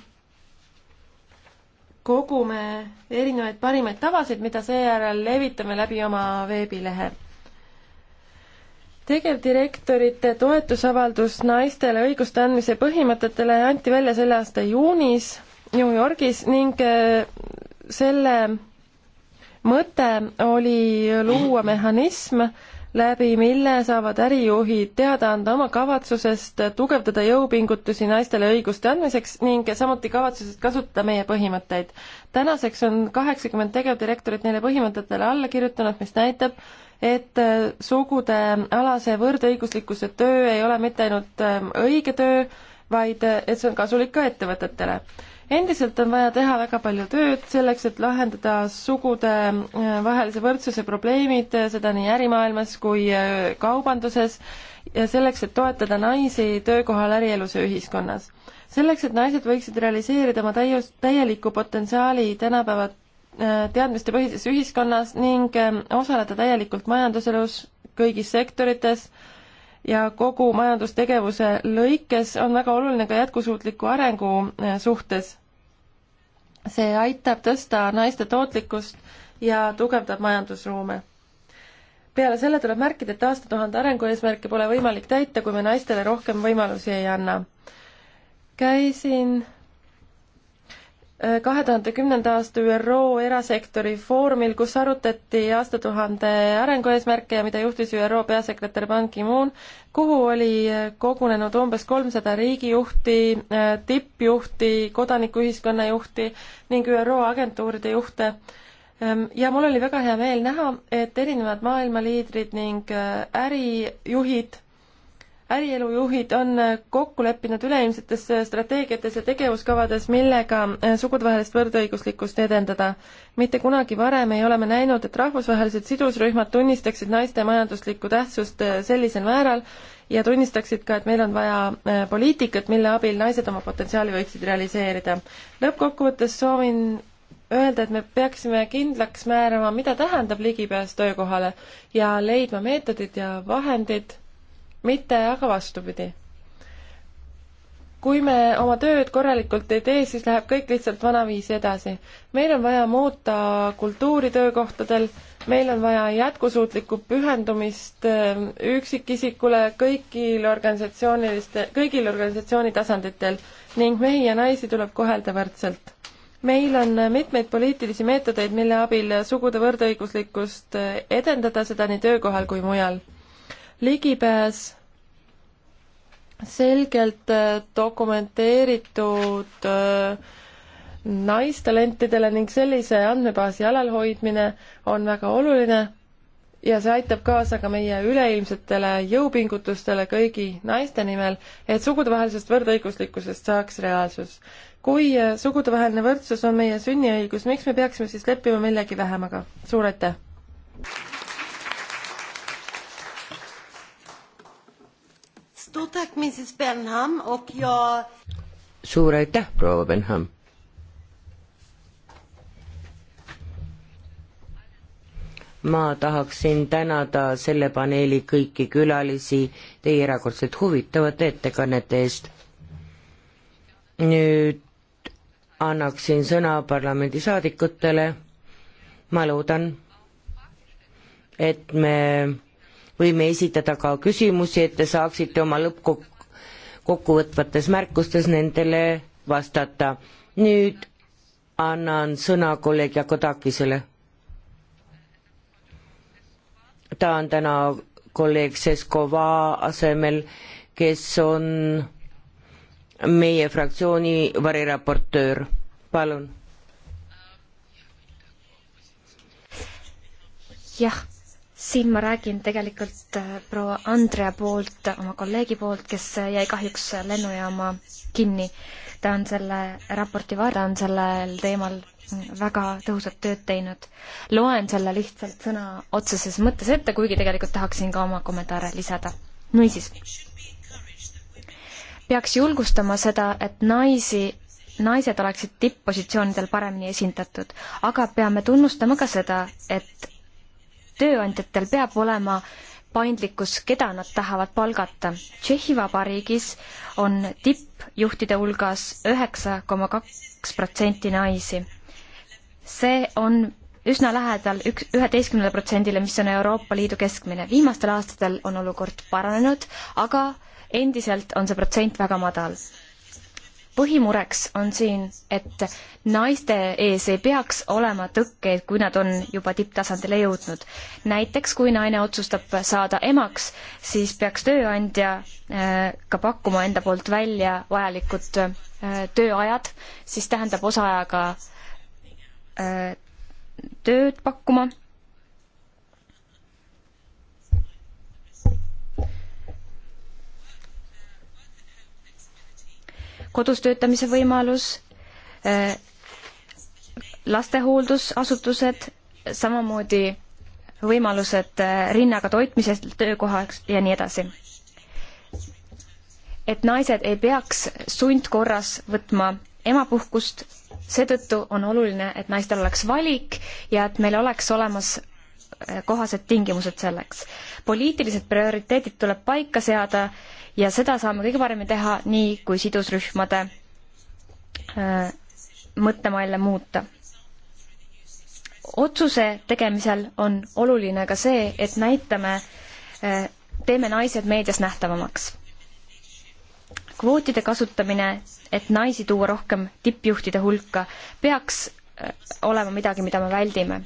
C: kogume erinevaid parimaid tavasid, mida seejärel levitame läbi oma veebilehe. tegevdirektorite toetusavaldus naistele õiguste andmise põhimõtetele anti välja selle aasta juunis New Yorgis ning äh, selle mõte oli luua mehhanism, läbi mille saavad ärijuhid teada anda oma kavatsusest tugevdada jõupingutusi naistele õiguste andmiseks ning samuti kavatsusest kasutada meie põhimõtteid. tänaseks on kaheksakümmend tegevdirektorit neile põhimõtetele alla kirjutanud, mis näitab, et äh, sugudealase võrdõiguslikkuse töö ei ole mitte ainult äh, õige töö, vaid äh, et see on kasulik ka ettevõtetele endiselt on vaja teha väga palju tööd selleks, et lahendada sugude äh, vahelise võrdsuse probleemid, äh, seda nii ärimaailmas kui äh, kaubanduses, ja selleks, et toetada naisi töökohal, ärielus ja ühiskonnas. selleks, et naised võiksid realiseerida oma täius, täieliku potentsiaali tänapäeva teadmistepõhises ühiskonnas ning ähm, osaleda täielikult majanduselus kõigis sektorites, ja kogu majandustegevuse lõikes on väga oluline ka jätkusuutliku arengu suhtes see aitab tõsta naiste tootlikkust ja tugevdab majandusruume peale selle tuleb märkida, et aastatuhande arengueesmärke pole võimalik täita, kui me naistele rohkem võimalusi ei anna. käisin kahe tuhande kümnenda aasta ÜRO erasektori foorumil, kus arutati aastatuhande arengueesmärke ja mida juhtis ÜRO peasekretär Ban Ki-moon, kuhu oli kogunenud umbes kolmsada riigijuhti, tippjuhti, kodanikuühiskonna juhti ning ÜRO agentuuride juhte. ja mul oli väga hea meel näha, et erinevad maailma liidrid ning ärijuhid ärielujuhid on kokku leppinud üleilmsetes strateegiates ja tegevuskavades, millega äh, sugudevahelist võrdõiguslikkust edendada. mitte kunagi varem ei ole me näinud, et rahvusvahelised sidusrühmad tunnistaksid naiste majanduslikku tähtsust äh, sellisel määral ja tunnistaksid ka, et meil on vaja äh, poliitikat, mille abil naised oma potentsiaali võiksid realiseerida. lõppkokkuvõttes soovin öelda, et me peaksime kindlaks määrama, mida tähendab ligipääs töökohale ja leidma meetodid ja vahendid mitte aga vastupidi. kui me oma tööd korralikult ei tee, siis läheb kõik lihtsalt vanaviisi edasi. meil on vaja muuta kultuuri töökohtadel, meil on vaja jätkusuutlikku pühendumist äh, üksikisikule kõigil organisatsiooniliste, kõigil organisatsiooni tasanditel ning mehi ja naisi tuleb kohelda võrdselt meil on mitmeid poliitilisi meetodeid, mille abil sugude võrdõiguslikkust äh, edendada, seda nii töökohal kui mujal ligipääs selgelt äh, dokumenteeritud äh, naistalentidele ning sellise andmebaasi alalhoidmine on väga oluline ja see aitab kaasa ka meie üleilmsetele jõupingutustele kõigi naiste nimel, et sugudevahelisest võrdõiguslikkusest saaks reaalsus. kui äh, sugudevaheline võrdsus on meie sünniõigus, miks me peaksime siis leppima millegi vähemaga? suur aitäh!
A: Mrs Benham och jag...
B: suur aitäh, proua Benham. ma tahaksin tänada selle paneeli kõiki külalisi teie erakordselt huvitavate ettekannete eest. nüüd annaksin sõna parlamendisaadikutele. ma loodan, et me võime esitada ka küsimusi, et te saaksite oma lõppkok-, kokkuvõtvates märkustes nendele vastata. nüüd annan sõna kolleeg Jakodakisele. ta on täna kolleeg Seskova asemel, kes on meie fraktsiooni variraportöör. palun.
D: jah siin ma räägin tegelikult äh, proua Andrea poolt, oma kolleegi poolt, kes jäi kahjuks lennujaama kinni. ta on selle raporti vaade, on sellel teemal väga tõhusat tööd teinud. loen selle lihtsalt sõna otseses mõttes ette, kuigi tegelikult tahaksin ka oma kommentaare lisada. niisiis. peaks julgustama seda, et naisi naised oleksid tipp-positsioonidel paremini esindatud, aga peame tunnustama ka seda, et tööandjatel peab olema paindlikkus, keda nad tahavad palgata. Tšehhi Vabariigis on tippjuhtide hulgas üheksa koma kaks protsenti naisi. see on üsna lähedal üks, üheteistkümnele protsendile, mis on Euroopa Liidu keskmine. viimastel aastatel on olukord paranenud, aga endiselt on see protsent väga madal põhimureks on siin, et naiste ees ei peaks olema tõkkeid, kui nad on juba tipptasandile jõudnud. näiteks kui naine otsustab saada emaks, siis peaks tööandja äh, ka pakkuma enda poolt välja vajalikud äh, tööajad, siis tähendab osaajaga äh, tööd pakkuma kodus töötamise võimalus, äh, lastehooldusasutused, samamoodi võimalused äh, rinnaga toitmisest töökohaks ja nii edasi. et naised ei peaks sundkorras võtma emapuhkust, seetõttu on oluline, et naistel oleks valik ja et meil oleks olemas äh, kohased tingimused selleks. poliitilised prioriteedid tuleb paika seada ja seda saame kõige paremini teha nii, kui sidusrühmade äh, mõttemalle muuta. otsuse tegemisel on oluline ka see, et näitame, äh, teeme naised meedias nähtavamaks. kvootide kasutamine, et naisi tuua rohkem tippjuhtide hulka, peaks äh, olema midagi, mida me väldime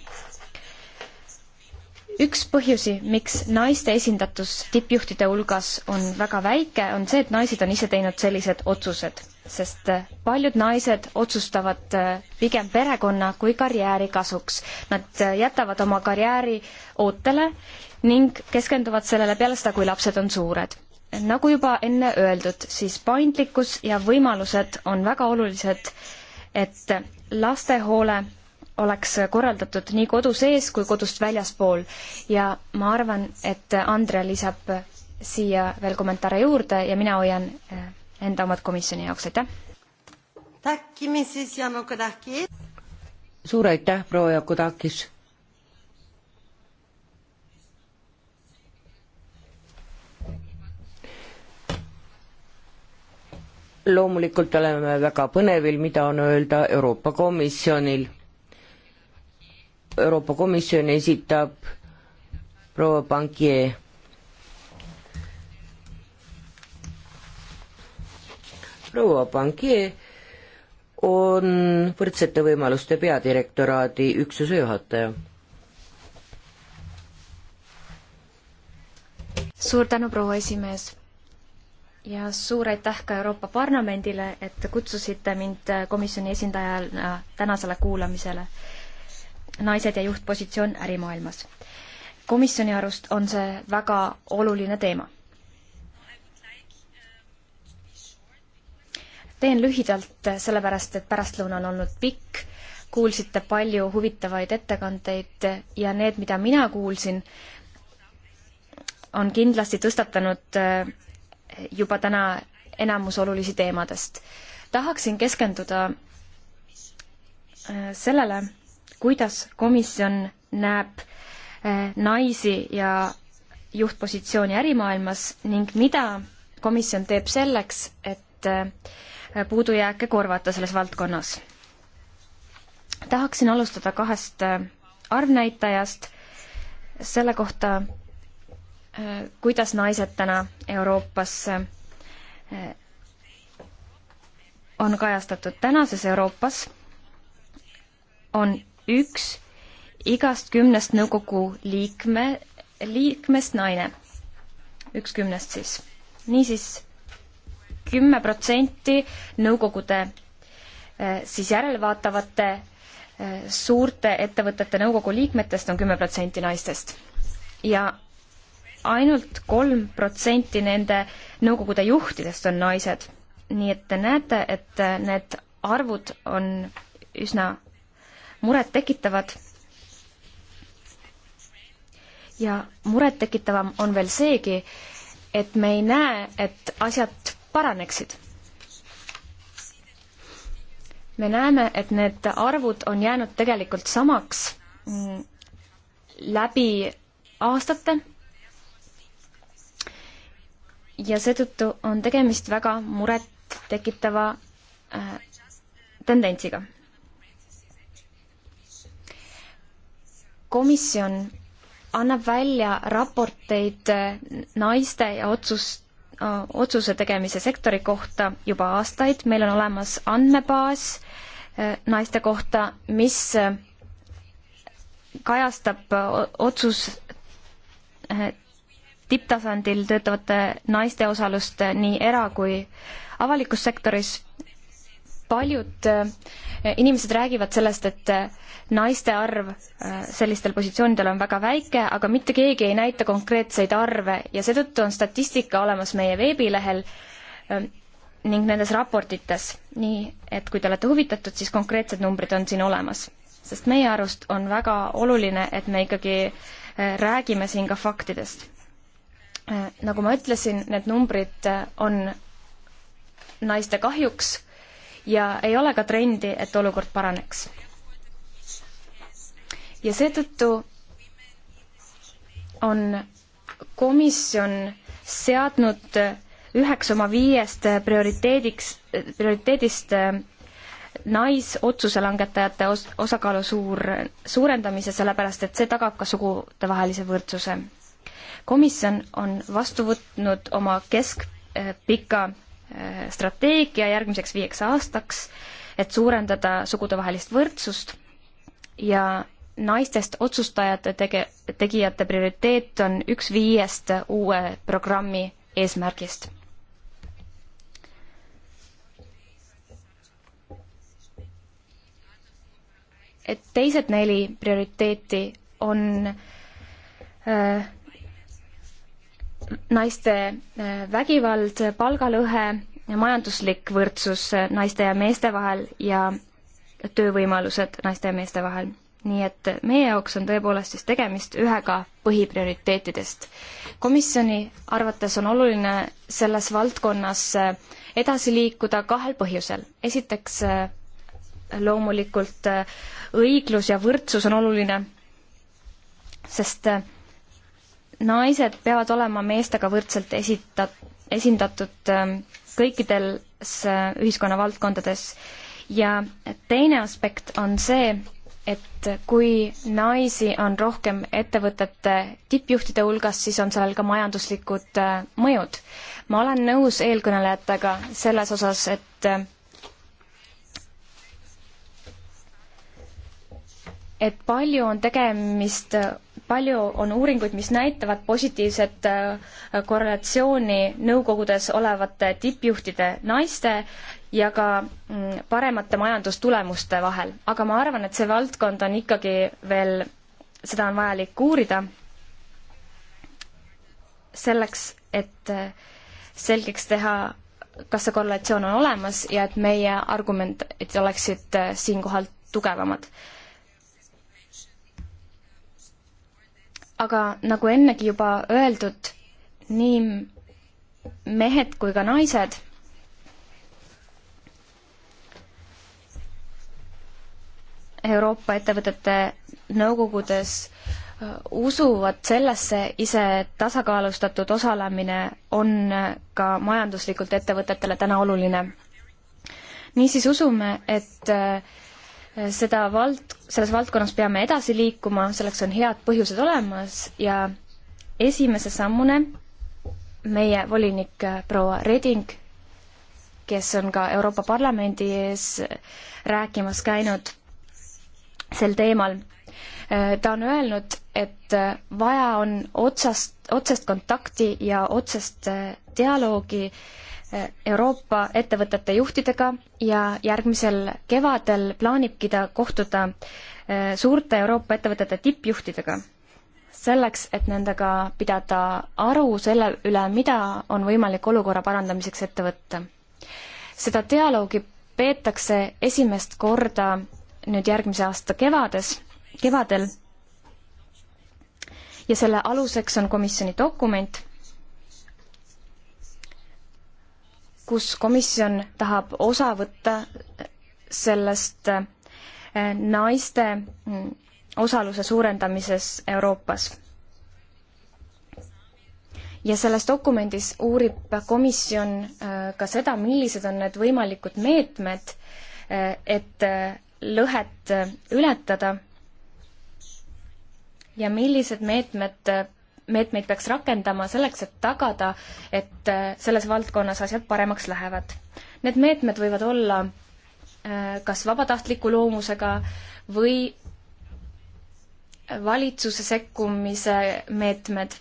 D: üks põhjusi, miks naiste esindatus tippjuhtide hulgas on väga väike, on see, et naised on ise teinud sellised otsused, sest äh, paljud naised otsustavad äh, pigem perekonna kui karjääri kasuks. Nad äh, jätavad oma karjääri ootele ning keskenduvad sellele peale seda, kui lapsed on suured. nagu juba enne öeldud, siis paindlikkus ja võimalused on väga olulised, et laste hoole oleks korraldatud nii kodu sees kui kodust väljaspool. ja ma arvan, et Andre lisab siia veel kommentaare juurde ja mina hoian eh, enda omad komisjoni jaoks, aitäh!
B: suur aitäh, proua Jakudakis! loomulikult oleme väga põnevil, mida on öelda Euroopa Komisjonil Euroopa Komisjon esitab proua Bankier. proua Bankier on võrdsete võimaluste peadirektoraadi üksuse juhataja.
D: suur tänu, proua esimees ja suur aitäh ka Euroopa Parlamendile, et kutsusite mind komisjoni esindajana tänasele kuulamisele naised ja juhtpositsioon ärimaailmas. komisjoni arust on see väga oluline teema. teen lühidalt, sellepärast et pärastlõuna on olnud pikk, kuulsite palju huvitavaid ettekandeid ja need, mida mina kuulsin, on kindlasti tõstatanud äh, juba täna enamus olulisi teemadest. tahaksin keskenduda äh, sellele, kuidas komisjon näeb eh, naisi ja juhtpositsiooni ärimaailmas ning mida komisjon teeb selleks, et eh, puudujääke korvata selles valdkonnas. tahaksin alustada kahest eh, arvnäitajast selle kohta, kuidas naised täna Euroopas on kajastatud tänases Euroopas, on üks igast kümnest nõukogu liikme, liikmest naine. üks kümnest siis. niisiis kümme protsenti nõukogude eh, siis järelevaatavate eh, suurte ettevõtete nõukogu liikmetest on kümme protsenti naistest. ja ainult kolm protsenti nende nõukogude juhtidest on naised. nii et te näete, et eh, need arvud on üsna murettekitavad. ja murettekitavam on veel seegi, et me ei näe, et asjad paraneksid. me näeme, et need arvud on jäänud tegelikult samaks mm, läbi aastate ja seetõttu on tegemist väga muret tekitava äh, tendentsiga. komisjon annab välja raporteid naiste ja otsust, otsuse tegemise sektori kohta juba aastaid, meil on olemas andmebaas äh, naiste kohta, mis äh, kajastab äh, otsus tipptasandil töötavate naiste osalust nii era- kui avalikus sektoris. paljud inimesed räägivad sellest, et naiste arv äh, sellistel positsioonidel on väga väike, aga mitte keegi ei näita konkreetseid arve ja seetõttu on statistika olemas meie veebilehel ähm, ning nendes raportites. nii et kui te olete huvitatud, siis konkreetsed numbrid on siin olemas. sest meie arust on väga oluline, et me ikkagi äh, räägime siin ka faktidest. Äh, nagu ma ütlesin, need numbrid on naiste kahjuks ja ei ole ka trendi, et olukord paraneks ja seetõttu on komisjon seadnud üheks oma viiest prioriteediks, prioriteedist eh, naisotsuse langetajate os-, osakaalu suur, suurendamise, sellepärast et see tagab ka sugudevahelise võrdsuse. komisjon on vastu võtnud oma keskpika eh, eh, strateegia järgmiseks viieks aastaks, et suurendada sugudevahelist võrdsust ja naistest otsustajate tege-, tegijate prioriteet on üks viiest uue programmi eesmärgist. et teised neli prioriteeti on äh, naiste äh, vägivald, palgalõhe, majanduslik võrdsus äh, naiste ja meeste vahel ja töövõimalused naiste ja meeste vahel nii et meie jaoks on tõepoolest siis tegemist ühega põhiprioriteetidest. komisjoni arvates on oluline selles valdkonnas eh, edasi liikuda kahel põhjusel. esiteks eh, loomulikult eh, õiglus ja võrdsus on oluline, sest naised peavad olema meestega võrdselt esita-, esindatud kõikides ühiskonna valdkondades ja teine aspekt on see, et kui naisi on rohkem ettevõtete tippjuhtide hulgas, siis on sellel ka majanduslikud äh, mõjud. ma olen nõus eelkõnelejatega selles osas, et äh, et palju on tegemist, palju on uuringuid, mis näitavad positiivset äh, korrelatsiooni nõukogudes olevate tippjuhtide naiste ja ka mm, paremate majandustulemuste vahel, aga ma arvan, et see valdkond on ikkagi veel, seda on vajalik uurida selleks, et eh, selgeks teha, kas see korrelatsioon on olemas ja et meie argumendid oleksid eh, siinkohal tugevamad. aga nagu ennegi juba öeldud, nii mehed kui ka naised Euroopa ettevõtete nõukogudes äh, usuvad sellesse ise, et tasakaalustatud osalemine on äh, ka majanduslikult ettevõtetele täna oluline. niisiis usume, et äh, seda vald, selles valdkonnas peame edasi liikuma, selleks on head põhjused olemas ja esimese sammune meie volinik proua Reding, kes on ka Euroopa Parlamendi ees rääkimas käinud sel teemal. Äh, ta on öelnud, et äh, vaja on otsast, otsest kontakti ja otsest äh, dialoogi Euroopa ettevõtete juhtidega ja järgmisel kevadel plaanibki ta kohtuda suurte Euroopa ettevõtete tippjuhtidega selleks, et nendega pidada aru selle üle, mida on võimalik olukorra parandamiseks ette võtta. seda dialoogi peetakse esimest korda nüüd järgmise aasta kevades, kevadel. ja selle aluseks on komisjoni dokument, kus komisjon tahab osa võtta sellest äh, naiste mm, osaluse suurendamises Euroopas. ja selles dokumendis uurib komisjon äh, ka seda, millised on need võimalikud meetmed, äh, et lõhet äh, ületada ja millised meetmed, äh, meetmeid peaks rakendama selleks, et tagada, et äh, selles valdkonnas asjad paremaks lähevad. Need meetmed võivad olla kas vabatahtliku loomusega või valitsuse sekkumise meetmed.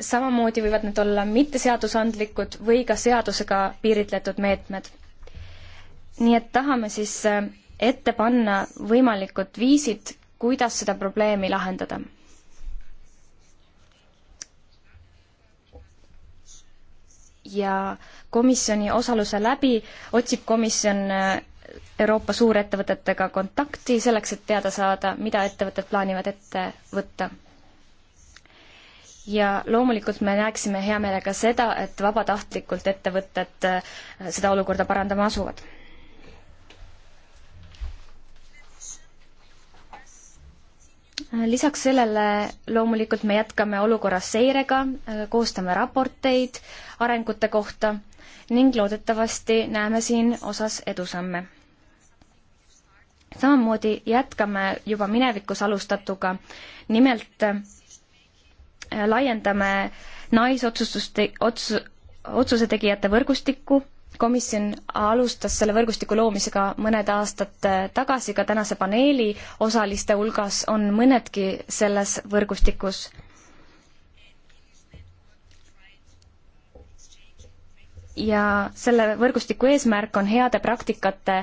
D: samamoodi võivad need olla mitteseadusandlikud või ka seadusega piiritletud meetmed nii et tahame siis äh, ette panna võimalikud viisid, kuidas seda probleemi lahendada. ja komisjoni osaluse läbi otsib komisjon äh, Euroopa suurettevõtetega kontakti selleks, et teada saada, mida ettevõtted plaanivad ette võtta. ja loomulikult me näeksime hea meelega seda, et vabatahtlikult ettevõtted äh, seda olukorda parandama asuvad lisaks sellele loomulikult me jätkame olukorra seirega, koostame raporteid arengute kohta ning loodetavasti näeme siin osas edusamme. samamoodi jätkame juba minevikus alustatuga, nimelt äh, laiendame naisotsustuste, ots-, otsuse tegijate võrgustikku komisjon alustas selle võrgustiku loomisega mõned aastad äh, tagasi, ka tänase paneeli osaliste hulgas on mõnedki selles võrgustikus. ja selle võrgustiku eesmärk on heade praktikate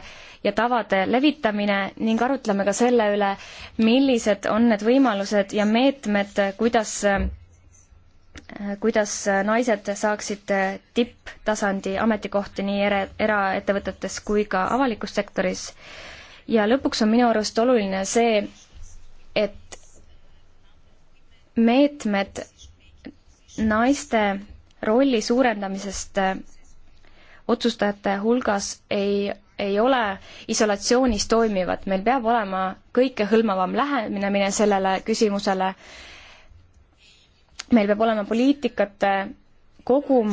D: ja tavade levitamine ning arutleme ka selle üle, millised on need võimalused ja meetmed, kuidas äh, Äh, kuidas naised saaksid äh, tipptasandi ametikohti nii ere, eraettevõtetes kui ka avalikus sektoris. ja lõpuks on minu arust oluline see, et meetmed naiste rolli suurendamisest äh, otsustajate hulgas ei, ei ole isolatsioonis toimivad, meil peab olema kõikehõlmavam lähenemine sellele küsimusele meil peab olema poliitikate kogum,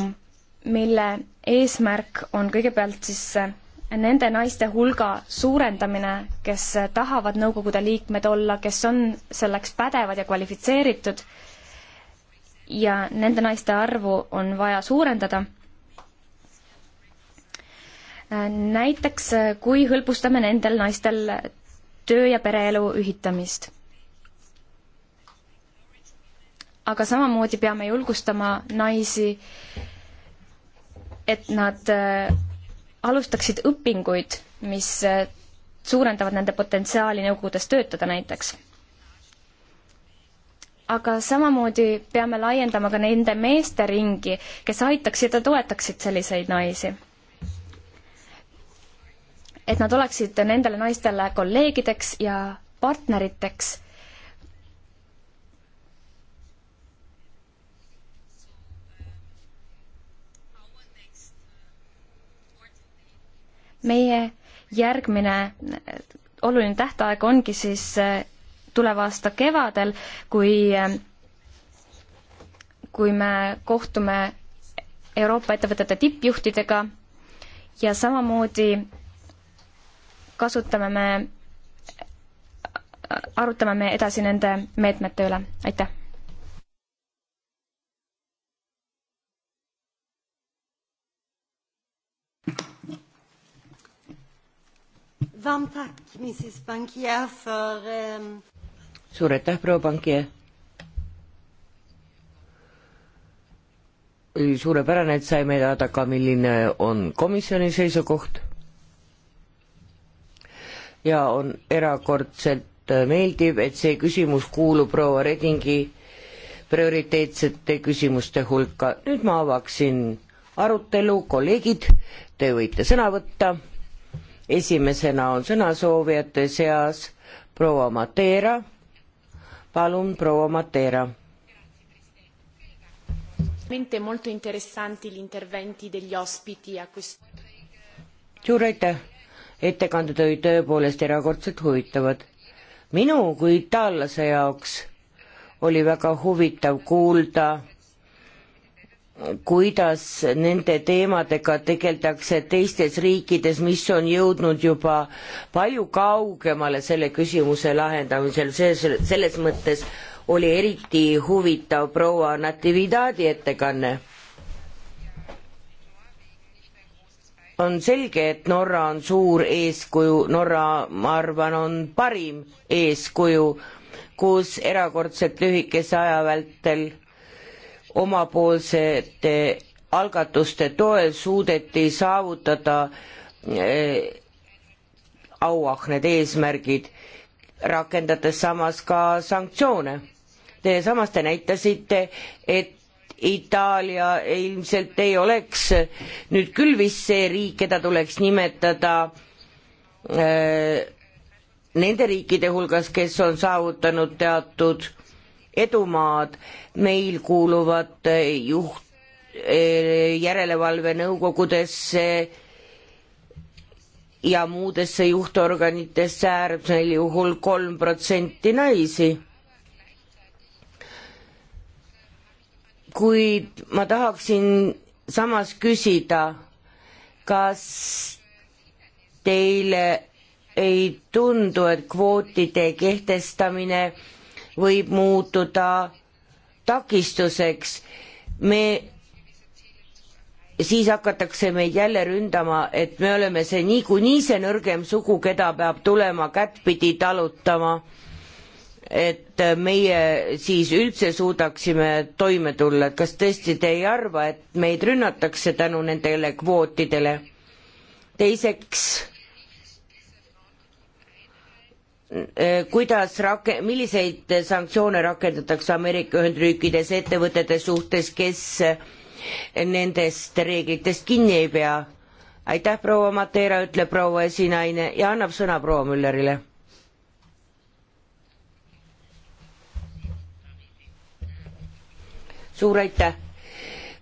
D: mille eesmärk on kõigepealt siis äh, nende naiste hulga suurendamine, kes äh, tahavad nõukogude liikmed olla, kes on selleks pädevad ja kvalifitseeritud ja nende naiste arvu on vaja suurendada. Äh, näiteks, kui hõlbustame nendel naistel töö ja pereelu ühitamist aga samamoodi peame julgustama naisi, et nad äh, alustaksid õpinguid, mis äh, suurendavad nende potentsiaali nõukogudes töötada näiteks. aga samamoodi peame laiendama ka nende meeste ringi, kes aitaksid ja toetaksid selliseid naisi. et nad oleksid nendele naistele kolleegideks ja partneriteks meie järgmine oluline tähtaeg ongi siis äh, tuleva aasta kevadel, kui, äh, kui me kohtume Euroopa ettevõtete tippjuhtidega ja samamoodi kasutame me, arutame me edasi nende meetmete üle, aitäh!
A: varmt tack, Mrs Bankier, för... Um...
B: suur aitäh, proua Bankier. oli suurepärane, et saime teada ka, milline on komisjoni seisukoht. ja on erakordselt meeldiv, et see küsimus kuulub proua Redingi prioriteetsete küsimuste hulka. nüüd ma avaksin arutelu, kolleegid, te võite sõna võtta esimesena on sõnasoovijate seas proua Mateera. palun, proua Mateera.
D: Molto interessanti gli interventi degli ospiti a questo.
B: suur aitäh, ettekanded olid tõepoolest erakordselt huvitavad. minu kui itaallase jaoks oli väga huvitav kuulda kuidas nende teemadega tegeldakse teistes riikides, mis on jõudnud juba palju kaugemale selle küsimuse lahendamisel, see, selles mõttes oli eriti huvitav proua Natividaadi ettekanne. on selge, et Norra on suur eeskuju, Norra, ma arvan, on parim eeskuju, kus erakordselt lühikese aja vältel omapoolsete algatuste toel suudeti saavutada eh, auahned eesmärgid, rakendades samas ka sanktsioone. Te samas te näitasite, et Itaalia ilmselt ei oleks nüüd küll vist see riik, keda tuleks nimetada eh, nende riikide hulgas, kes on saavutanud teatud edumaad, meil kuuluvad eh, juht, eh, järelevalvenõukogudesse ja muudesse juhtorganitesse äärmisel juhul kolm protsenti naisi. kuid ma tahaksin samas küsida, kas teile ei tundu, et kvootide kehtestamine äh, võib muutuda takistuseks. me, siis hakatakse meid jälle ründama, et me oleme see niikuinii see nõrgem sugu, keda peab tulema kättpidi talutama. et meie siis üldse suudaksime toime tulla, et kas tõesti te ei arva, et meid rünnatakse tänu nendele kvootidele? teiseks Eh, kuidas rak-, milliseid sanktsioone rakendatakse Ameerika Ühendriikides ettevõtete suhtes, kes nendest reeglitest kinni ei pea? aitäh, proua Mateera, ütleb proua esinaine ja annab sõna proua Müllerile. suur aitäh!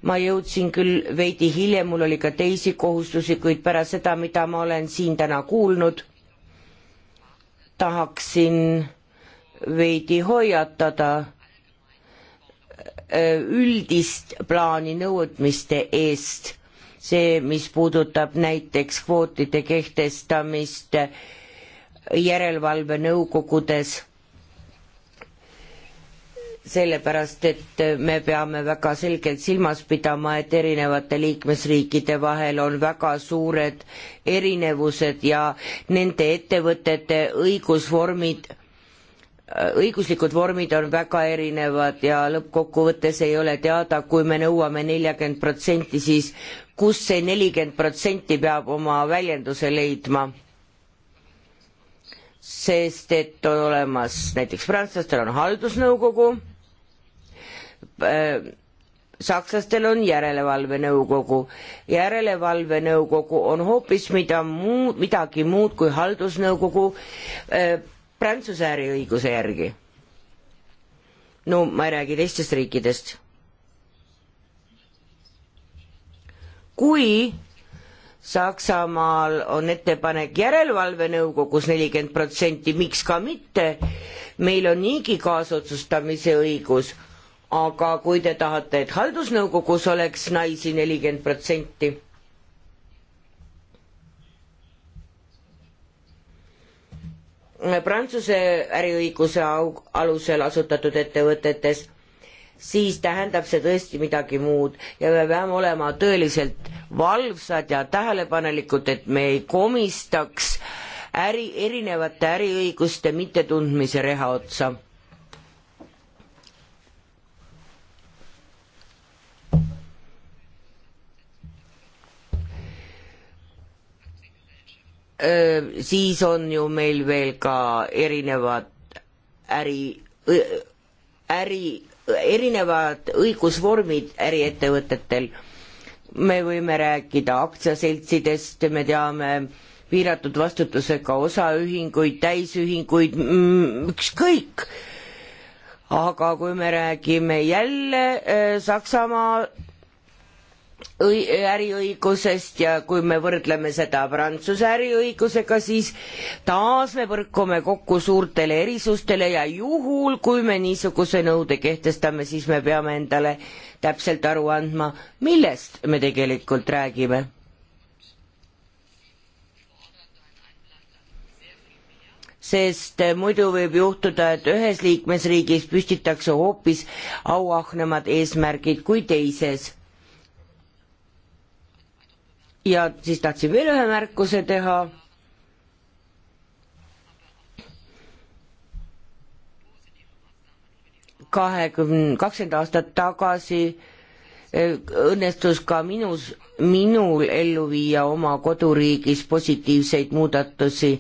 B: ma jõudsin küll veidi hiljem, mul oli ka teisi kohustusi, kuid pärast seda, mida ma olen siin täna kuulnud tahaksin veidi hoiatada äh, üldist plaani nõudmiste eest, see, mis puudutab näiteks kvootide kehtestamist järelevalvenõukogudes sellepärast, et me peame väga selgelt silmas pidama, et erinevate liikmesriikide vahel on väga suured erinevused ja nende ettevõtete õigusvormid, õiguslikud vormid on väga erinevad ja lõppkokkuvõttes ei ole teada, kui me nõuame neljakümmend protsenti, siis kus see nelikümmend protsenti peab oma väljenduse leidma sest et on olemas näiteks prantslastel on haldusnõukogu Äh, sakslastel on järelevalvenõukogu. järelevalvenõukogu on hoopis mida muud, midagi muud kui haldusnõukogu äh, Prantsuse äriõiguse järgi. no ma ei räägi teistest riikidest. kui Saksamaal on ettepanek järelevalvenõukogus nelikümmend protsenti, miks ka mitte, meil on niigi kaasotsustamise õigus aga kui te tahate, et haldusnõukogus oleks naisi nelikümmend protsenti, Prantsuse äriõiguse alusel asutatud ettevõtetes, siis tähendab see tõesti midagi muud ja me peame olema tõeliselt valvsad ja tähelepanelikud, et me ei komistaks äri, erinevate äriõiguste mittetundmise reha otsa siis on ju meil veel ka erinevad äri, äri, erinevad õigusvormid äriettevõtetel. me võime rääkida aktsiaseltsidest, me teame piiratud vastutusega osaühinguid, täisühinguid, mm, ükskõik. aga kui me räägime jälle Saksamaa äriõigusest ja kui me võrdleme seda Prantsuse äriõigusega, siis taas me põrkume kokku suurtele erisustele ja juhul, kui me niisuguse nõude kehtestame, siis me peame endale täpselt aru andma, millest me tegelikult räägime. sest muidu võib juhtuda, et ühes liikmesriigis püstitakse hoopis auahnemad eesmärgid kui teises ja siis tahtsin veel ühe märkuse teha. kahekümne, kakskümmend aastat tagasi eh, õnnestus ka minus, minul ellu viia oma koduriigis positiivseid muudatusi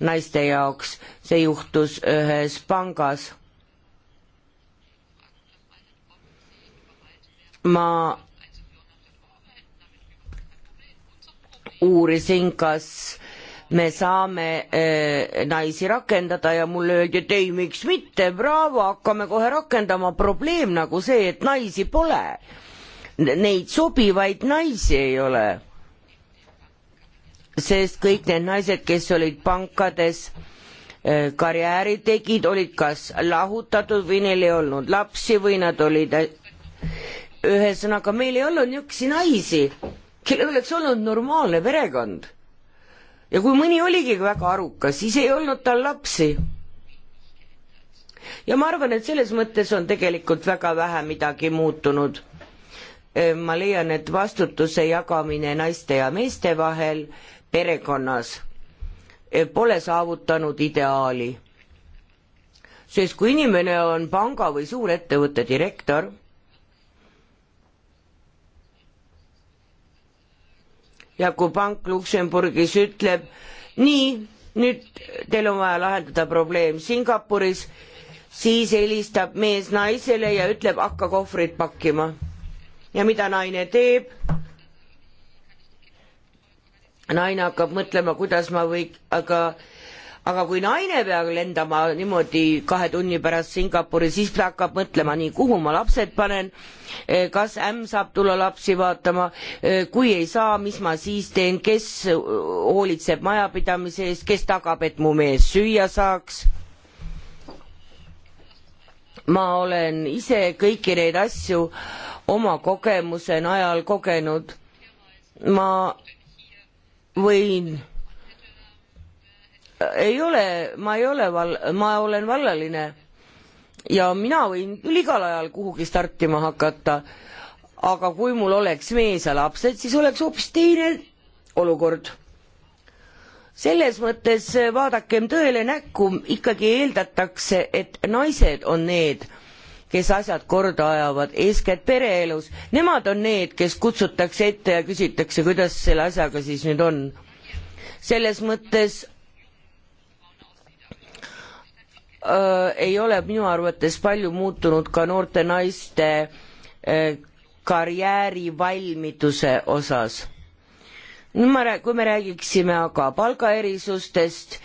B: naiste jaoks, see juhtus ühes pangas. ma uurisin, kas me saame eh, naisi rakendada ja mulle öeldi, et ei, miks mitte, braavo, hakkame kohe rakendama, probleem nagu see, et naisi pole. Neid sobivaid naisi ei ole. sest kõik need naised, kes olid pankades, eh, karjääri tegid, olid kas lahutatud või neil ei olnud lapsi või nad olid, eh, ühesõnaga meil ei olnud niisuguseid naisi kellel oleks olnud normaalne perekond. ja kui mõni oligi väga arukas, siis ei olnud tal lapsi. ja ma arvan, et selles mõttes on tegelikult väga vähe midagi muutunud. Ehm, ma leian, et vastutuse jagamine naiste ja meeste vahel perekonnas eh, pole saavutanud ideaali. sest kui inimene on panga või suurettevõtte direktor ja kui pank Luksemburgis ütleb nii, nüüd teil on vaja lahendada probleem Singapuris, siis helistab mees naisele ja ütleb, hakka kohvrit pakkima. ja mida naine teeb? naine hakkab mõtlema, kuidas ma võin, aga aga kui naine peab lendama niimoodi kahe tunni pärast Singapuri, siis ta hakkab mõtlema nii, kuhu ma lapsed panen, eh, kas ämm saab tulla lapsi vaatama, eh, kui ei saa, mis ma siis teen, kes eh, hoolitseb majapidamise eest, kes tagab, et mu mees süüa saaks ma olen ise kõiki neid asju oma kogemuse najal kogenud. ma võin ei ole, ma ei ole val-, ma olen vallaline ja mina võin küll igal ajal kuhugi startima hakata, aga kui mul oleks mees ja lapsed, siis oleks hoopis teine olukord. selles mõttes eh, vaadakem tõele näkku, ikkagi eeldatakse, et naised on need, kes asjad korda ajavad, eeskätt pereelus, nemad on need, kes kutsutakse ette ja küsitakse, kuidas selle asjaga siis nüüd on. selles mõttes öö, äh, ei ole minu arvates palju muutunud ka noorte naiste öö, äh, karjäärivalmiduse osas. nüüd ma, kui me räägiksime aga palgaerisustest,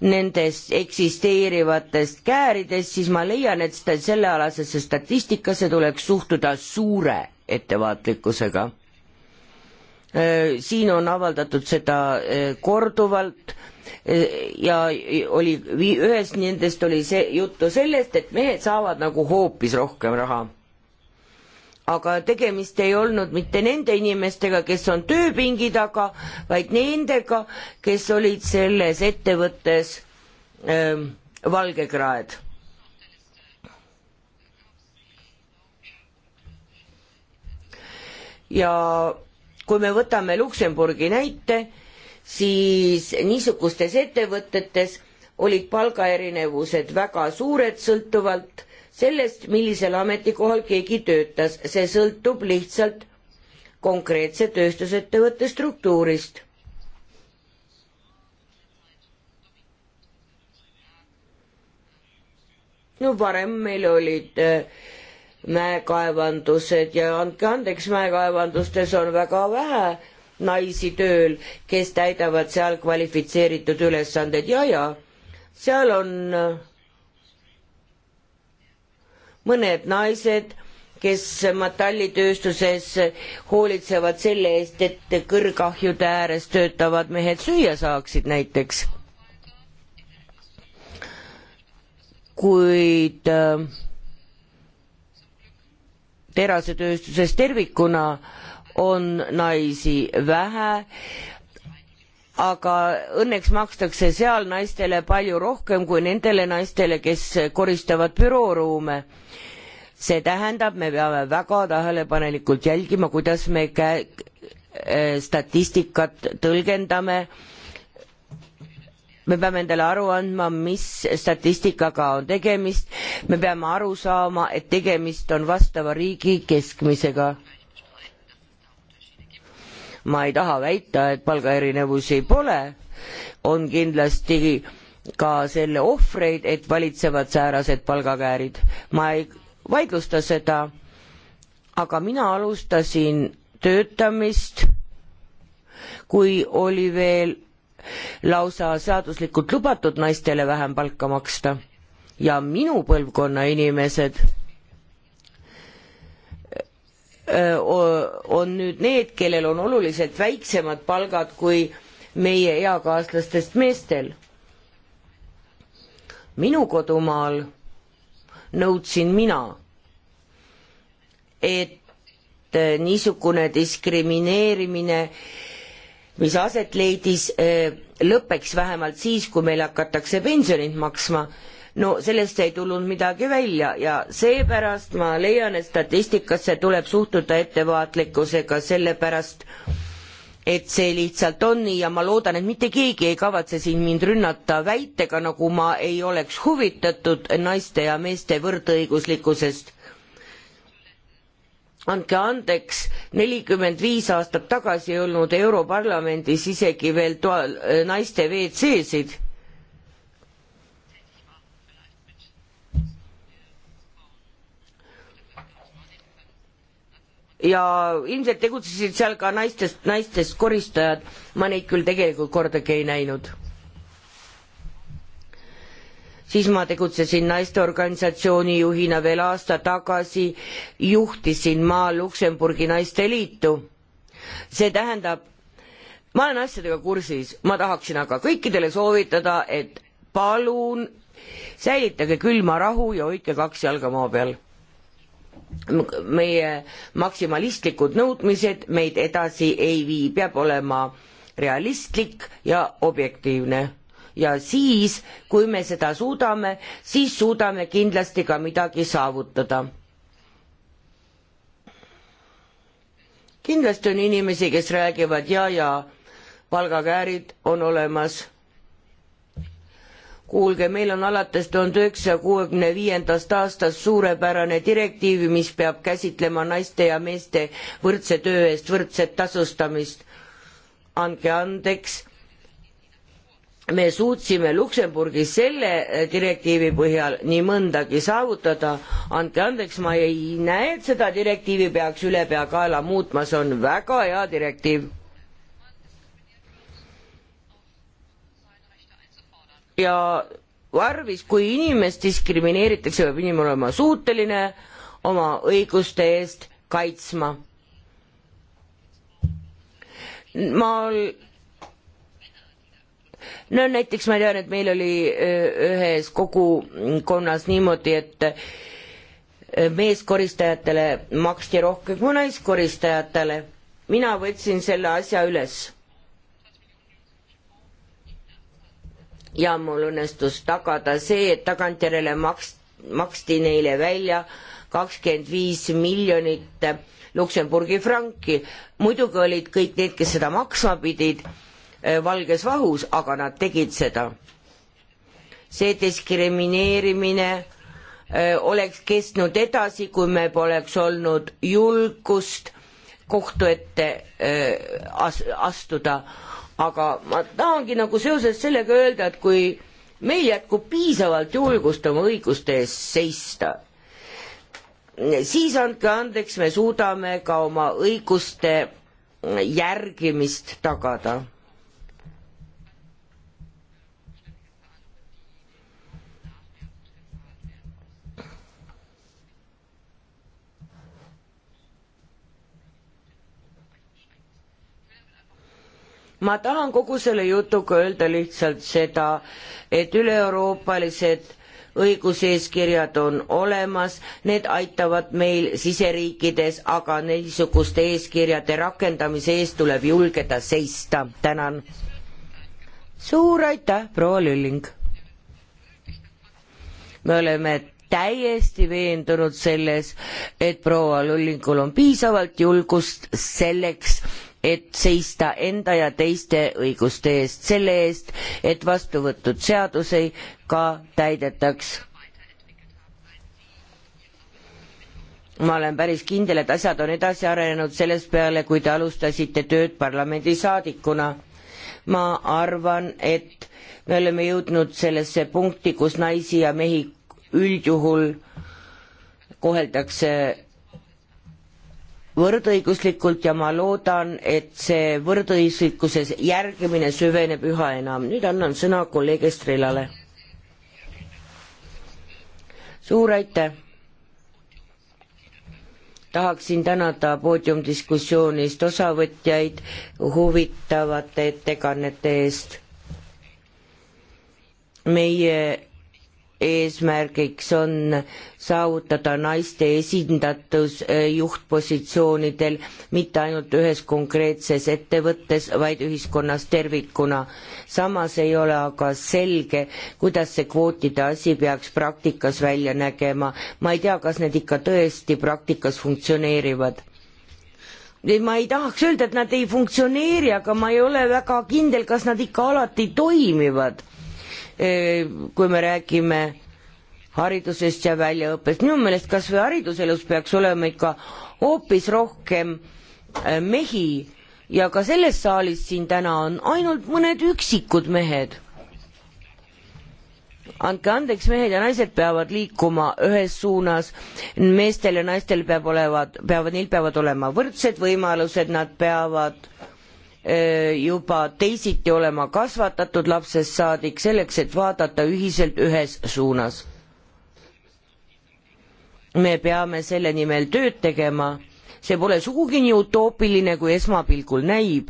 B: nendest eksisteerivatest kääridest, siis ma leian, et sellealasesse statistikasse tuleks suhtuda suure ettevaatlikkusega Äh, siin on avaldatud seda äh, korduvalt äh, ja oli, ühes nendest oli see juttu sellest, et mehed saavad nagu hoopis rohkem raha. aga tegemist ei olnud mitte nende inimestega, kes on tööpingi taga, vaid nendega, kes olid selles ettevõttes äh, valgekraed ja kui me võtame Luksemburgi näite, siis niisugustes ettevõtetes olid palgaerinevused väga suured, sõltuvalt sellest, millisel ametikohal keegi töötas, see sõltub lihtsalt konkreetse tööstusettevõtte struktuurist. no varem meil olid äh, mäekaevandused ja andke andeks, mäekaevandustes on väga vähe naisi tööl, kes täidavad seal kvalifitseeritud ülesanded ja, ja seal on äh, mõned naised, kes metallitööstuses hoolitsevad selle eest, et kõrgahjude ääres töötavad mehed süüa saaksid näiteks. kuid äh, terasetööstuses tervikuna on naisi vähe, aga õnneks makstakse seal naistele palju rohkem kui nendele naistele, kes koristavad bürooruume. see tähendab, me peame väga tähelepanelikult jälgima, kuidas me käe-, äh, statistikat tõlgendame äh, me peame endale aru andma, mis statistikaga on tegemist, me peame aru saama, et tegemist on vastava riigi keskmisega. ma ei taha väita, et palgaerinevusi pole, on kindlasti ka selle ohvreid, et valitsevad säärased palgakäärid. ma ei vaidlusta seda, aga mina alustasin töötamist, kui oli veel lausa seaduslikult lubatud naistele vähem palka maksta ja minu põlvkonna inimesed on nüüd need, kellel on oluliselt väiksemad palgad kui meie eakaaslastest meestel. minu kodumaal nõudsin mina, et niisugune diskrimineerimine äh, mis aset leidis, eh, lõpeks vähemalt siis, kui meil hakatakse pensionit maksma. no sellest ei tulnud midagi välja ja seepärast ma leian, et statistikasse tuleb suhtuda ettevaatlikkusega, sellepärast et see lihtsalt on nii ja ma loodan, et mitte keegi ei kavatse siin mind rünnata väitega, nagu ma ei oleks huvitatud naiste ja meeste võrdõiguslikkusest andke andeks, nelikümmend viis aastat tagasi ei olnud Europarlamendis isegi veel toal, naiste WC-sid. ja ilmselt tegutsesid seal ka naistest, naistest koristajad, ma neid küll tegelikult kordagi ei näinud siis ma tegutsesin naisteorganisatsiooni juhina veel aasta tagasi, juhtisin ma Luksemburgi Naisteliitu. see tähendab, ma olen asjadega kursis, ma tahaksin aga kõikidele soovitada, et palun säilitage külma rahu ja hoidke kaks jalga maa peal. meie maksimalistlikud nõudmised meid edasi ei vii, peab olema realistlik ja objektiivne ja siis, kui me seda suudame, siis suudame kindlasti ka midagi saavutada. kindlasti on inimesi, kes räägivad ja, ja palgakäärid on olemas. kuulge, meil on alates tuhande üheksasaja kuuekümne viiendast aastast suurepärane direktiiv, mis peab käsitlema naiste ja meeste võrdse töö eest võrdset tasustamist andke andeks, me suutsime Luksemburgis selle äh, direktiivi põhjal nii mõndagi saavutada, andke andeks, ma ei näe, et seda direktiivi peaks ülepeakaela muutma, see on väga hea direktiiv. ja arvis, kui inimest diskrimineeritakse, peab inimene olema suuteline oma õiguste eest kaitsma. ma no näiteks ma tean, et meil oli ühes kogukonnas niimoodi, et meeskoristajatele maksti rohkem kui naiskoristajatele. mina võtsin selle asja üles. ja mul õnnestus tagada see, et tagantjärele maks-, maksti neile välja kakskümmend viis miljonit Luksemburgi franki. muidugi olid kõik need, kes seda maksma pidid Äh, valges vahus, aga nad tegid seda. see diskrimineerimine äh, oleks kestnud edasi, kui me poleks olnud julgust kohtu ette äh, as-, astuda. aga ma tahangi nagu seoses sellega öelda, et kui meil jätkub piisavalt julgust oma õiguste eest seista, siis andke andeks, me suudame ka oma õiguste järgimist tagada ma tahan kogu selle jutuga öelda lihtsalt seda, et üleeuroopalised õiguseeskirjad on olemas, need aitavad meil siseriikides, aga niisuguste eeskirjade rakendamise eest tuleb julgeda seista. tänan. suur aitäh, proua Lülling. me oleme täiesti veendunud selles, et proua Lullingul on piisavalt julgust selleks, et seista enda ja teiste õiguste eest, selle eest, et vastu võetud seadusi ka täidetaks. ma olen päris kindel, et asjad on edasi arenenud sellest peale, kui te alustasite tööd parlamendisaadikuna. ma arvan, et me oleme jõudnud sellesse punkti, kus naisi ja mehi üldjuhul koheldakse võrdõiguslikult ja ma loodan, et see võrdõiguslikkuse järgimine süveneb üha enam. nüüd annan sõna kolleeg Estrelale. suur aitäh! tahaksin tänada poodiumdiskussioonist osavõtjaid huvitavate ettekannete eest. meie eesmärgiks on saavutada naiste esindatus eh, juhtpositsioonidel mitte ainult ühes konkreetses ettevõttes, vaid ühiskonnas tervikuna. samas ei ole aga selge, kuidas see kvootide asi peaks praktikas välja nägema. ma ei tea, kas need ikka tõesti praktikas funktsioneerivad ma ei tahaks öelda, et nad ei funktsioneeri, aga ma ei ole väga kindel, kas nad ikka alati toimivad Eh, kui me räägime haridusest ja väljaõppest, minu meelest kas või hariduselus peaks olema ikka hoopis rohkem eh, mehi ja ka selles saalis siin täna on ainult mõned üksikud mehed. andke andeks, mehed ja naised peavad liikuma ühes suunas, meestel ja naistel peab olema, peavad, neil peavad olema võrdsed võimalused, nad peavad äh, Äh, juba teisiti olema kasvatatud lapsest saadik, selleks et vaadata ühiselt ühes suunas. me peame selle nimel tööd tegema, see pole sugugi nii utoopiline, kui esmapilgul näib.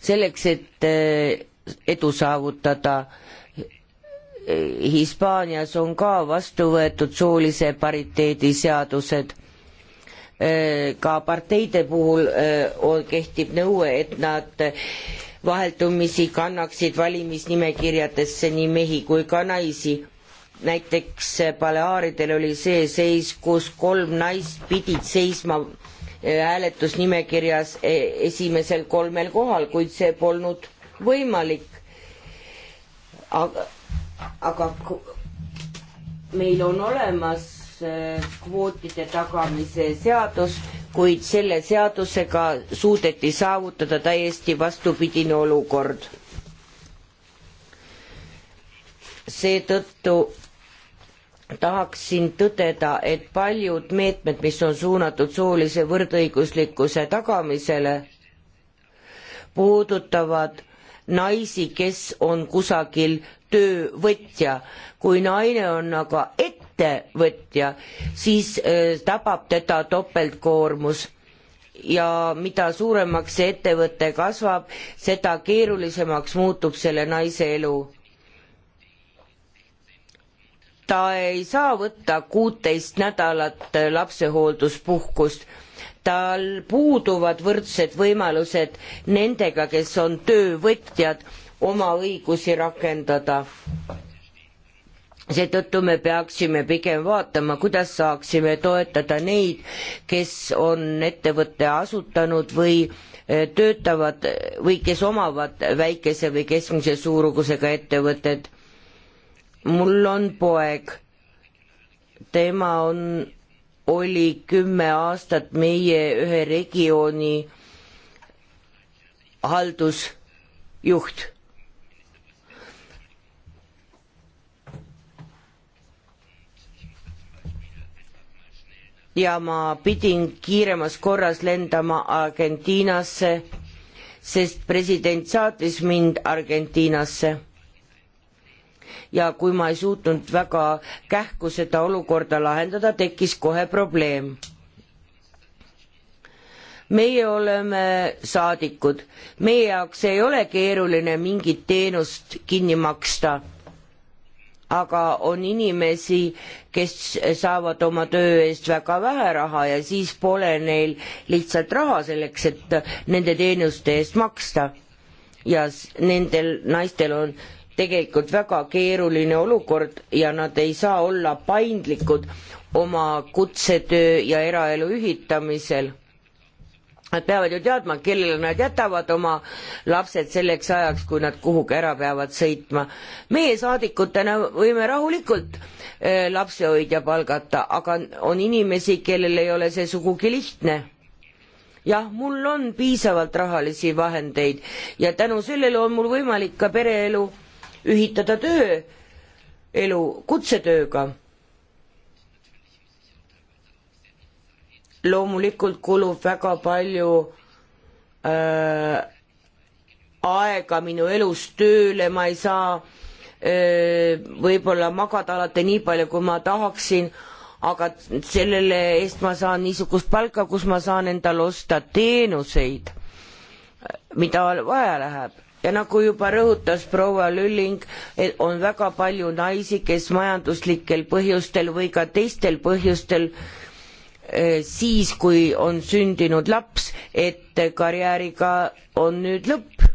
B: selleks, et äh, edu saavutada, äh, Hispaanias on ka vastu võetud soolise pariteedi seadused Äh, ka parteide puhul äh, kehtib nõue, et nad äh, vaheldumisi kannaksid valimisnimekirjadesse nii mehi kui ka naisi. näiteks Baleaaridel oli see seis, kus kolm naist pidid seisma hääletusnimekirjas esimesel kolmel kohal, kuid see polnud võimalik. aga, aga meil on olemas kvootide tagamise seadus, kuid selle seadusega suudeti saavutada täiesti vastupidine olukord. seetõttu tahaksin tõdeda, et paljud meetmed, mis on suunatud soolise võrdõiguslikkuse tagamisele, puudutavad naisi, kes on kusagil töövõtja. kui naine on aga ettevõtja, siis äh, tabab teda topeltkoormus ja mida suuremaks see ettevõte kasvab, seda keerulisemaks muutub selle naise elu. ta ei saa võtta kuuteist nädalat äh, lapsehoolduspuhkust, tal puuduvad võrdsed võimalused nendega, kes on töövõtjad oma õigusi rakendada. seetõttu me peaksime pigem vaatama, kuidas saaksime toetada neid, kes on ettevõtte asutanud või eh, töötavad või kes omavad väikese või keskmise suurugusega ettevõtted. mul on poeg, tema on, oli kümme aastat meie ühe regiooni haldusjuht ja ma pidin kiiremas korras lendama Argentiinasse, sest president saatis mind Argentiinasse. ja kui ma ei suutnud väga kähku seda olukorda lahendada, tekkis kohe probleem. meie oleme saadikud, meie jaoks ei ole keeruline mingit teenust kinni maksta aga on inimesi, kes saavad oma töö eest väga vähe raha ja siis pole neil lihtsalt raha selleks, et nende teenuste eest maksta. ja nendel naistel on tegelikult väga keeruline olukord ja nad ei saa olla paindlikud oma kutsetöö ja eraelu ühitamisel Nad peavad ju teadma, kellele nad jätavad oma lapsed selleks ajaks, kui nad kuhugi ära peavad sõitma. meie saadikutena võime rahulikult eh, lapsehoidja palgata, aga on inimesi, kellel ei ole see sugugi lihtne jah, mul on piisavalt rahalisi vahendeid ja tänu sellele on mul võimalik ka pereelu ühitada tööelu kutsetööga loomulikult kulub väga palju äh, aega minu elus tööle, ma ei saa äh, võib-olla magada alati nii palju, kui ma tahaksin, aga sellele eest ma saan niisugust palka, kus ma saan endale osta teenuseid, mida vaja läheb ja nagu juba rõhutas proua Lülling, et on väga palju naisi, kes majanduslikel põhjustel või ka teistel põhjustel äh, Eh, siis, kui on sündinud laps, et karjääriga on nüüd lõpp.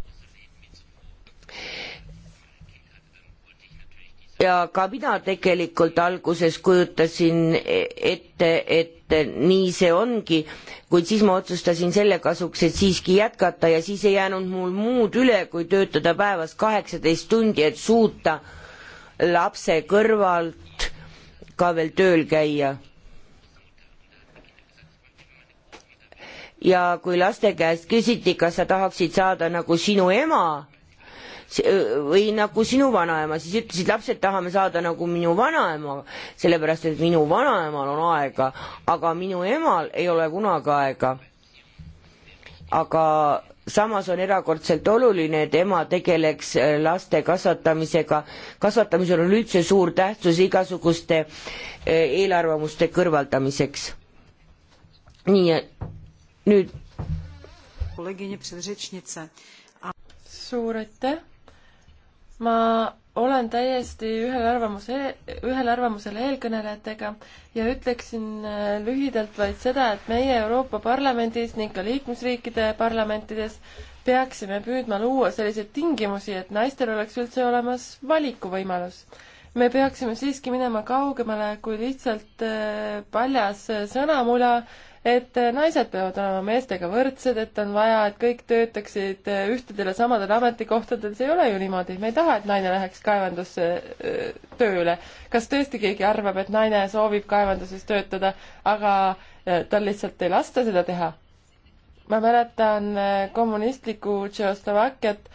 B: ja ka mina tegelikult alguses kujutasin e-, ette, et nii see ongi, kuid siis ma otsustasin selle kasuks, et siiski jätkata ja siis ei jäänud mul muud üle, kui töötada päevas kaheksateist tundi, et suuta lapse kõrvalt ka veel tööl käia ja kui laste käest küsiti, kas sa tahaksid saada nagu sinu ema või nagu sinu vanaema, siis ütlesid lapsed, tahame saada nagu minu vanaema, sellepärast et minu vanaemal on aega, aga minu emal ei ole kunagi aega. aga samas on erakordselt oluline, et ema tegeleks laste kasvatamisega. kasvatamisel on üldse suur tähtsus igasuguste eelarvamuste kõrvaldamiseks. nii et nüüd.
C: suur aitäh. ma olen täiesti ühel arvamuse, e-, ühel arvamusel eelkõnelejatega ja ütleksin äh, lühidalt vaid seda, et meie Euroopa Parlamendis ning ka liikmesriikide parlamentides peaksime püüdma luua selliseid tingimusi, et naistel oleks üldse olemas valikuvõimalus. me peaksime siiski minema kaugemale kui lihtsalt äh, paljas äh, sõnamula et naised peavad olema meestega võrdsed, et on vaja, et kõik töötaksid ühtedel ja samadel ametikohtadel, see ei ole ju niimoodi, me ei taha, et naine läheks kaevandusse äh, tööle. kas tõesti keegi arvab, et naine soovib kaevanduses töötada, aga äh, tal lihtsalt ei lasta seda teha? ma mäletan äh, kommunistlikku Tšehhoslovakkiat,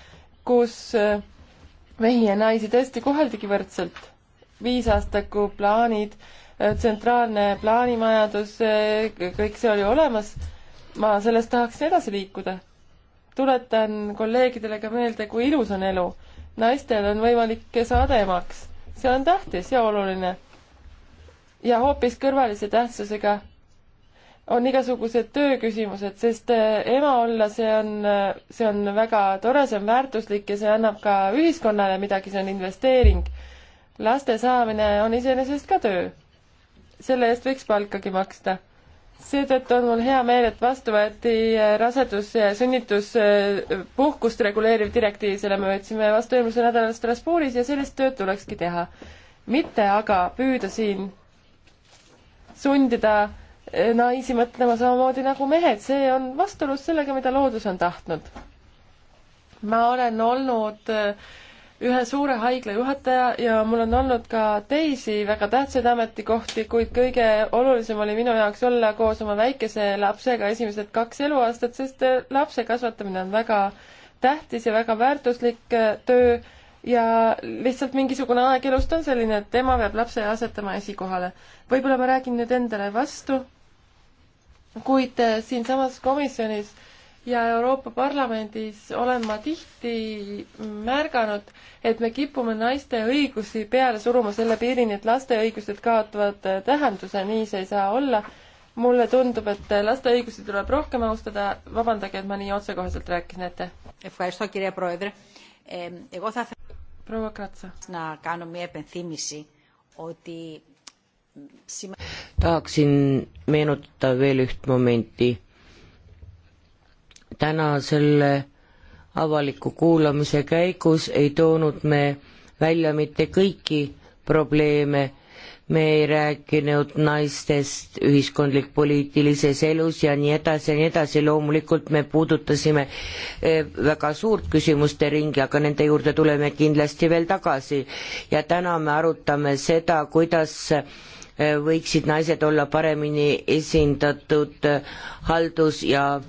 C: kus mehi ja naisi tõesti koheldigi võrdselt. viisaastaku plaanid äh, tsentraalne plaanimajandus, kõik see oli olemas. ma sellest tahaksin edasi liikuda. tuletan kolleegidele ka meelde, kui ilus on elu. naistel on võimalik saada emaks, see on tähtis ja oluline. ja hoopis kõrvalise tähtsusega on igasugused tööküsimused, sest eh, ema olla, see on, eh, see on väga tore, see on väärtuslik ja see annab ka ühiskonnale midagi, see on investeering. laste saamine on iseenesest ka töö selle eest võiks palkagi maksta. seetõttu on mul hea meel, et vastu võeti eh, rasedus- ja sünnituspuhkust reguleeriv direktiiv, selle me võtsime vastu eelmisel nädalal Strasbourgis ja sellist tööd tulekski teha. mitte aga püüda siin sundida eh, naisi mõtlema samamoodi nagu mehed, see on vastuolus sellega, mida loodus on tahtnud. ma olen olnud äh, ühe suure haigla juhataja ja mul on olnud ka teisi väga tähtsaid ametikohti, kuid kõige olulisem oli minu jaoks olla koos oma väikese lapsega esimesed kaks eluaastat, sest äh, lapse kasvatamine on väga tähtis ja väga väärtuslik äh, töö ja lihtsalt mingisugune aeg elust on selline, et ema peab lapse asetama esikohale. võib-olla ma räägin nüüd endale vastu, kuid äh, siinsamas komisjonis ja Euroopa Parlamendis olen ma tihti märganud, et me kipume naiste õigusi peale suruma selle piirini, et laste õigused kaotavad äh, tähenduse, nii see ei saa olla. mulle tundub, et äh, laste õigusi tuleb rohkem austada, vabandage, et ma nii otsekoheselt rääkisin ette.
A: proua Kratsa.
B: tahaksin meenutada veel üht momenti täna selle avaliku kuulamise käigus ei toonud me välja mitte kõiki probleeme, me ei rääkinud naistest ühiskondlik-poliitilises elus ja nii edasi ja nii edasi, loomulikult me puudutasime eh, väga suurt küsimuste ringi, aga nende juurde tuleme kindlasti veel tagasi. ja täna me arutame seda, kuidas eh, võiksid naised olla paremini esindatud eh, haldus- ja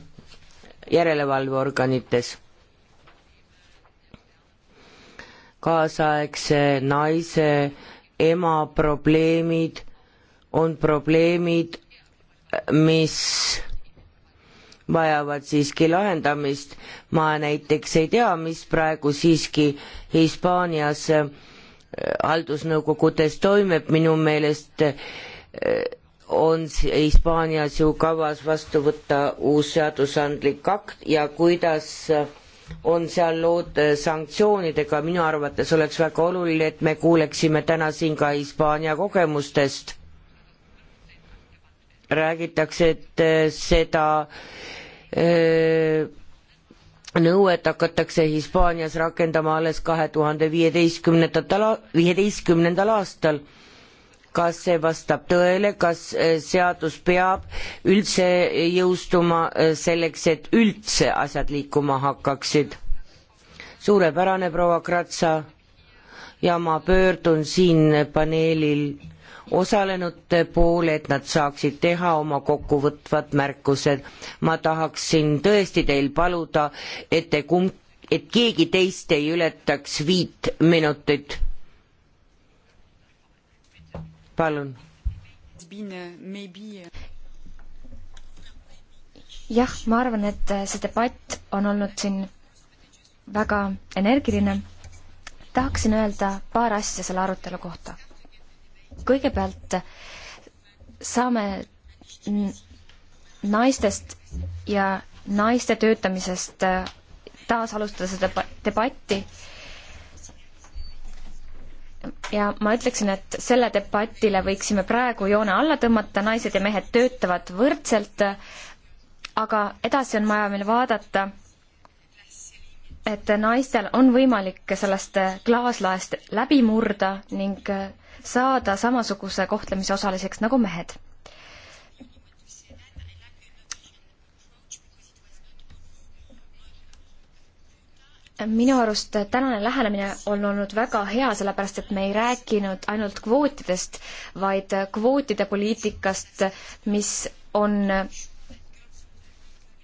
B: järelevalveorganites kaasaegse naise ema probleemid on probleemid, mis vajavad siiski lahendamist. ma näiteks ei tea, mis praegu siiski Hispaanias äh, haldusnõukogudes toimub, minu meelest äh, on Hispaanias ju kavas vastu võtta uus seadusandlik akt ja kuidas äh, on seal lood äh, sanktsioonidega, minu arvates oleks väga oluline, et me kuuleksime täna siin ka Hispaania kogemustest. räägitakse, et äh, seda öö, äh, nõuet hakatakse Hispaanias rakendama alles kahe tuhande viieteistkümnendatel, viieteistkümnendal aastal kas see vastab tõele, kas äh, seadus peab üldse jõustuma äh, selleks, et üldse asjad liikuma hakkaksid. suurepärane, proua Kratsa ja ma pöördun siin paneelil osalenute poole, et nad saaksid teha oma kokkuvõtvad märkused. ma tahaksin tõesti teil paluda, et te kumb, et keegi teist ei ületaks viit minutit palun. Uh,
D: uh, jah, ma arvan, et uh, see debatt on olnud siin väga energiline. tahaksin öelda paar asja selle arutelu kohta. kõigepealt saame naistest ja naiste töötamisest taas alustada seda debatti ja ma ütleksin, et selle debatile võiksime praegu joone alla tõmmata, naised ja mehed töötavad võrdselt, aga edasi on vaja meil vaadata, et naistel on võimalik sellest klaaslaest läbi murda ning saada samasuguse kohtlemise osaliseks nagu mehed. minu arust tänane lähenemine on olnud väga hea, sellepärast et me ei rääkinud ainult kvootidest, vaid kvootide poliitikast, mis on,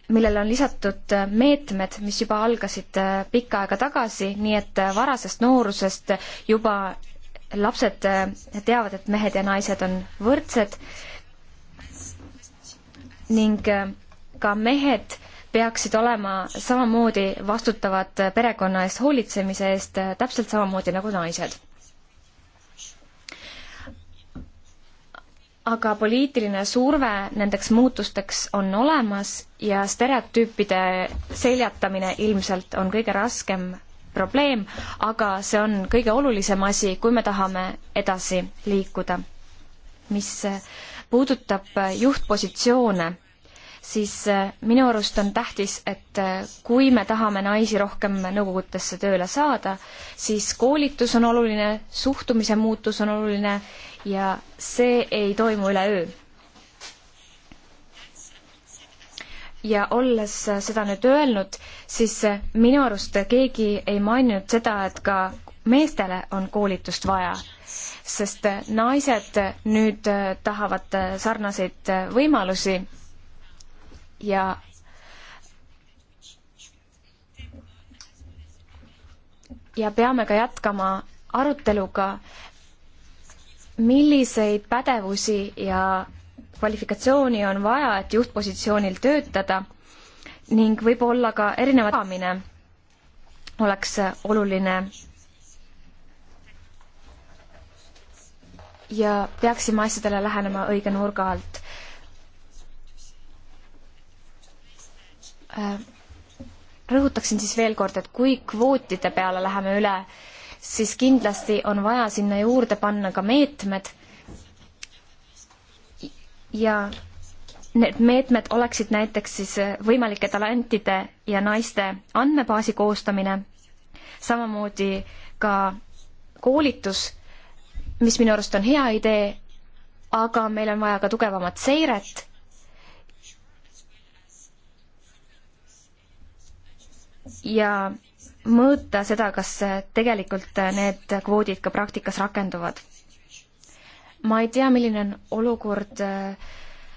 D: millele on lisatud meetmed, mis juba algasid pikka aega tagasi, nii et varasest noorusest juba lapsed teavad, et mehed ja naised on võrdsed ning ka mehed peaksid olema samamoodi vastutavad perekonna eest hoolitsemise eest, täpselt samamoodi nagu naised. aga poliitiline surve nendeks muutusteks on olemas ja stereotüüpide seljatamine ilmselt on kõige raskem probleem, aga see on kõige olulisem asi, kui me tahame edasi liikuda. mis puudutab juhtpositsioone siis äh, minu arust on tähtis, et äh, kui me tahame naisi rohkem nõukogutesse tööle saada, siis koolitus on oluline, suhtumise muutus on oluline ja see ei toimu üleöö. ja olles äh, seda nüüd öelnud, siis minu arust keegi ei maininud seda, et ka meestele on koolitust vaja sest naised nüüd tahavad sarnaseid võimalusi ja ja peame ka jätkama aruteluga, milliseid pädevusi ja kvalifikatsiooni on vaja, et juhtpositsioonil töötada ning võib-olla ka erinev teadmine oleks oluline. ja peaksime asjadele lähenema õige nurga alt Äh, rõhutaksin siis veel kord, et kui kvootide peale läheme üle, siis kindlasti on vaja sinna juurde panna ka meetmed ja need meetmed oleksid näiteks siis võimalike talentide ja naiste andmebaasi koostamine, samamoodi ka koolitus, mis minu arust on hea idee, aga meil on vaja ka tugevamat seiret ja mõõta seda, kas tegelikult need kvoodid ka praktikas rakenduvad. ma ei tea, milline on olukord äh,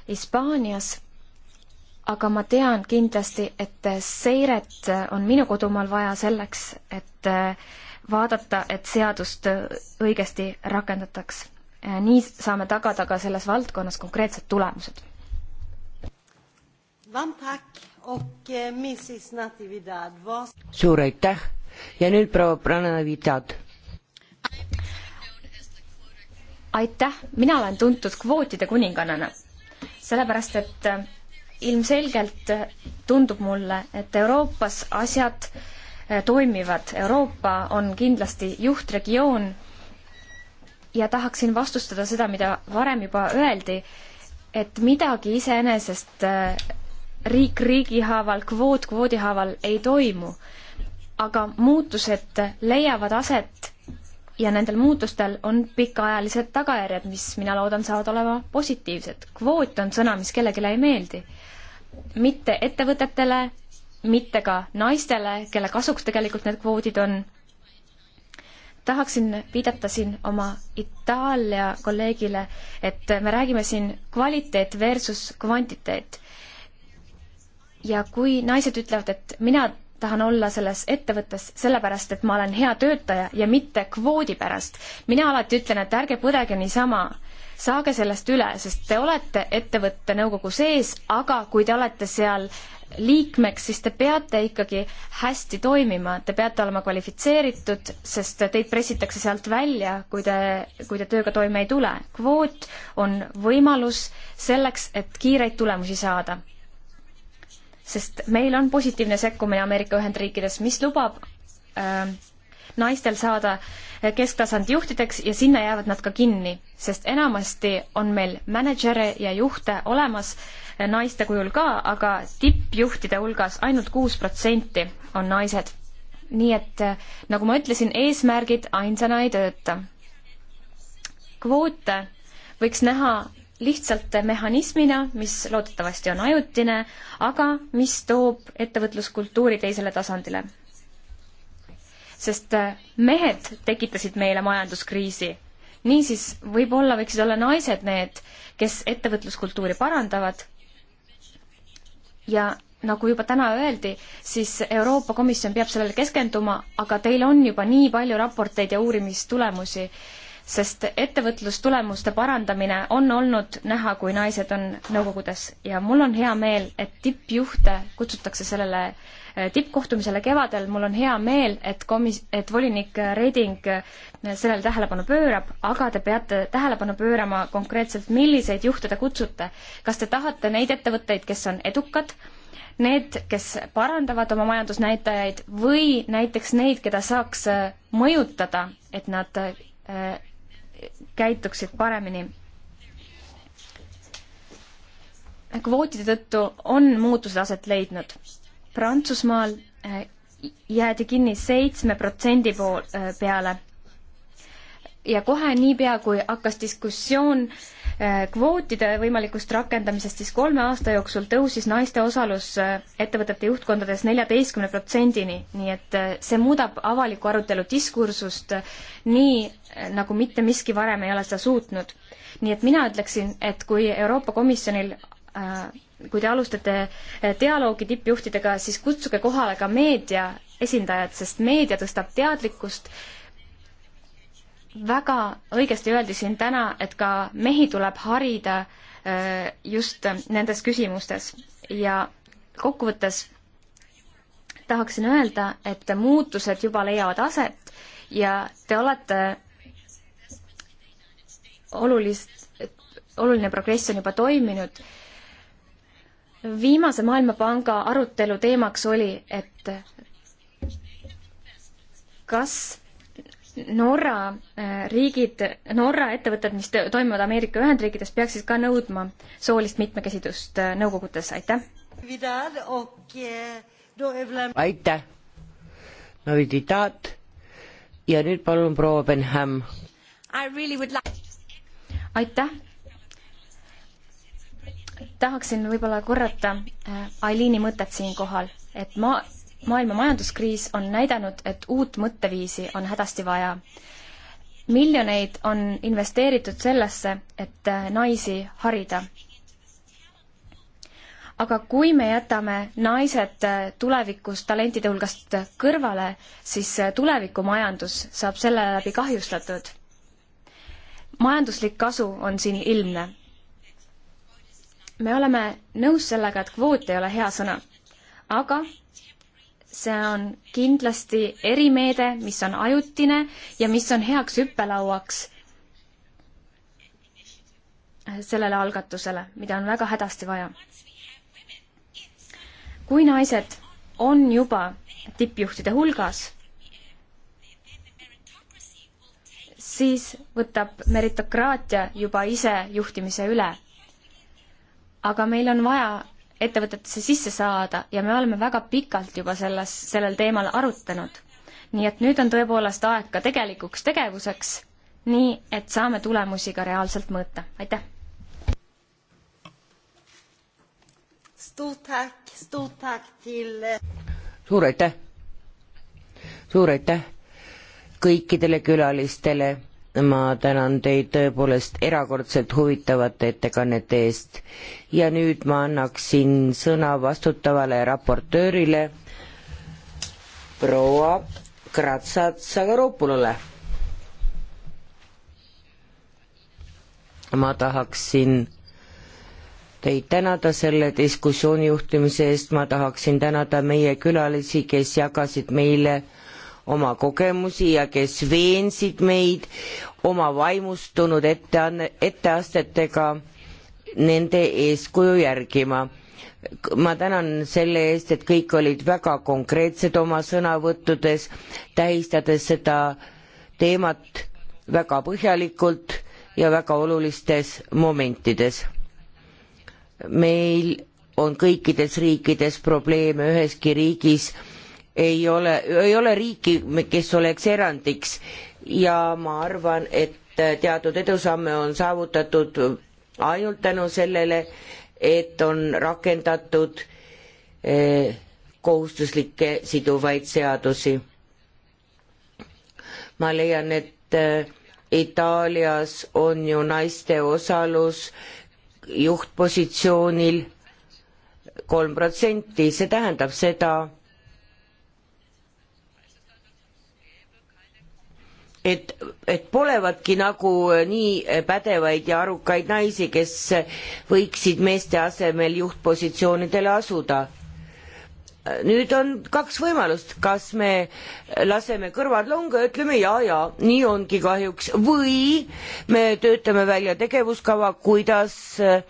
D: Hispaanias, aga ma tean kindlasti, et seiret on minu kodumaal vaja selleks, et äh, vaadata, et seadust äh, õigesti rakendataks. nii saame tagada ka selles valdkonnas konkreetsed tulemused.
A: Vampak Eh,
B: suur aitäh ja nüüd proua Pranavidad.
D: aitäh, mina olen tuntud kvootide kuningannana, sellepärast et eh, ilmselgelt eh, tundub mulle, et Euroopas asjad toimivad, Euroopa on kindlasti juhtregioon ja tahaksin vastustada seda, mida varem juba öeldi, et midagi iseenesest riik riigi haaval, kvoot kvoodi haaval ei toimu. aga muutused leiavad aset ja nendel muutustel on pikaajalised tagajärjed, mis mina loodan, saavad olema positiivsed. kvoot on sõna, mis kellelegi ei meeldi. mitte ettevõtetele, mitte ka naistele, kelle kasuks tegelikult need kvoodid on. tahaksin viidata siin oma Itaalia kolleegile, et me räägime siin kvaliteet versus kvantiteet ja kui naised ütlevad, et mina tahan olla selles ettevõttes sellepärast, et ma olen hea töötaja ja mitte kvoodi pärast. mina alati ütlen, et ärge põdege niisama, saage sellest üle, sest te olete ettevõtte nõukogu sees, aga kui te olete seal liikmeks, siis te peate ikkagi hästi toimima, te peate olema kvalifitseeritud, sest teid pressitakse sealt välja, kui te, kui te tööga toime ei tule. kvoot on võimalus selleks, et kiireid tulemusi saada sest meil on positiivne sekkumine Ameerika Ühendriikides, mis lubab äh, naistel saada kesktasandi juhtideks ja sinna jäävad nad ka kinni, sest enamasti on meil mänedžere ja juhte olemas äh, naiste kujul ka, aga tippjuhtide hulgas ainult kuus protsenti on naised. nii et äh, nagu ma ütlesin, eesmärgid ainsana ei tööta. kvoote võiks näha lihtsalt mehhanismina, mis loodetavasti on ajutine, aga mis toob ettevõtluskultuuri teisele tasandile. sest äh, mehed tekitasid meile majanduskriisi. niisiis, võib-olla võiksid olla naised need, kes ettevõtluskultuuri parandavad ja nagu juba täna öeldi, siis Euroopa Komisjon peab sellele keskenduma, aga teil on juba nii palju raporteid ja uurimistulemusi, sest ettevõtlustulemuste parandamine on olnud näha, kui naised on nõukogudes ja mul on hea meel, et tippjuhte kutsutakse sellele äh, tippkohtumisele kevadel, mul on hea meel, et komis-, et volinik Reding äh, sellele tähelepanu pöörab, aga te peate tähelepanu pöörama konkreetselt, milliseid juhte te kutsute. kas te tahate neid ettevõtteid, kes on edukad, need, kes parandavad oma majandusnäitajaid või näiteks neid, keda saaks äh, mõjutada, et nad käituksid paremini. kvootide tõttu on muutused aset leidnud. Prantsusmaal äh, jäädi kinni seitsme protsendi pool, äh, peale ja kohe niipea, kui hakkas diskussioon äh, Äh, kvootide võimalikust rakendamisest, siis kolme aasta jooksul tõusis naiste osalus äh, ettevõtete juhtkondades neljateistkümne protsendini, nii et äh, see muudab avaliku arutelu diskursust nii, nagu mitte miski varem ei ole seda suutnud. nii et mina ütleksin, et kui Euroopa Komisjonil kui te alustate dialoogi tippjuhtidega, siis kutsuge kohale ka meedia esindajad, sest meedia tõstab teadlikkust väga õigesti öeldi siin täna, et ka mehi tuleb harida äh, just nendes küsimustes ja kokkuvõttes tahaksin öelda, et muutused juba leiavad aset ja te olete olulist, oluline progress on juba toiminud. viimase Maailmapanga arutelu teemaks oli, et kas Norra äh, riigid, Norra ettevõtted, mis toimivad Ameerika Ühendriikides, peaksid ka nõudma soolist mitmekesitust äh, nõukogudes, aitäh!
B: aitäh! Noviditaat ja nüüd palun proua Benham.
D: aitäh! tahaksin võib-olla korrata äh, Ailiini mõtet siinkohal, et ma maailma majanduskriis on näidanud, et uut mõtteviisi on hädasti vaja. miljoneid on investeeritud sellesse, et äh, naisi harida. aga kui me jätame naised äh, tulevikus talentide hulgast kõrvale, siis äh, tulevikumajandus saab selle läbi kahjustatud. majanduslik kasu on siin ilmne. me oleme nõus sellega, et kvoot ei ole hea sõna, aga see on kindlasti erimeede, mis on ajutine ja mis on heaks hüppelauaks sellele algatusele, mida on väga hädasti vaja. kui naised on juba tippjuhtide hulgas, siis võtab meritokraatia juba ise juhtimise üle. aga meil on vaja ettevõtetesse sisse saada ja me oleme väga pikalt juba selles, sellel teemal arutanud. nii et nüüd on tõepoolest aeg ka tegelikuks tegevuseks, nii et saame tulemusi ka
B: reaalselt mõõta, aitäh! Eh, suur aitäh! suur aitäh kõikidele külalistele ma tänan teid tõepoolest erakordselt huvitavate ettekannete eest ja nüüd ma annaksin sõna vastutavale raportöörile proua Kratsat-Sagaropulole. ma tahaksin teid tänada selle diskussiooni juhtimise eest, ma tahaksin tänada meie külalisi, kes jagasid meile äh, oma kogemusi ja kes veensid meid oma vaimustunud etteanne, etteastetega nende eeskuju järgima. ma tänan selle eest, et kõik olid väga konkreetsed oma sõnavõttudes, tähistades seda teemat väga põhjalikult ja väga olulistes momentides. meil on kõikides riikides probleeme, üheski riigis äh, ei ole, ei ole riiki, kes oleks erandiks ja ma arvan, et teatud edusamme on saavutatud ainult tänu sellele, et on rakendatud eh, kohustuslikke siduvaid seadusi. ma leian, et eh, Itaalias on ju naiste osalus juhtpositsioonil kolm protsenti, see tähendab seda, et, et polevatki nagu nii pädevaid ja arukaid naisi, kes võiksid meeste asemel juhtpositsioonidele asuda. nüüd on kaks võimalust, kas me laseme kõrvad longa ja ütleme ja, ja nii ongi kahjuks või me töötame välja tegevuskava, kuidas äh,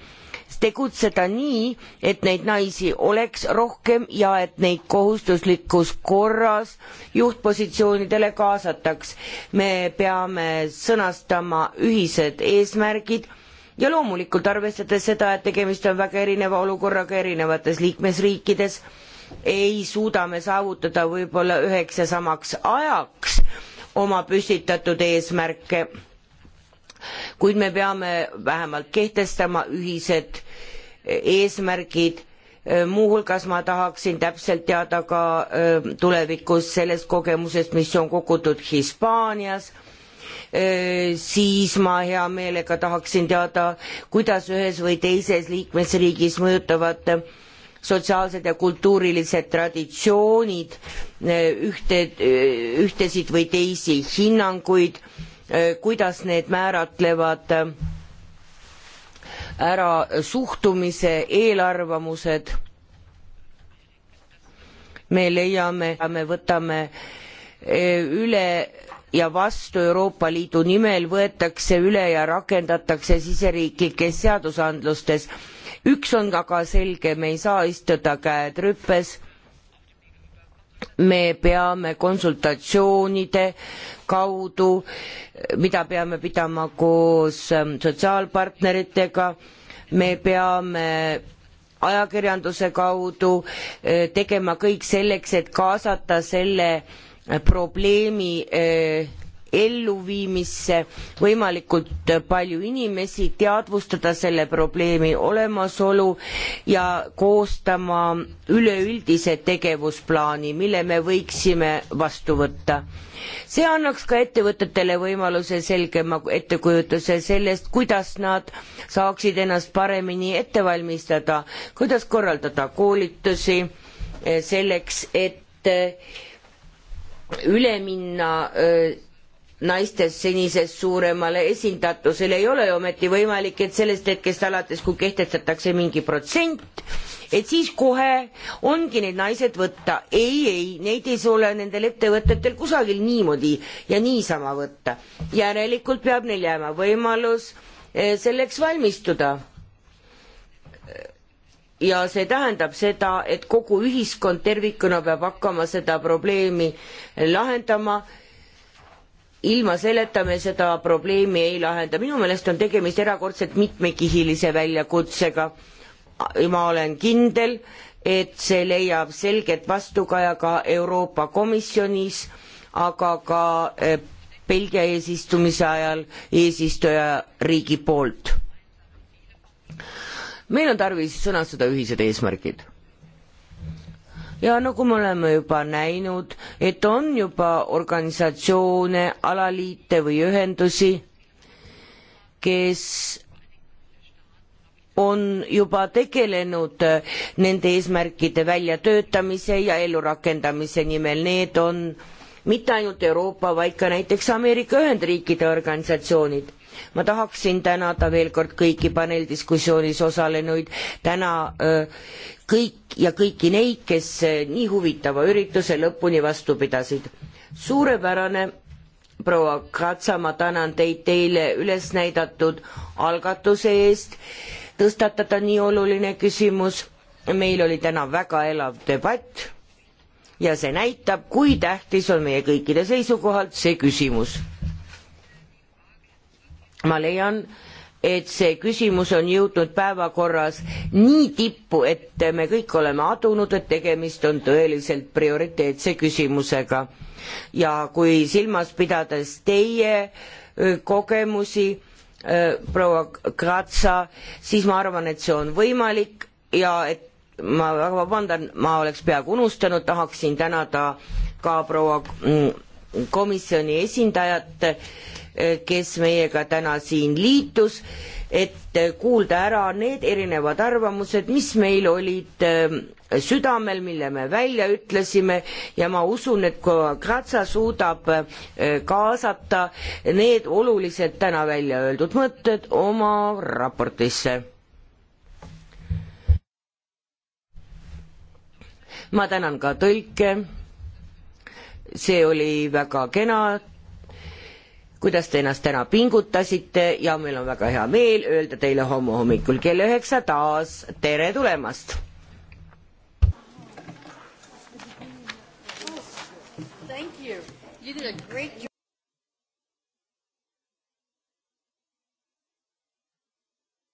B: tegutseda nii, et neid naisi oleks rohkem ja et neid kohustuslikus korras juhtpositsioonidele kaasataks. me peame sõnastama ühised eesmärgid ja loomulikult arvestades seda, et tegemist on väga erineva olukorraga erinevates liikmesriikides, ei suuda me saavutada võib-olla üheks ja samaks ajaks oma püstitatud eesmärke kuid me peame vähemalt kehtestama ühised eesmärgid muuhulgas ma tahaksin täpselt teada ka äh, tulevikus sellest kogemusest, mis on kogutud Hispaanias, äh, siis ma hea meelega tahaksin teada, kuidas ühes või teises liikmesriigis mõjutavad sotsiaalsed ja kultuurilised traditsioonid äh, ühte, ühtesid või teisi hinnanguid Äh, kuidas need määratlevad äh, ära suhtumise eelarvamused me leiame me võtame äh, üle ja vastu euroopa liidu nimel võetakse üle ja rakendatakse siseriiklikes seadusandlustes üks on aga selge me ei saa istuda käed rüpes me peame konsultatsioonide kaudu, mida peame pidama koos ähm, sotsiaalpartneritega, me peame ajakirjanduse kaudu äh, tegema kõik selleks, et kaasata selle äh, probleemi äh, elluviimisse võimalikult palju inimesi, teadvustada selle probleemi olemasolu ja koostama üleüldise tegevusplaani, mille me võiksime vastu võtta. see annaks ka ettevõtetele võimaluse selgema ettekujutuse sellest, kuidas nad saaksid ennast paremini ette valmistada, kuidas korraldada koolitusi eh, selleks, et eh, üle minna öö, eh, naistest senisest suuremale esindatusele, ei ole ju ometi võimalik, et sellest hetkest alates, kui kehtestatakse mingi protsent, et siis kohe ongi need naised võtta. ei, ei, neid ei ole nendel ettevõtetel kusagil niimoodi ja niisama võtta. järelikult peab neil jääma võimalus eh, selleks valmistuda. ja see tähendab seda, et kogu ühiskond tervikuna peab hakkama seda probleemi lahendama ilma selleta me seda probleemi ei lahenda. minu meelest on tegemist erakordselt mitmekihilise väljakutsega. ma olen kindel, et see leiab selget vastukaja ka Euroopa Komisjonis, aga ka eh, Belgia eesistumise ajal eesistujariigi poolt. meil on tarvis sõnastada ühised eesmärgid ja nagu me oleme juba näinud, et on juba organisatsioone, alaliite või ühendusi, kes on juba tegelenud äh, nende eesmärkide väljatöötamise ja ellurakendamise nimel, need on mitte ainult Euroopa, vaid ka näiteks Ameerika Ühendriikide organisatsioonid ma tahaksin tänada veel kord kõiki paneeldiskussioonis osalenuid, täna kõik ja kõiki neid, kes nii huvitava ürituse lõpuni vastu pidasid. suurepärane, proua Katsa, ma tänan teid teile üles näidatud algatuse eest tõstatada nii oluline küsimus. meil oli täna väga elav debatt ja see näitab, kui tähtis on meie kõikide seisukohalt see küsimus ma leian, et see küsimus on jõudnud päevakorras nii tippu, et me kõik oleme adunud, et tegemist on tõeliselt prioriteetse küsimusega. ja kui silmas pidades teie kogemusi, proua Kratsa, siis ma arvan, et see on võimalik ja et ma väga vabandan, ma oleks peaaegu unustanud, tahaksin tänada ka proua mm, komisjoni esindajat Eh, kes meiega täna siin liitus, et eh, kuulda ära need erinevad arvamused, mis meil olid eh, südamel, mille me välja ütlesime ja ma usun, et ka Kratsa suudab kaasata need olulised täna välja öeldud mõtted oma raportisse. ma tänan ka tõlke, see oli väga kena kuidas te ennast täna pingutasite ja meil on väga hea meel öelda teile homme hommikul kell üheksa taas tere tulemast.
A: Thank you. You
E: did a great job.